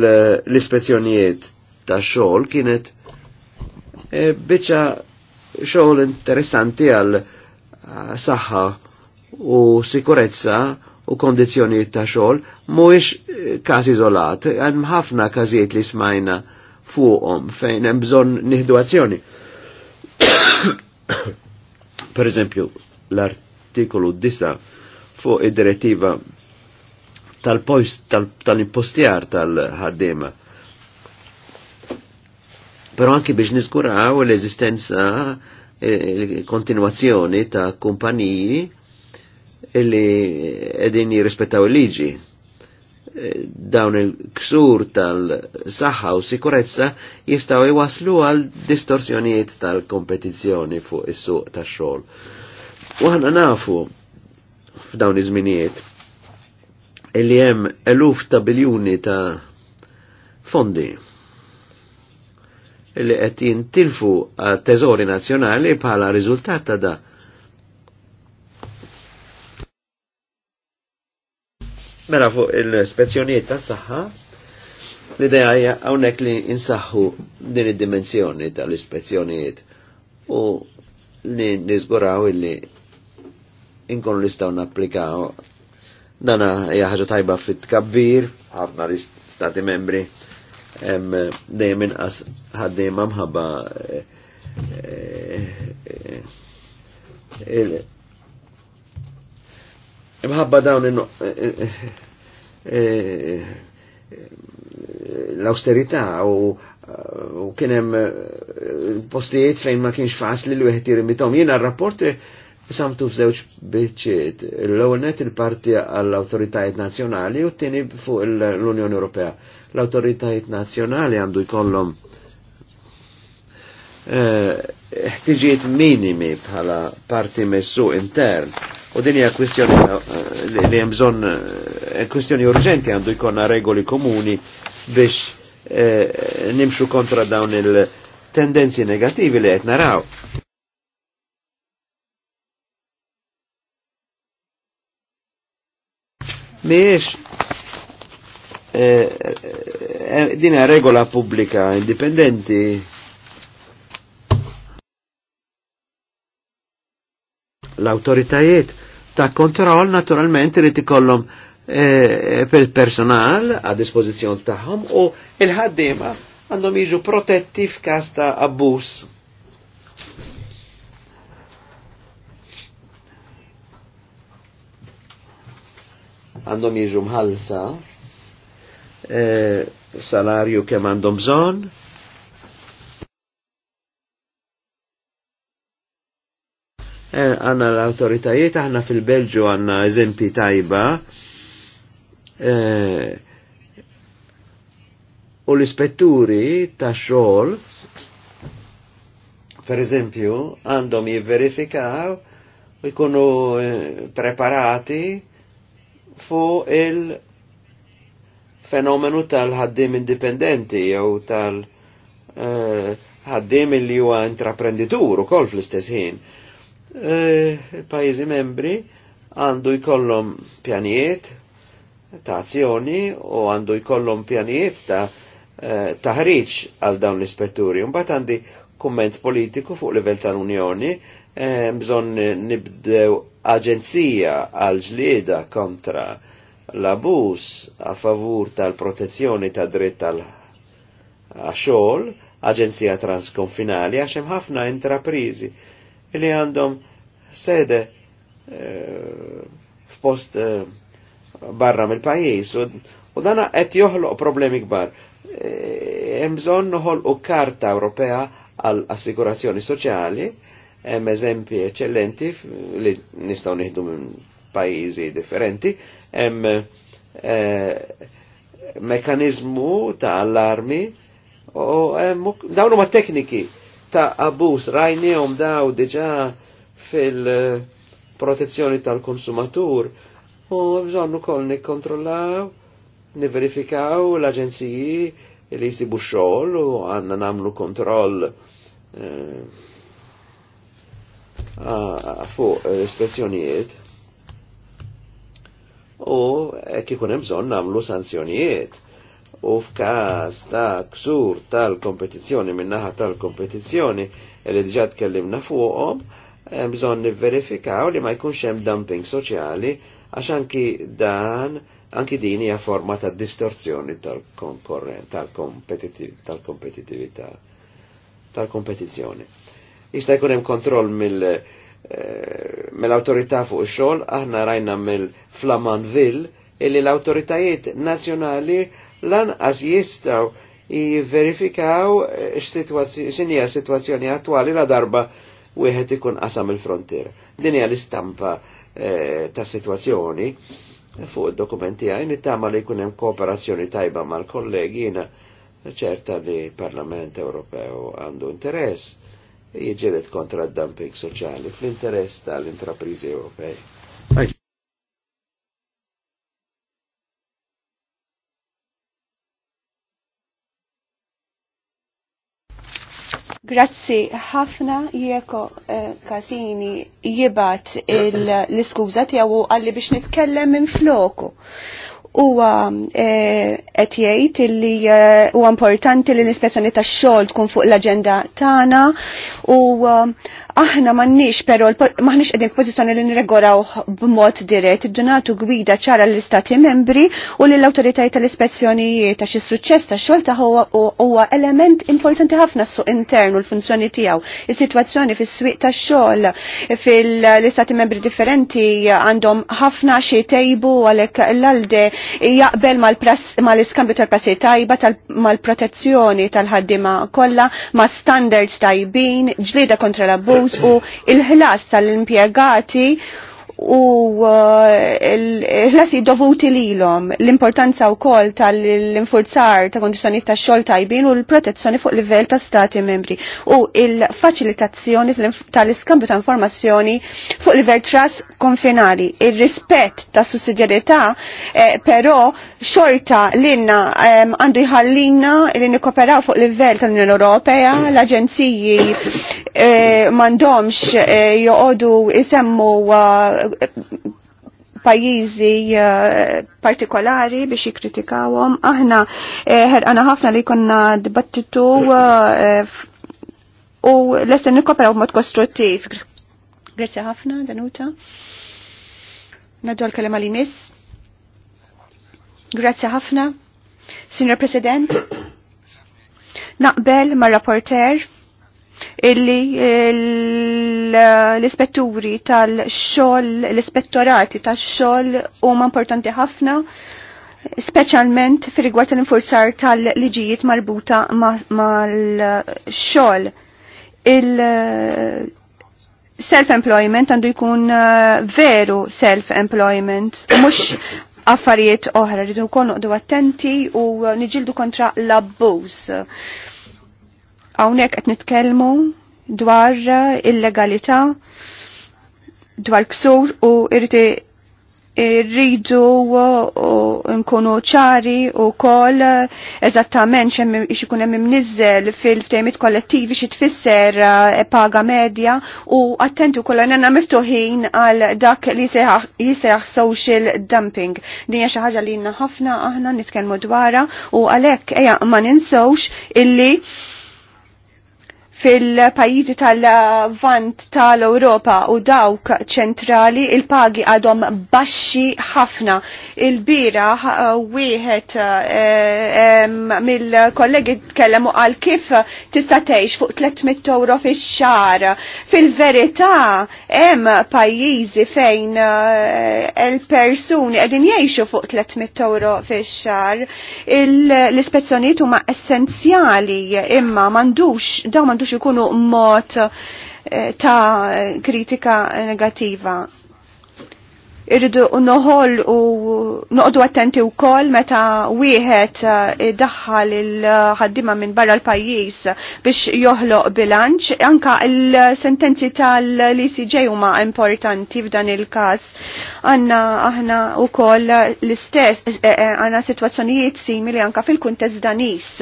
l-ispezzjonijiet ta' xogħol kienet e, biċċa xogħol interessanti għal eh, saħħa u sikurezza u kondizjonijiet ta' xogħol mhuwiex każ iżolat, hemm ħafna każijiet li smajna fuqhom fejn hemm bżonn nieħdu azzjoni. [coughs] per eżempju, l-artikolu 9 fuq id-direttiva tal-impostjar tal post tal tal ħaddima Pero anki biex niskuraw l-eżistenza e, kontinuazzjoni ta' kumpaniji illi edin jirrispettaw il-liġi. E, dawn il-ksur tal-saħħa u sikurezza jistaw iwaslu għal distorsjonijiet tal-kompetizzjoni fuq is-suq tax-xogħol. U ħana nafu f'dawn iż-żminijiet li hemm eluf ta' biljuni ta' fondi li qed jintilfu għal teżori nazzjonali bħala riżultat ta' da. Mela fuq il-spezzjonijiet ta' saħħa, l-idea hija hawnhekk li insaħħu din id-dimensjoni tal-ispezzjonijiet u li nizguraw illi inkonu nistaw napplikaw Dana hija ħaġa tajba fit-tkabbir, ħafna li stati membri dejjem inqas ħaddiem mħabba imħabba eh, eh, eh, dawn l-austerità u kienem postijiet fejn ma kienx faċli li wieħed jirimitom. Jiena r-rapport samtu f'żewġ biċċiet. L-ewwel net il-parti għall-awtoritajiet nazzjonali u t-tieni fuq l-Unjoni Ewropea. L-awtoritajiet nazzjonali għandu jkollhom eh, ħtiġijiet minimi bħala parti messu intern. U din hija kwistjoni eh, li hemm bżonn eh, kwistjoni urġenti għandu jkollna regoli komuni biex nimxu kontra dawn il-tendenzi negativi li qed naraw. miex eh, eh, eh din regola pubblica indipendenti l-autoritajiet ta' kontroll naturalment irid ikollhom eh, per personal a dispożizzjoni tagħhom u il ħaddima għandhom jiġu protetti f'kasta ta' abbuż. għandhom jiġu mħallsa e, salarju kemm għandhom bżonn. E, għanna l-autoritajiet, aħna fil-Belġu għanna eżempi tajba. E, u l-ispetturi ta' xogħol per eżempju, għandhom jivverifikaw u jkunu preparati fuq il-fenomenu tal-ħaddim indipendenti jew tal-ħaddim eh, uh, li huwa intraprenditur u kol fl-istess ħin. Uh, Il-pajjiżi membri għandu jkollhom pjanijiet ta' azzjoni u għandu jkollhom pjanijiet ta' eh, taħriġ għal dawn l-ispetturi. Mbagħad għandi kumment politiku fuq livell tal-Unjoni, bżonn nibdew aġenzija għal ġlieda kontra l-abus a favur tal-protezzjoni ta' dritt tal-xogħol, aġenzija transkonfinali għax hemm ħafna intraprizi li għandhom sede eh, f'post eh, barra mill-pajjiż u, u dana qed joħloq problemi kbar. Eh, hemm bżonn noħolqu karta Ewropea għall assigurazzjoni soċjali Hemm eżempji eċċellenti li nistgħu nieħdu minn pajjiżi differenti, hemm eh, mekanizmu ta' allarmi u dawn huma tekniki ta' abus rajnihom daw diġà fil-protezzjoni tal-konsumatur u bżonnu kol nikkontrollaw, niverifikaw l-aġenziji li jisibu xogħol u għanna namlu kontroll eh, fuq l-ispezzjonijiet eh, u e, kikun hemm namlu nagħmlu sanzjonijiet u f'każ ta' ksur tal kompetizjoni minnaħa naħa tal-kompetizzjoni li diġà tkellimna fuqhom hemm bżonn nivverifikaw li ma jkunx hemm dumping soċjali għax anki dan anki din hija forma ta' distorsjoni tal-kompetitività tal-kompetizzjoni. tal kompetitività tal kompetizjoni tal jista' jkun hemm kontroll mill eh, mill-autorità fuq ix-xogħol, aħna rajna mill-Flamanville illi l-autoritajiet nazzjonali lanqas jistgħu jiverifikaw eh, x'inhija situazzjoni attwali la darba wieħed ikun qasam il-frontier. Din hija l-istampa eh, ta' situazzjoni fuq id-dokumenti għaj nittama li jkun hemm kooperazzjoni tajba mal-kollegi ċerta li Parlament Ewropew għandu interess jieġelet kontra d-dumping soċali fl-interess tal-intraprizi Ewropej. Grazzi ħafna jieko kasini eh, jibat l-iskuża tiegħu għalli biex nitkellem minn floku huwa eh, qed jgħid illi eh, huwa importanti li l-ispezzjoni tax-xogħol tkun fuq l-aġenda tagħna u eh, Aħna m'għandniex pero m'aħniex qegħdin pozizjoni li nirregoraw b'mod dirett, donatu gwida ċara l-istati membri u lill awtoritajiet tal-ispezzjonijiet ta' xis suċċess ta' xogħol ta' huwa element importanti ħafna s suq internu l-funzjoni tiegħu. Is-sitwazzjoni fis-swieq tax-xogħol fil-istati membri differenti għandhom ħafna xi tejbu għalhekk l-alde jaqbel mal-iskambju tal-prassi tajba mal-protezzjoni tal-ħaddima kollha ma' standards tajbin, ġlieda kontra l abbu tal-NGOs u il-ħlas tal-impjegati u uh, l-lasi dovuti li l-importanza u kol tal-infurzar ta' kondizjoni ta' xol tajbin u l-protezzjoni fuq livell ta' stati membri u il-facilitazzjoni tal-iskambju ta' informazzjoni fuq livell tras konfinali. Il-rispett ta' sussidjarietà eh, però xorta l-inna għandu eh, jħallina li nikoperaw fuq livell tal-Unjoni Ewropea, l-aġenziji eh, mandomx eh, joqodu jisemmu uh, pajizi eh, partikolari biex jikritikawom. Aħna eh, ħerqana ħafna li konna dibattitu eh, u lesta nikopraw mod kostruttiv. Grazie ħafna, Danuta. Naddu l-kelema li miss. Grazzi ħafna. Signor President, [coughs] naqbel ma' rapporter illi l-ispetturi tal-xol, l-ispettorati tal-xol huma importanti ħafna, specialment fi rigward tal-infurzar tal-liġijiet marbuta mal-xol. Il- Self-employment għandu jkun eh, veru self-employment, mux affarijiet oħra, rridu kon noqdu attenti u eh, niġildu kontra l-abbuż Hawnhekk qed nitkellmu dwar illegalità, dwar ksur u irti rridu nkunu ċari u kol eżattament xikun hemm imniżel fil-ftehimiet kollettivi xi tfisser eh, paga medja u attentu kollha għandna miftuħin għal dak li jiseħ social dumping. Din hija xi ħaġa li ħafna aħna nitkellmu dwarha u għalhekk eja ma ninsewx illi fil-pajizi tal-vant tal-Europa u dawk ċentrali il-pagi għadhom baxxi ħafna. Il-bira wieħed eh, mill-kollegi tkellmu għal kif tista' tgħix fuq 300 euro fix xar Fil-verità hemm pajjiżi fejn eh, il-persuni qegħdin jgħixu fuq 300 euro fix xar L-ispezzjonijiet huma essenzjali imma m'għandux dawn m'għandux biex ikunu mod eh, ta' kritika negativa. Irridu noħol u noqdu attenti u koll meta wieħed eh, daħħal il-ħaddima minn barra l-pajjiż biex joħloq bilanċ. Anka il sentenzi tal-ECJ huma importanti f'dan il-każ. għandna aħna u koll l-istess eh, għandna situazzjonijiet simili anka fil-kuntest danis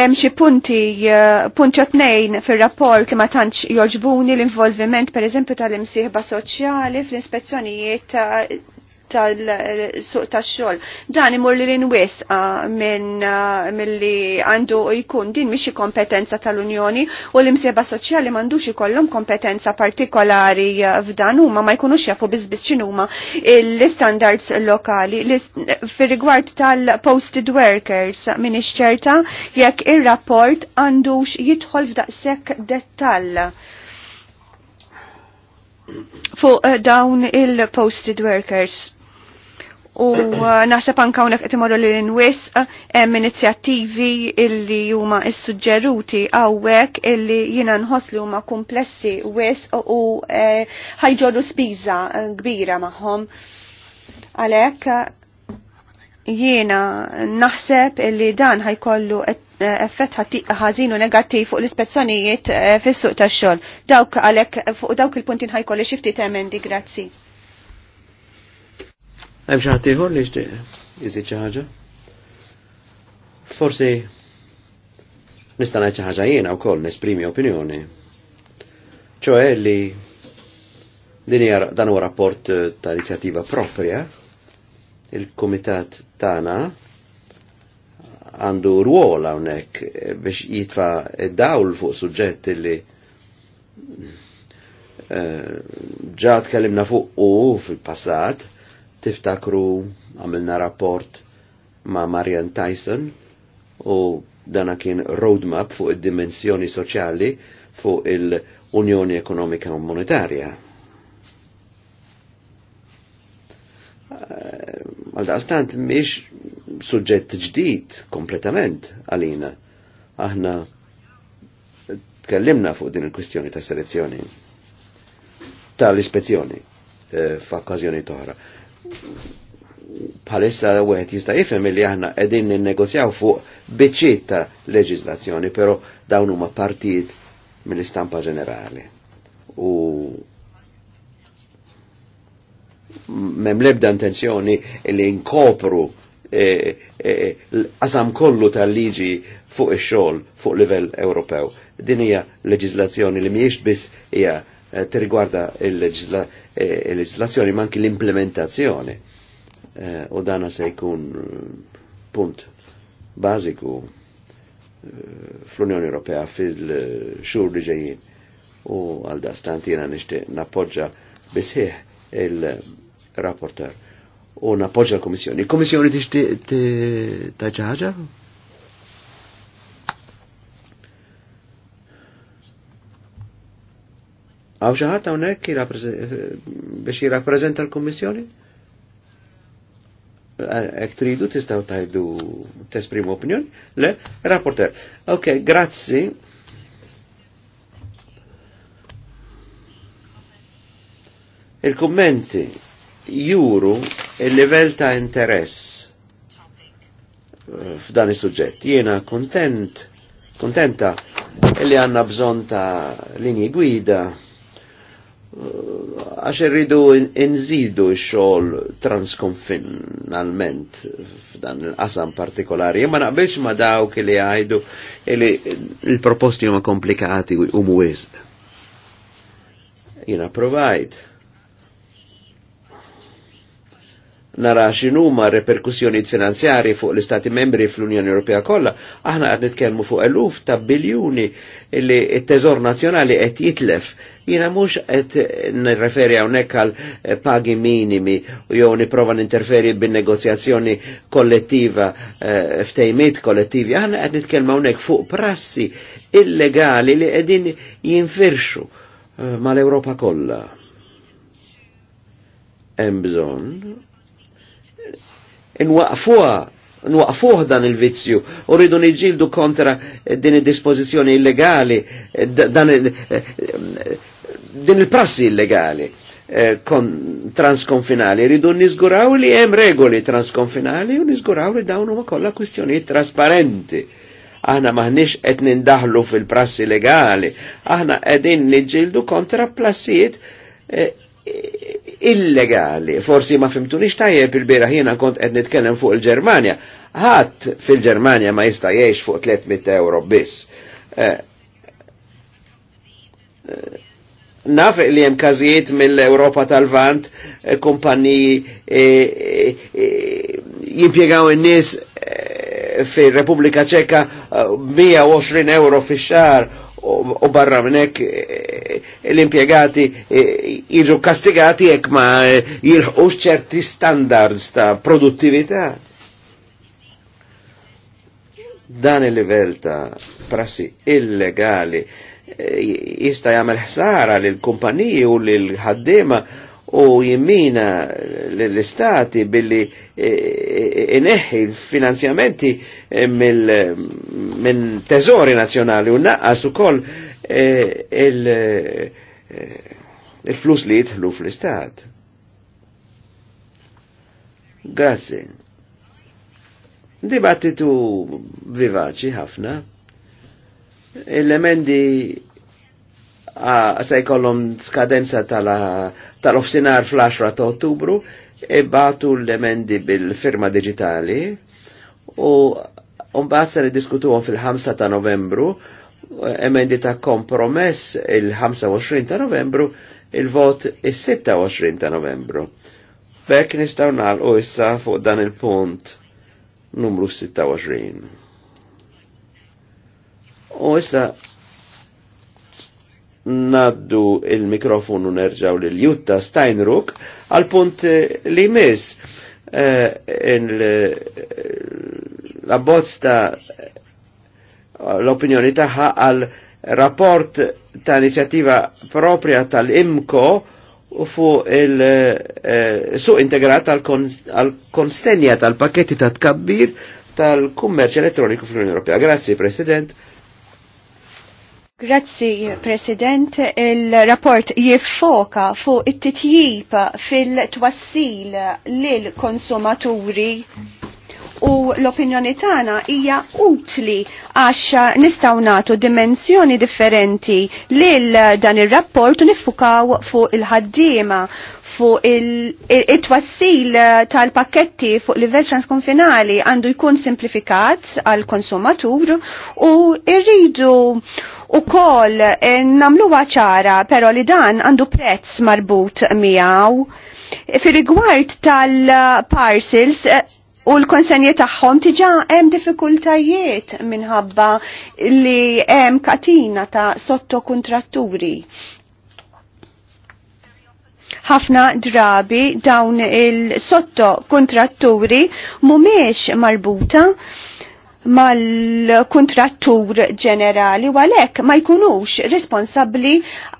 hemm xi punti eh, punti tnejn fir-rapport li ma tantx joġbuni l-involviment pereżempju tal-imsieħba soċjali fl-ispezzjonijiet tal-suq tax-xogħol. Dan imur li l-inwisqa minn ah, milli għandu jkun din mhix kompetenza tal-Unjoni u l-imsieba soċjali m'għandux ikollhom kompetenza partikolari ah, f'dan huma ma jkunux jafu biżbiss x'inhuma l-standards lokali. Fir-rigward tal-posted workers min ċerta jekk ir-rapport għandux jidħol f'daqshekk dettall fuq eh, dawn il-posted workers u uh, naħseb anka unek qed imorru lil inwis uh, hemm inizjattivi illi huma s-sugġeruti hawnhekk illi jiena nħoss li huma komplessi wis u eh, ħajġorru spiża eh, kbira magħhom. Għalhekk eh, jiena naħseb illi dan ħajkollu effett u negattiv fuq l-ispezzjonijiet fis-suq tax-xogħol. Dawk għalhekk fuq dawk il-punti ħajkolli xi ftit emendi, grazzi. Għem xi ħadd li jixtieq iżid xi Forsi nista' ngħid jena u jiena wkoll nesprimi opinjoni. ċoħe li din hija dan u rapport eh, ta' inizjattiva propria, il-kumitat Tana għandu ruol hawnhekk eh, biex jitfa dawl fuq suġġett li eh, ġa kellimna fuq u fil-passat Tiftakru għamilna rapport ma' Marian Tyson u dana kien roadmap fuq id-dimensjoni soċjali fuq il-Unjoni Ekonomika u Monetarja. Eh, għaldaqstant miex suġġett ġdid kompletament għalina. Aħna tkellimna fuq din il-kwistjoni ta' selezzjoni tal-ispezzjoni eh, f'okkażjoni toħra bħalissa għet jista jifem li aħna edin n-negozjaw fuq bieċiet ta' leġizlazzjoni, pero dawn huma partijiet mill-istampa ġenerali. U mem lebda intenzjoni li nkopru qasam e, e, e kollu tal-liġi fuq ix-xogħol fuq livell Ewropew. Din hija leġiżlazzjoni li mhijiex biss hija Eh, tirrigwarda il-leġislazzjoni eh, anki l-implementazzjoni eh, u dana se jkun punt bażiku fl-Unjoni Ewropea fil-xhur li ġejjin u għal dastant jiena nixtieq nappoġġa bisħieħ il-rapporter u nappoġġa l komissjoni Il-Kummissjoni tixtieq ta' ħaġa? Għaw xaħat għonek biex jirrapprezenta l-Kommissjoni? Eh, ek tridu tistaw tajdu t-esprim opinjoni? Le, rapporter. Ok, grazzi. Il-kommenti juru il-level ta' interess eh, f'dan il suġġett Jena kontent, kontenta li għanna bżon ta' linji gwida għax irridu inżidu x-xogħol transkonfinalment f'dan il-qasam partikolari. Ma naqbilx ma dawk li għajdu li l-proposti huma komplikati u mwiz. Jina provajt. nara x'inhuma reperkussjonijiet finanzjari fuq l-Istati membri fl-Unjoni Ewropea kollha, aħna qed nitkellmu fuq eluf ta' biljuni li t-teżor nazzjonali qed jitlef Jina mux qed nirreferi hawnhekk għal eh, pagi minimi u jow niprova ninterferi bin-negozjazzjoni kollettiva e, eh, ftejmiet kollettivi, aħna qed nitkelma hawnhekk fuq prassi illegali li qegħdin jinfirxu e, eh, mal europa kollha. Hemm bżonn inwaqfuha nwaqfuh dan il-vizzju u rridu niġildu kontra din id-dispożizzjoni illegali dan din il-prassi illegali eh, kon transkonfinali. Ridu nizguraw li hemm regoli transkonfinali u nizguraw li dawn huma kollha kwistjonijiet trasparenti. Aħna maħniex qed nindaħlu fil-prassi legali, aħna qegħdin niġġieldu kontra plassiet eh, illegali. Forsi ma fimtunix tajjeb il-bira jiena kont qed nitkellem fuq il ġermania Ħadd fil-Ġermanja ma jista' jgħix fuq 300 euro biss. Eh, Naf li jem każijiet mill europa tal-Vant eh, kumpaniji eh, eh, jimpiegaw e, nis in-nies repubblika Ċeka 120 euro fi xar u barra minnek l-impiegati jirru kastigati ek ma jilħqux ċerti standards ta' produttività. Dan il-livell ta' prassi illegali jista jagħmel ħsara lil kumpaniji u lil ħaddiema u jimmina l-istati billi e, e, ineħħi l-finanzjamenti minn teżori nazjonali u naqqas ukoll e, il-flus li jitħlu fl-istat. Grazie. Dibattitu vivaċi ħafna il emendi ah, se jkollhom skadenza tal-ofsinar fl-10 ta' ottubru ibbatu e l-emendi bil-firma digitali u mbagħad se niddiskutuhom fil-5 ta' novembru emendi ta' kompromess il-25 ta' novembru il-vot il-26 ta' novembru. Bekk nistaw nalqu issa fuq dan il-punt numru 26. U issa naddu il-mikrofonu nerġaw lil Jutta Steinruk għal punt li mis eh, la bozza ta' l-opinjoni taħħa għal rapport ta' inizjattiva propria tal-IMCO fu il eh, su integrat għal-konsenja tal-paketti ta' tkabbir tal-kummerċ elettroniku fl-Unjoni Ewropea. Grazie, President. Grazzi, President. Il-rapport jiffoka fuq it-titjib fil-twassil lil konsumaturi u l-opinjoni tagħna hija utli għax nistgħu nagħtu dimensjoni differenti lil dan ir-rapport u fuq il-ħaddiema fuq it-twassil tal-pakketti fuq livell transkonfinali għandu jkun simplifikat għal konsumatur u irridu u kol eh, namlu ċara pero li dan għandu prezz marbut miegħu. Fi rigward tal-parcels eh, u l-konsenje tagħhom tiġa hemm diffikultajiet minħabba li hemm katina ta' sottokuntratturi ħafna drabi dawn il-sotto kontratturi mumiex marbuta mal-kontrattur ġenerali u għalhekk ma jkunux responsabbli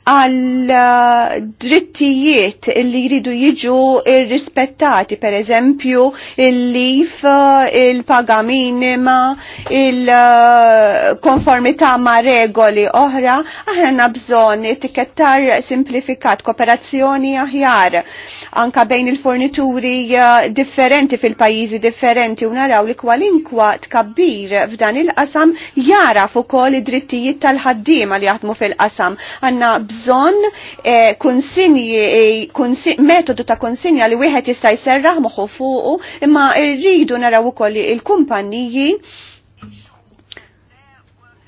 għal eh, drittijiet li jridu jiġu irrispettati, per eżempju, il-lif, eh, il-paga minima, il-konformità ma' regoli oħra, aħna bżon etikettar simplifikat, kooperazzjoni aħjar, anka bejn il-fornituri eh, differenti fil-pajizi differenti, u naraw li kwalinkwa tkabbir f'dan il-qasam jara fuq kol id-drittijiet tal-ħaddiema li jaħdmu fil-qasam. Għanna bżonn eh, eh, metodu ta' konsinja li wieħed jista' jserraħ moħħu fuqu, imma rridu naraw ukoll il-kumpanniji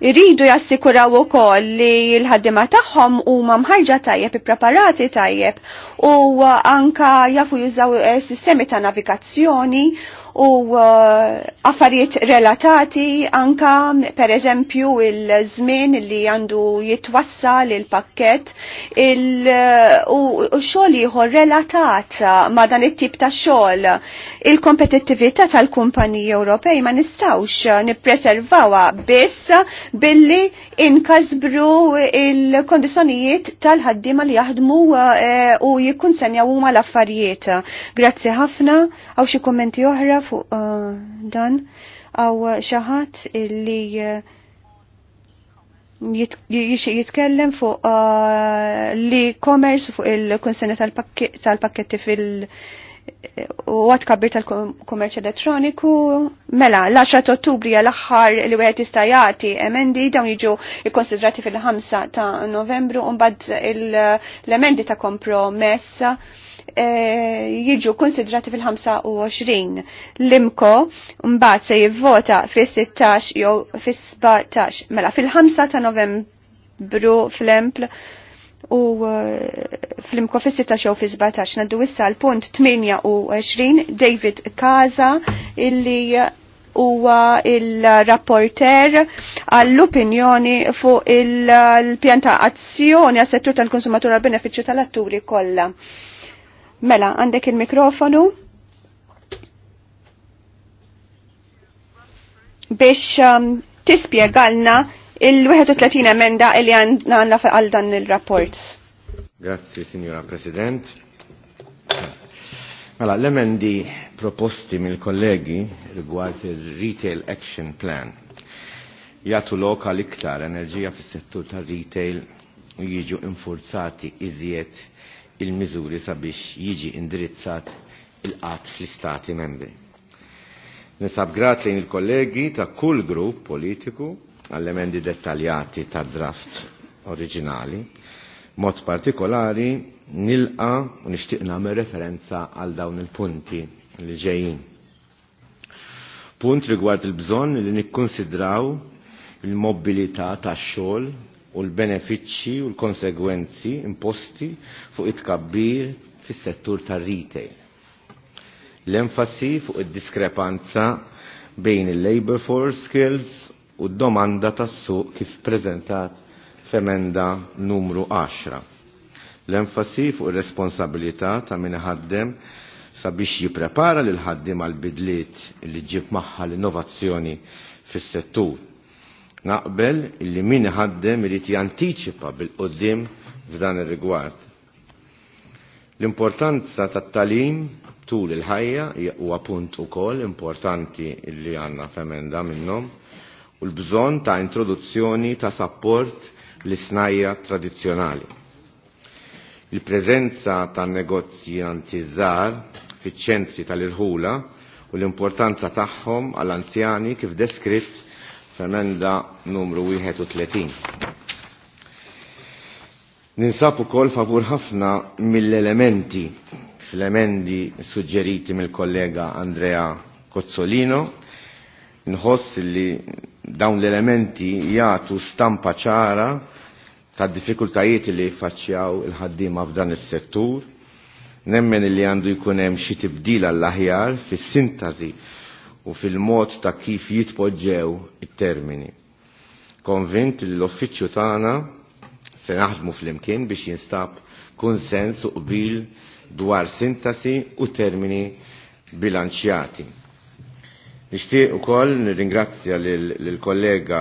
Iridu jassikuraw ukoll li l-ħaddima tagħhom huma mħarġa tajjeb ippreparati tajjeb u anka jafu jużaw eh, sistemi ta' navigazzjoni u eh, affarijiet relatati anka per eżempju il-żmien li għandu jitwassal il-pakket il eh, u xogħol ieħor relatat ma' dan it-tip ta' xogħol il kompetittivita tal-kumpaniji Ewropej ma nistawx nippreservawa biss billi inkasbru il-kondizjonijiet tal-ħaddiema li jaħdmu eh, u jikkunsenjaw huma l-affarijiet. Grazzi ħafna, għaw xi kummenti oħra fuq eh, dan, għaw xaħat illi eh, jitkellem fuq li commerce fuq il-konsena tal-pakketti fil- u għat kabir tal-kommerċ elettroniku, mela, l-10 ottubri għal-axħar li għet istajati emendi dawn jiġu ikkonsidrati fil-5 ta' novembru, un-bad l-emendi ta' kompromess eh, jiġu konsidrati fil-25 l-imko se jivvota fis-16 jew fil 17 mela fil-5 ta' Novembru fl-empl u uh, fl-imkofissi ta' xew fi 17 naddu issa l-punt 28 David Kaza illi huwa il-rapporter għall-opinjoni fuq il-pjanta azzjoni għas settur tal-konsumatura għal-beneficju tal-atturi kollha. Mela, għandek il-mikrofonu biex um, tispjegalna il-31 emenda li għanna għal dan il-rapport. Grazie, signora President. Mela, l-emendi proposti mill-kollegi rigward il-Retail Action Plan jagħtu lokal iktar enerġija fis-settur tar-retail u jiġu infurzati iżjed il-miżuri sabiex jiġi indirizzat il-qatt fl-istati membri. Nisab grat il-kollegi ta' kull grupp politiku għall-emendi dettaljati ta' draft oriġinali. Mod partikolari nilqa u nixtieq nagħmel referenza għal dawn il-punti li ġejjin. Punt rigward il-bżonn li nikkonsidraw il-mobilità tax-xogħol u l-benefiċċji u l-konsegwenzi imposti fuq it-kabbir fis-settur tar-retail. L-enfasi fuq id-diskrepanza bejn il-labor force skills u d-domanda tas-suq kif prezentat f'emenda numru 10. L-enfasi fuq ir-responsabilità ta' min ħaddem sabiex jipprepara lil ħaddim għal bidliet li ġib magħha l-innovazzjoni fis-settur. Naqbel illi min ħaddem irid jantiċipa bil-qoddim f'dan ir-rigward. L-importanza tat-talim tul il-ħajja huwa punt ukoll importanti li għandna f'emenda minnhom u l-bżon ta' introduzzjoni ta' support l-snajja tradizjonali. Il-prezenza ta' negozjanti żgħar fiċ-ċentri tal-irħula u l-importanza tagħhom għall-anzjani kif deskritt f'emenda numru 31. Ninsab ukoll favur ħafna mill-elementi fl-emendi suġġeriti mill-kollega Andrea Cozzolino. Nħoss li dawn l-elementi jgħatu stampa ċara ta' diffikultajiet li faċċjaw il ħaddim f'dan is-settur, nemmen li għandu jkun hemm xi tibdil għall-aħjar fis-sintazi u fil-mod ta' kif jitpoġġew it-termini. Konvint li l-offiċċju tagħna se naħdmu fl-imkien biex jinstab kunsens u qbil dwar sintasi u termini bilanċjati. Nishtiq u koll nirringrazzja l-kollega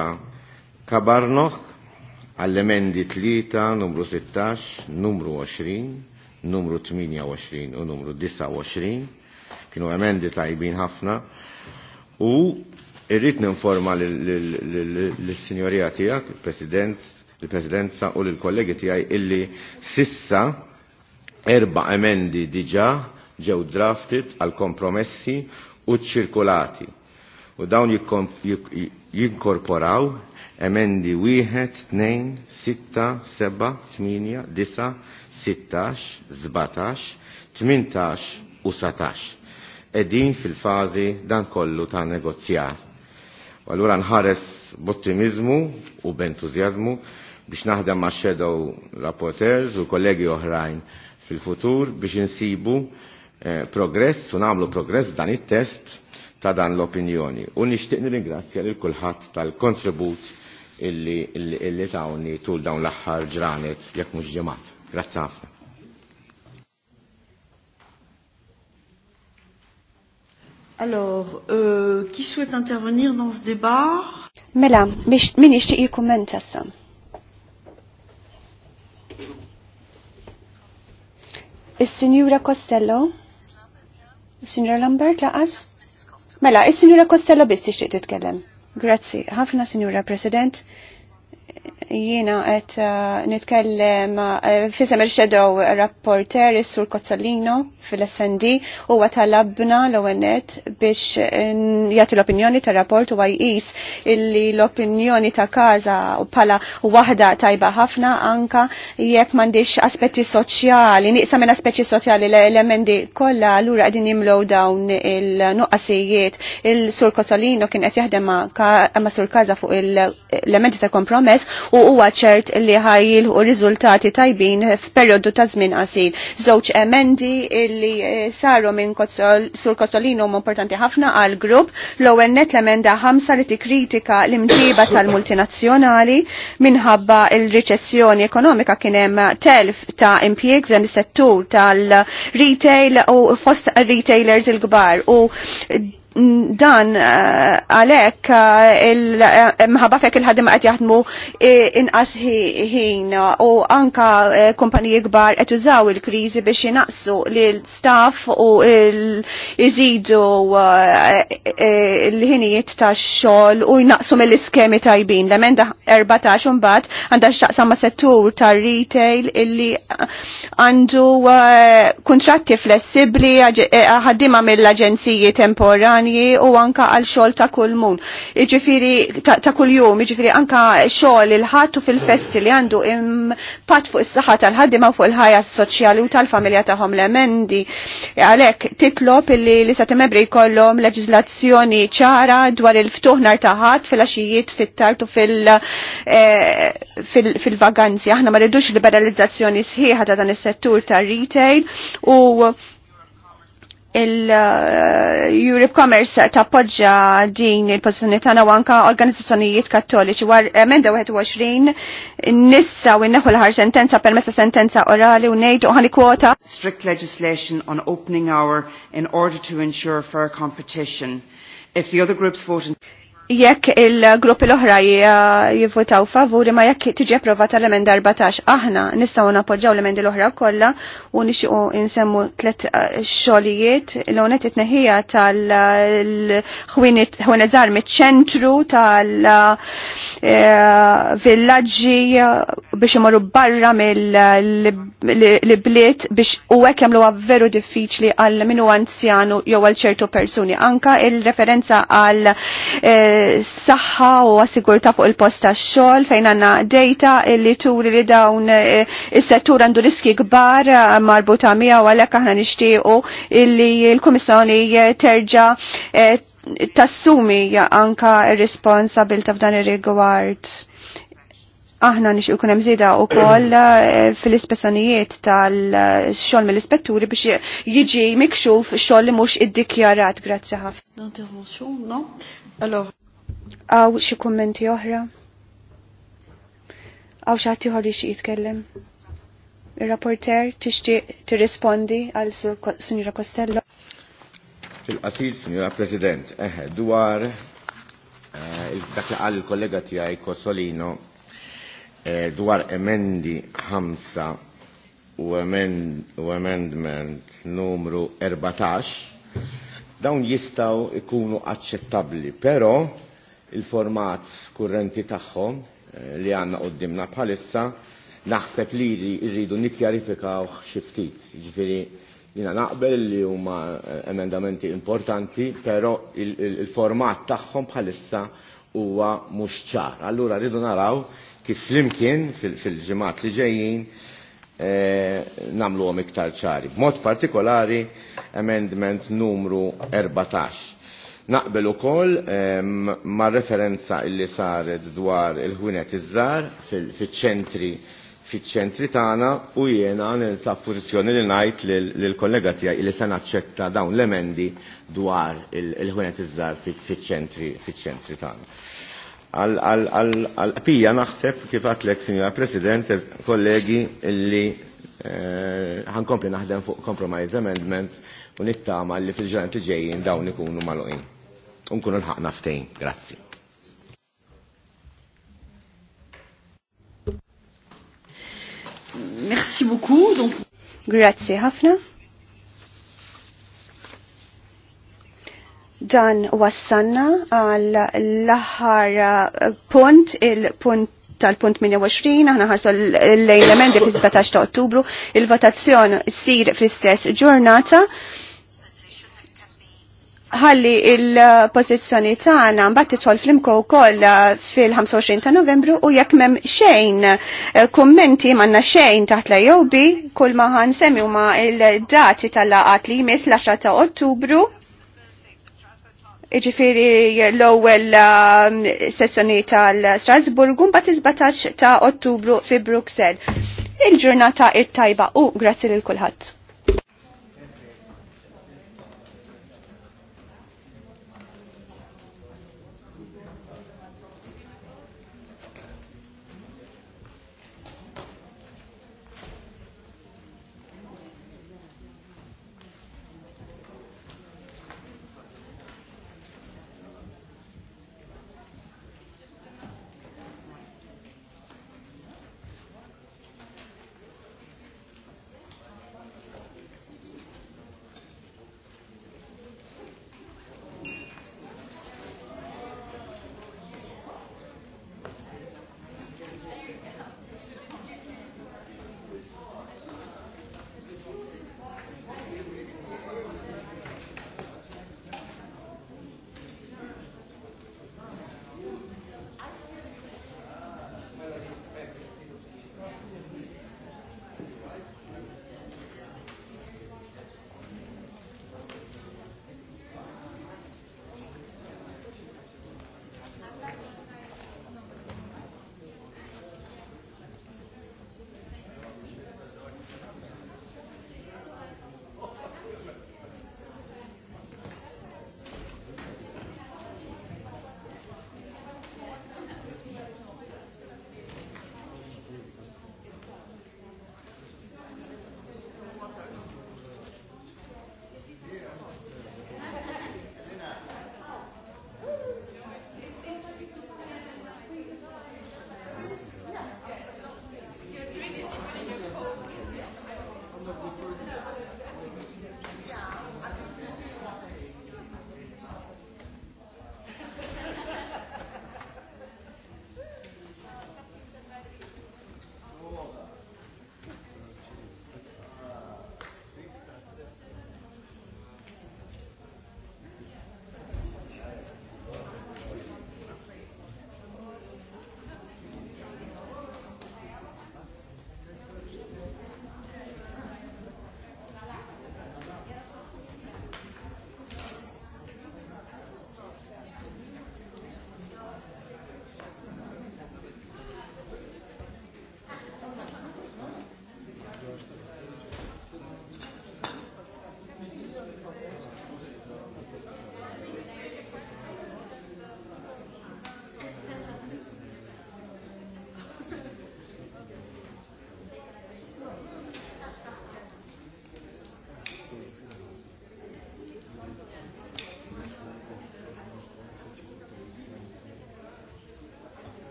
Kabarnoch għall-emendi 3, numru 16, numru 20, numru 28 u numru 29, kienu emendi tajbin ħafna, u irrit ninforma l-signorija tijak, l-presidenza u l-kollegi tijaj illi sissa erba emendi diġa ġew drafted għal kompromessi u ċirkolati u dawn jinkorporaw emendi 1, 2, 6, 7, 8, 9, 16, 17, 18 u 17. Edin fil-fazi dan kollu ta' negozjar. U allura nħares b'ottimizmu u b'entużjażmu biex naħdem ma' shadow rapporteurs u kollegi oħrajn fil-futur biex insibu eh, progress u nagħmlu progress dan it-test ta' dan l-opinjoni. U nixtieq nirringrazzja lil kulħadd tal-kontribut illi, illi, tawni tul dawn l-aħħar ġranet jekk mhux ġimgħat. Grazzi ħafna. Alors, euh, qui souhaite intervenir dans ce débat Mela, min ixtiq jikkumment issa. Is-Sinjura Costello? Sinjura Lambert laqas? Mela, is-Sinjura Costello biss tixtieq titkellem. Grazzi, ħafna Sinjura President jiena qed uh, nitkellem uh, fisem shadow rapporter is-sur Kozzolino fil-SND huwa talabna l-ONET biex jagħti l-opinjoni tar-rapport u jqis illi l-opinjoni ta' każa bħala waħda tajba ħafna anka jekk m'għandix aspetti soċjali, niqsa' minn aspetti soċjali l-elementi kollha allura qegħdin jimlow dawn il-nuqqasijiet. Il-sur Kozzolino kien qed jaħdem ma' sur kaza fuq l-elementi ta' kompromess progress u huwa ċert li ħajil u riżultati tajbin f'perjodu ta' żmien qasil. Żewġ emendi li eh, saru minn sur Kozzolino huma importanti ħafna għal grupp l-ewwel net l-emenda ħamsa li tikkritika l-imġiba tal-multinazzjonali minħabba il-riċezzjoni ekonomika kien hemm telf ta' impjieg dan is-settur tal-retail u fost retailers il-kbar u dan eh, għalek eh, eh, mħabba fek il-ħadim għat jaħdmu inqas ħin u anka kumpaniji gbar għet użaw il-krizi biex jinaqsu l-staff u l-izidu l-ħinijiet ta' xol u jinaqsu mill-iskemi tajbin. L-emenda 14 mbagħad għandha xaqsa ma' settur ta' retail illi għandu kontratti flessibli ħaddima mill-aġenziji temporani kumpanji u anka għal xogħol ta' kull mun. Iġifiri ta', ta kull jum, iġifiri anka xogħol il-ħadd u fil-festi li għandu impatt fuq is-saħħa tal-ħaddiema u fuq il-ħajja soċjali u tal-familja tagħhom l-emendi. Għalhekk titlob illi li sa' membri jkollhom leġiżlazzjoni ċara dwar il ftuħnar ta' ħadd fil-għaxijiet fit-tartu eh, fil-vaganzi. Aħna ma rridux liberalizzazzjoni sħiħa ta' dan is-settur tar-retail u il-Europe Commerce ta' podġa din il-pozizjoni ta' nawanka organizzazzjonijiet kattoliċi war emenda 21 nissa u neħu l-ħar sentenza per messa sentenza orali u nejdu għani kwota. Strict legislation on opening hour in order to ensure fair competition. If the other groups vote in jekk il-gruppi l-oħra jivvotaw favuri ma jekk tiġi approvata l-emenda 14 aħna nistgħu nappoġġaw l-emendi l-oħra kollha u nixqu insemmu tliet eh, xogħlijiet l-onet it neħija tal-ħwienet żgħar miċ-ċentru tal-villaġġi eh, biex imorru barra mill-bliet biex u hekk jagħmluha veru diffiċli għal minu anzjanu jew għal ċertu persuni. Anka il-referenza għal eh, saħħa u għasigurta fuq il posta tax-xogħol fejn għandna data li turi li dawn eh, is-settur għandu riski gbar eh, marbuta miegħu għalhekk aħna nixtiequ illi l-Kummissjoni eh, terġa' tassumi anka r-responsabilta f'dan ir-rigward. Aħna nix ikun hemm żieda wkoll fil-ispessjonijiet tal-xogħol mill-ispetturi biex jiġi mikxuf xogħol li mhux iddikjarat. Grazzi ħafna. Allora, Għaw xie kummenti oħra? Għaw xaħti ħor li xie jitkellem? Il-rapporter tixtieq tirrispondi għal Sinjura Kostello? fil qasid Sinjura President, eħe, dwar eh, dak li għal il-kollega tijaj Kosolino eh, dwar emendi ħamsa u emendment numru 14 dawn jistaw ikunu aċċettabli, pero il-format kurrenti tagħhom eh, li għanna qoddimna bħalissa naħseb li rridu nikjarifikaw xiftit. Ġifiri, jina naqbel li huma eh, emendamenti importanti, pero il-format tagħhom bħalissa huwa mhux ċar. Allura rridu naraw kif flimkien fil-ġimgħat li ġejjin eh, namlu iktar ċari. B'mod partikolari, amendment numru 14 Naqbel ukoll ehm, ma' referenza illi saret dwar il ħunet iż-żar fiċ-ċentri fiċ-ċentri tagħna u jiena ninsab pożizzjoni li ngħid lill-kollega tiegħi li se naċċetta dawn l-emendi dwar il ħunet iż-żar fiċ-ċentri fiċ-ċentri tagħna. Għal-pija naħseb kif għatlek, Sinjora President, kollegi, illi eh, ħankompli naħdem fuq compromise amendments u nittama li fil-ġurnati ġejjin dawn ikunu maluqin. Unkunu l-ħakna ftejn. Grazzi. Merci beaucoup. Donc... Grazie ħafna. Dan wassanna għal l-aħħar punt, il-punt tal-punt 28, aħna ħarsu l-lejn l fil-17 ta' ottubru, il-votazzjon sir fl-istess ġurnata ħalli il-pozizjoni tagħna mbagħad titħol flimko wkoll fil-25 ta' Novembru u jekk m'hemm xejn eh, kummenti m'għandna xejn taħt la jowbi kull ma ħansemmi huma il-dati tal-laqat li jmiss l-10 ta' Ottubru iġifiri l-ewwel eh, sezzjoni tal-Strasburgu mbagħad 17 ta' Ottubru fi Bruxelles. Il-ġurnata it-tajba u grazzi lil kulħadd.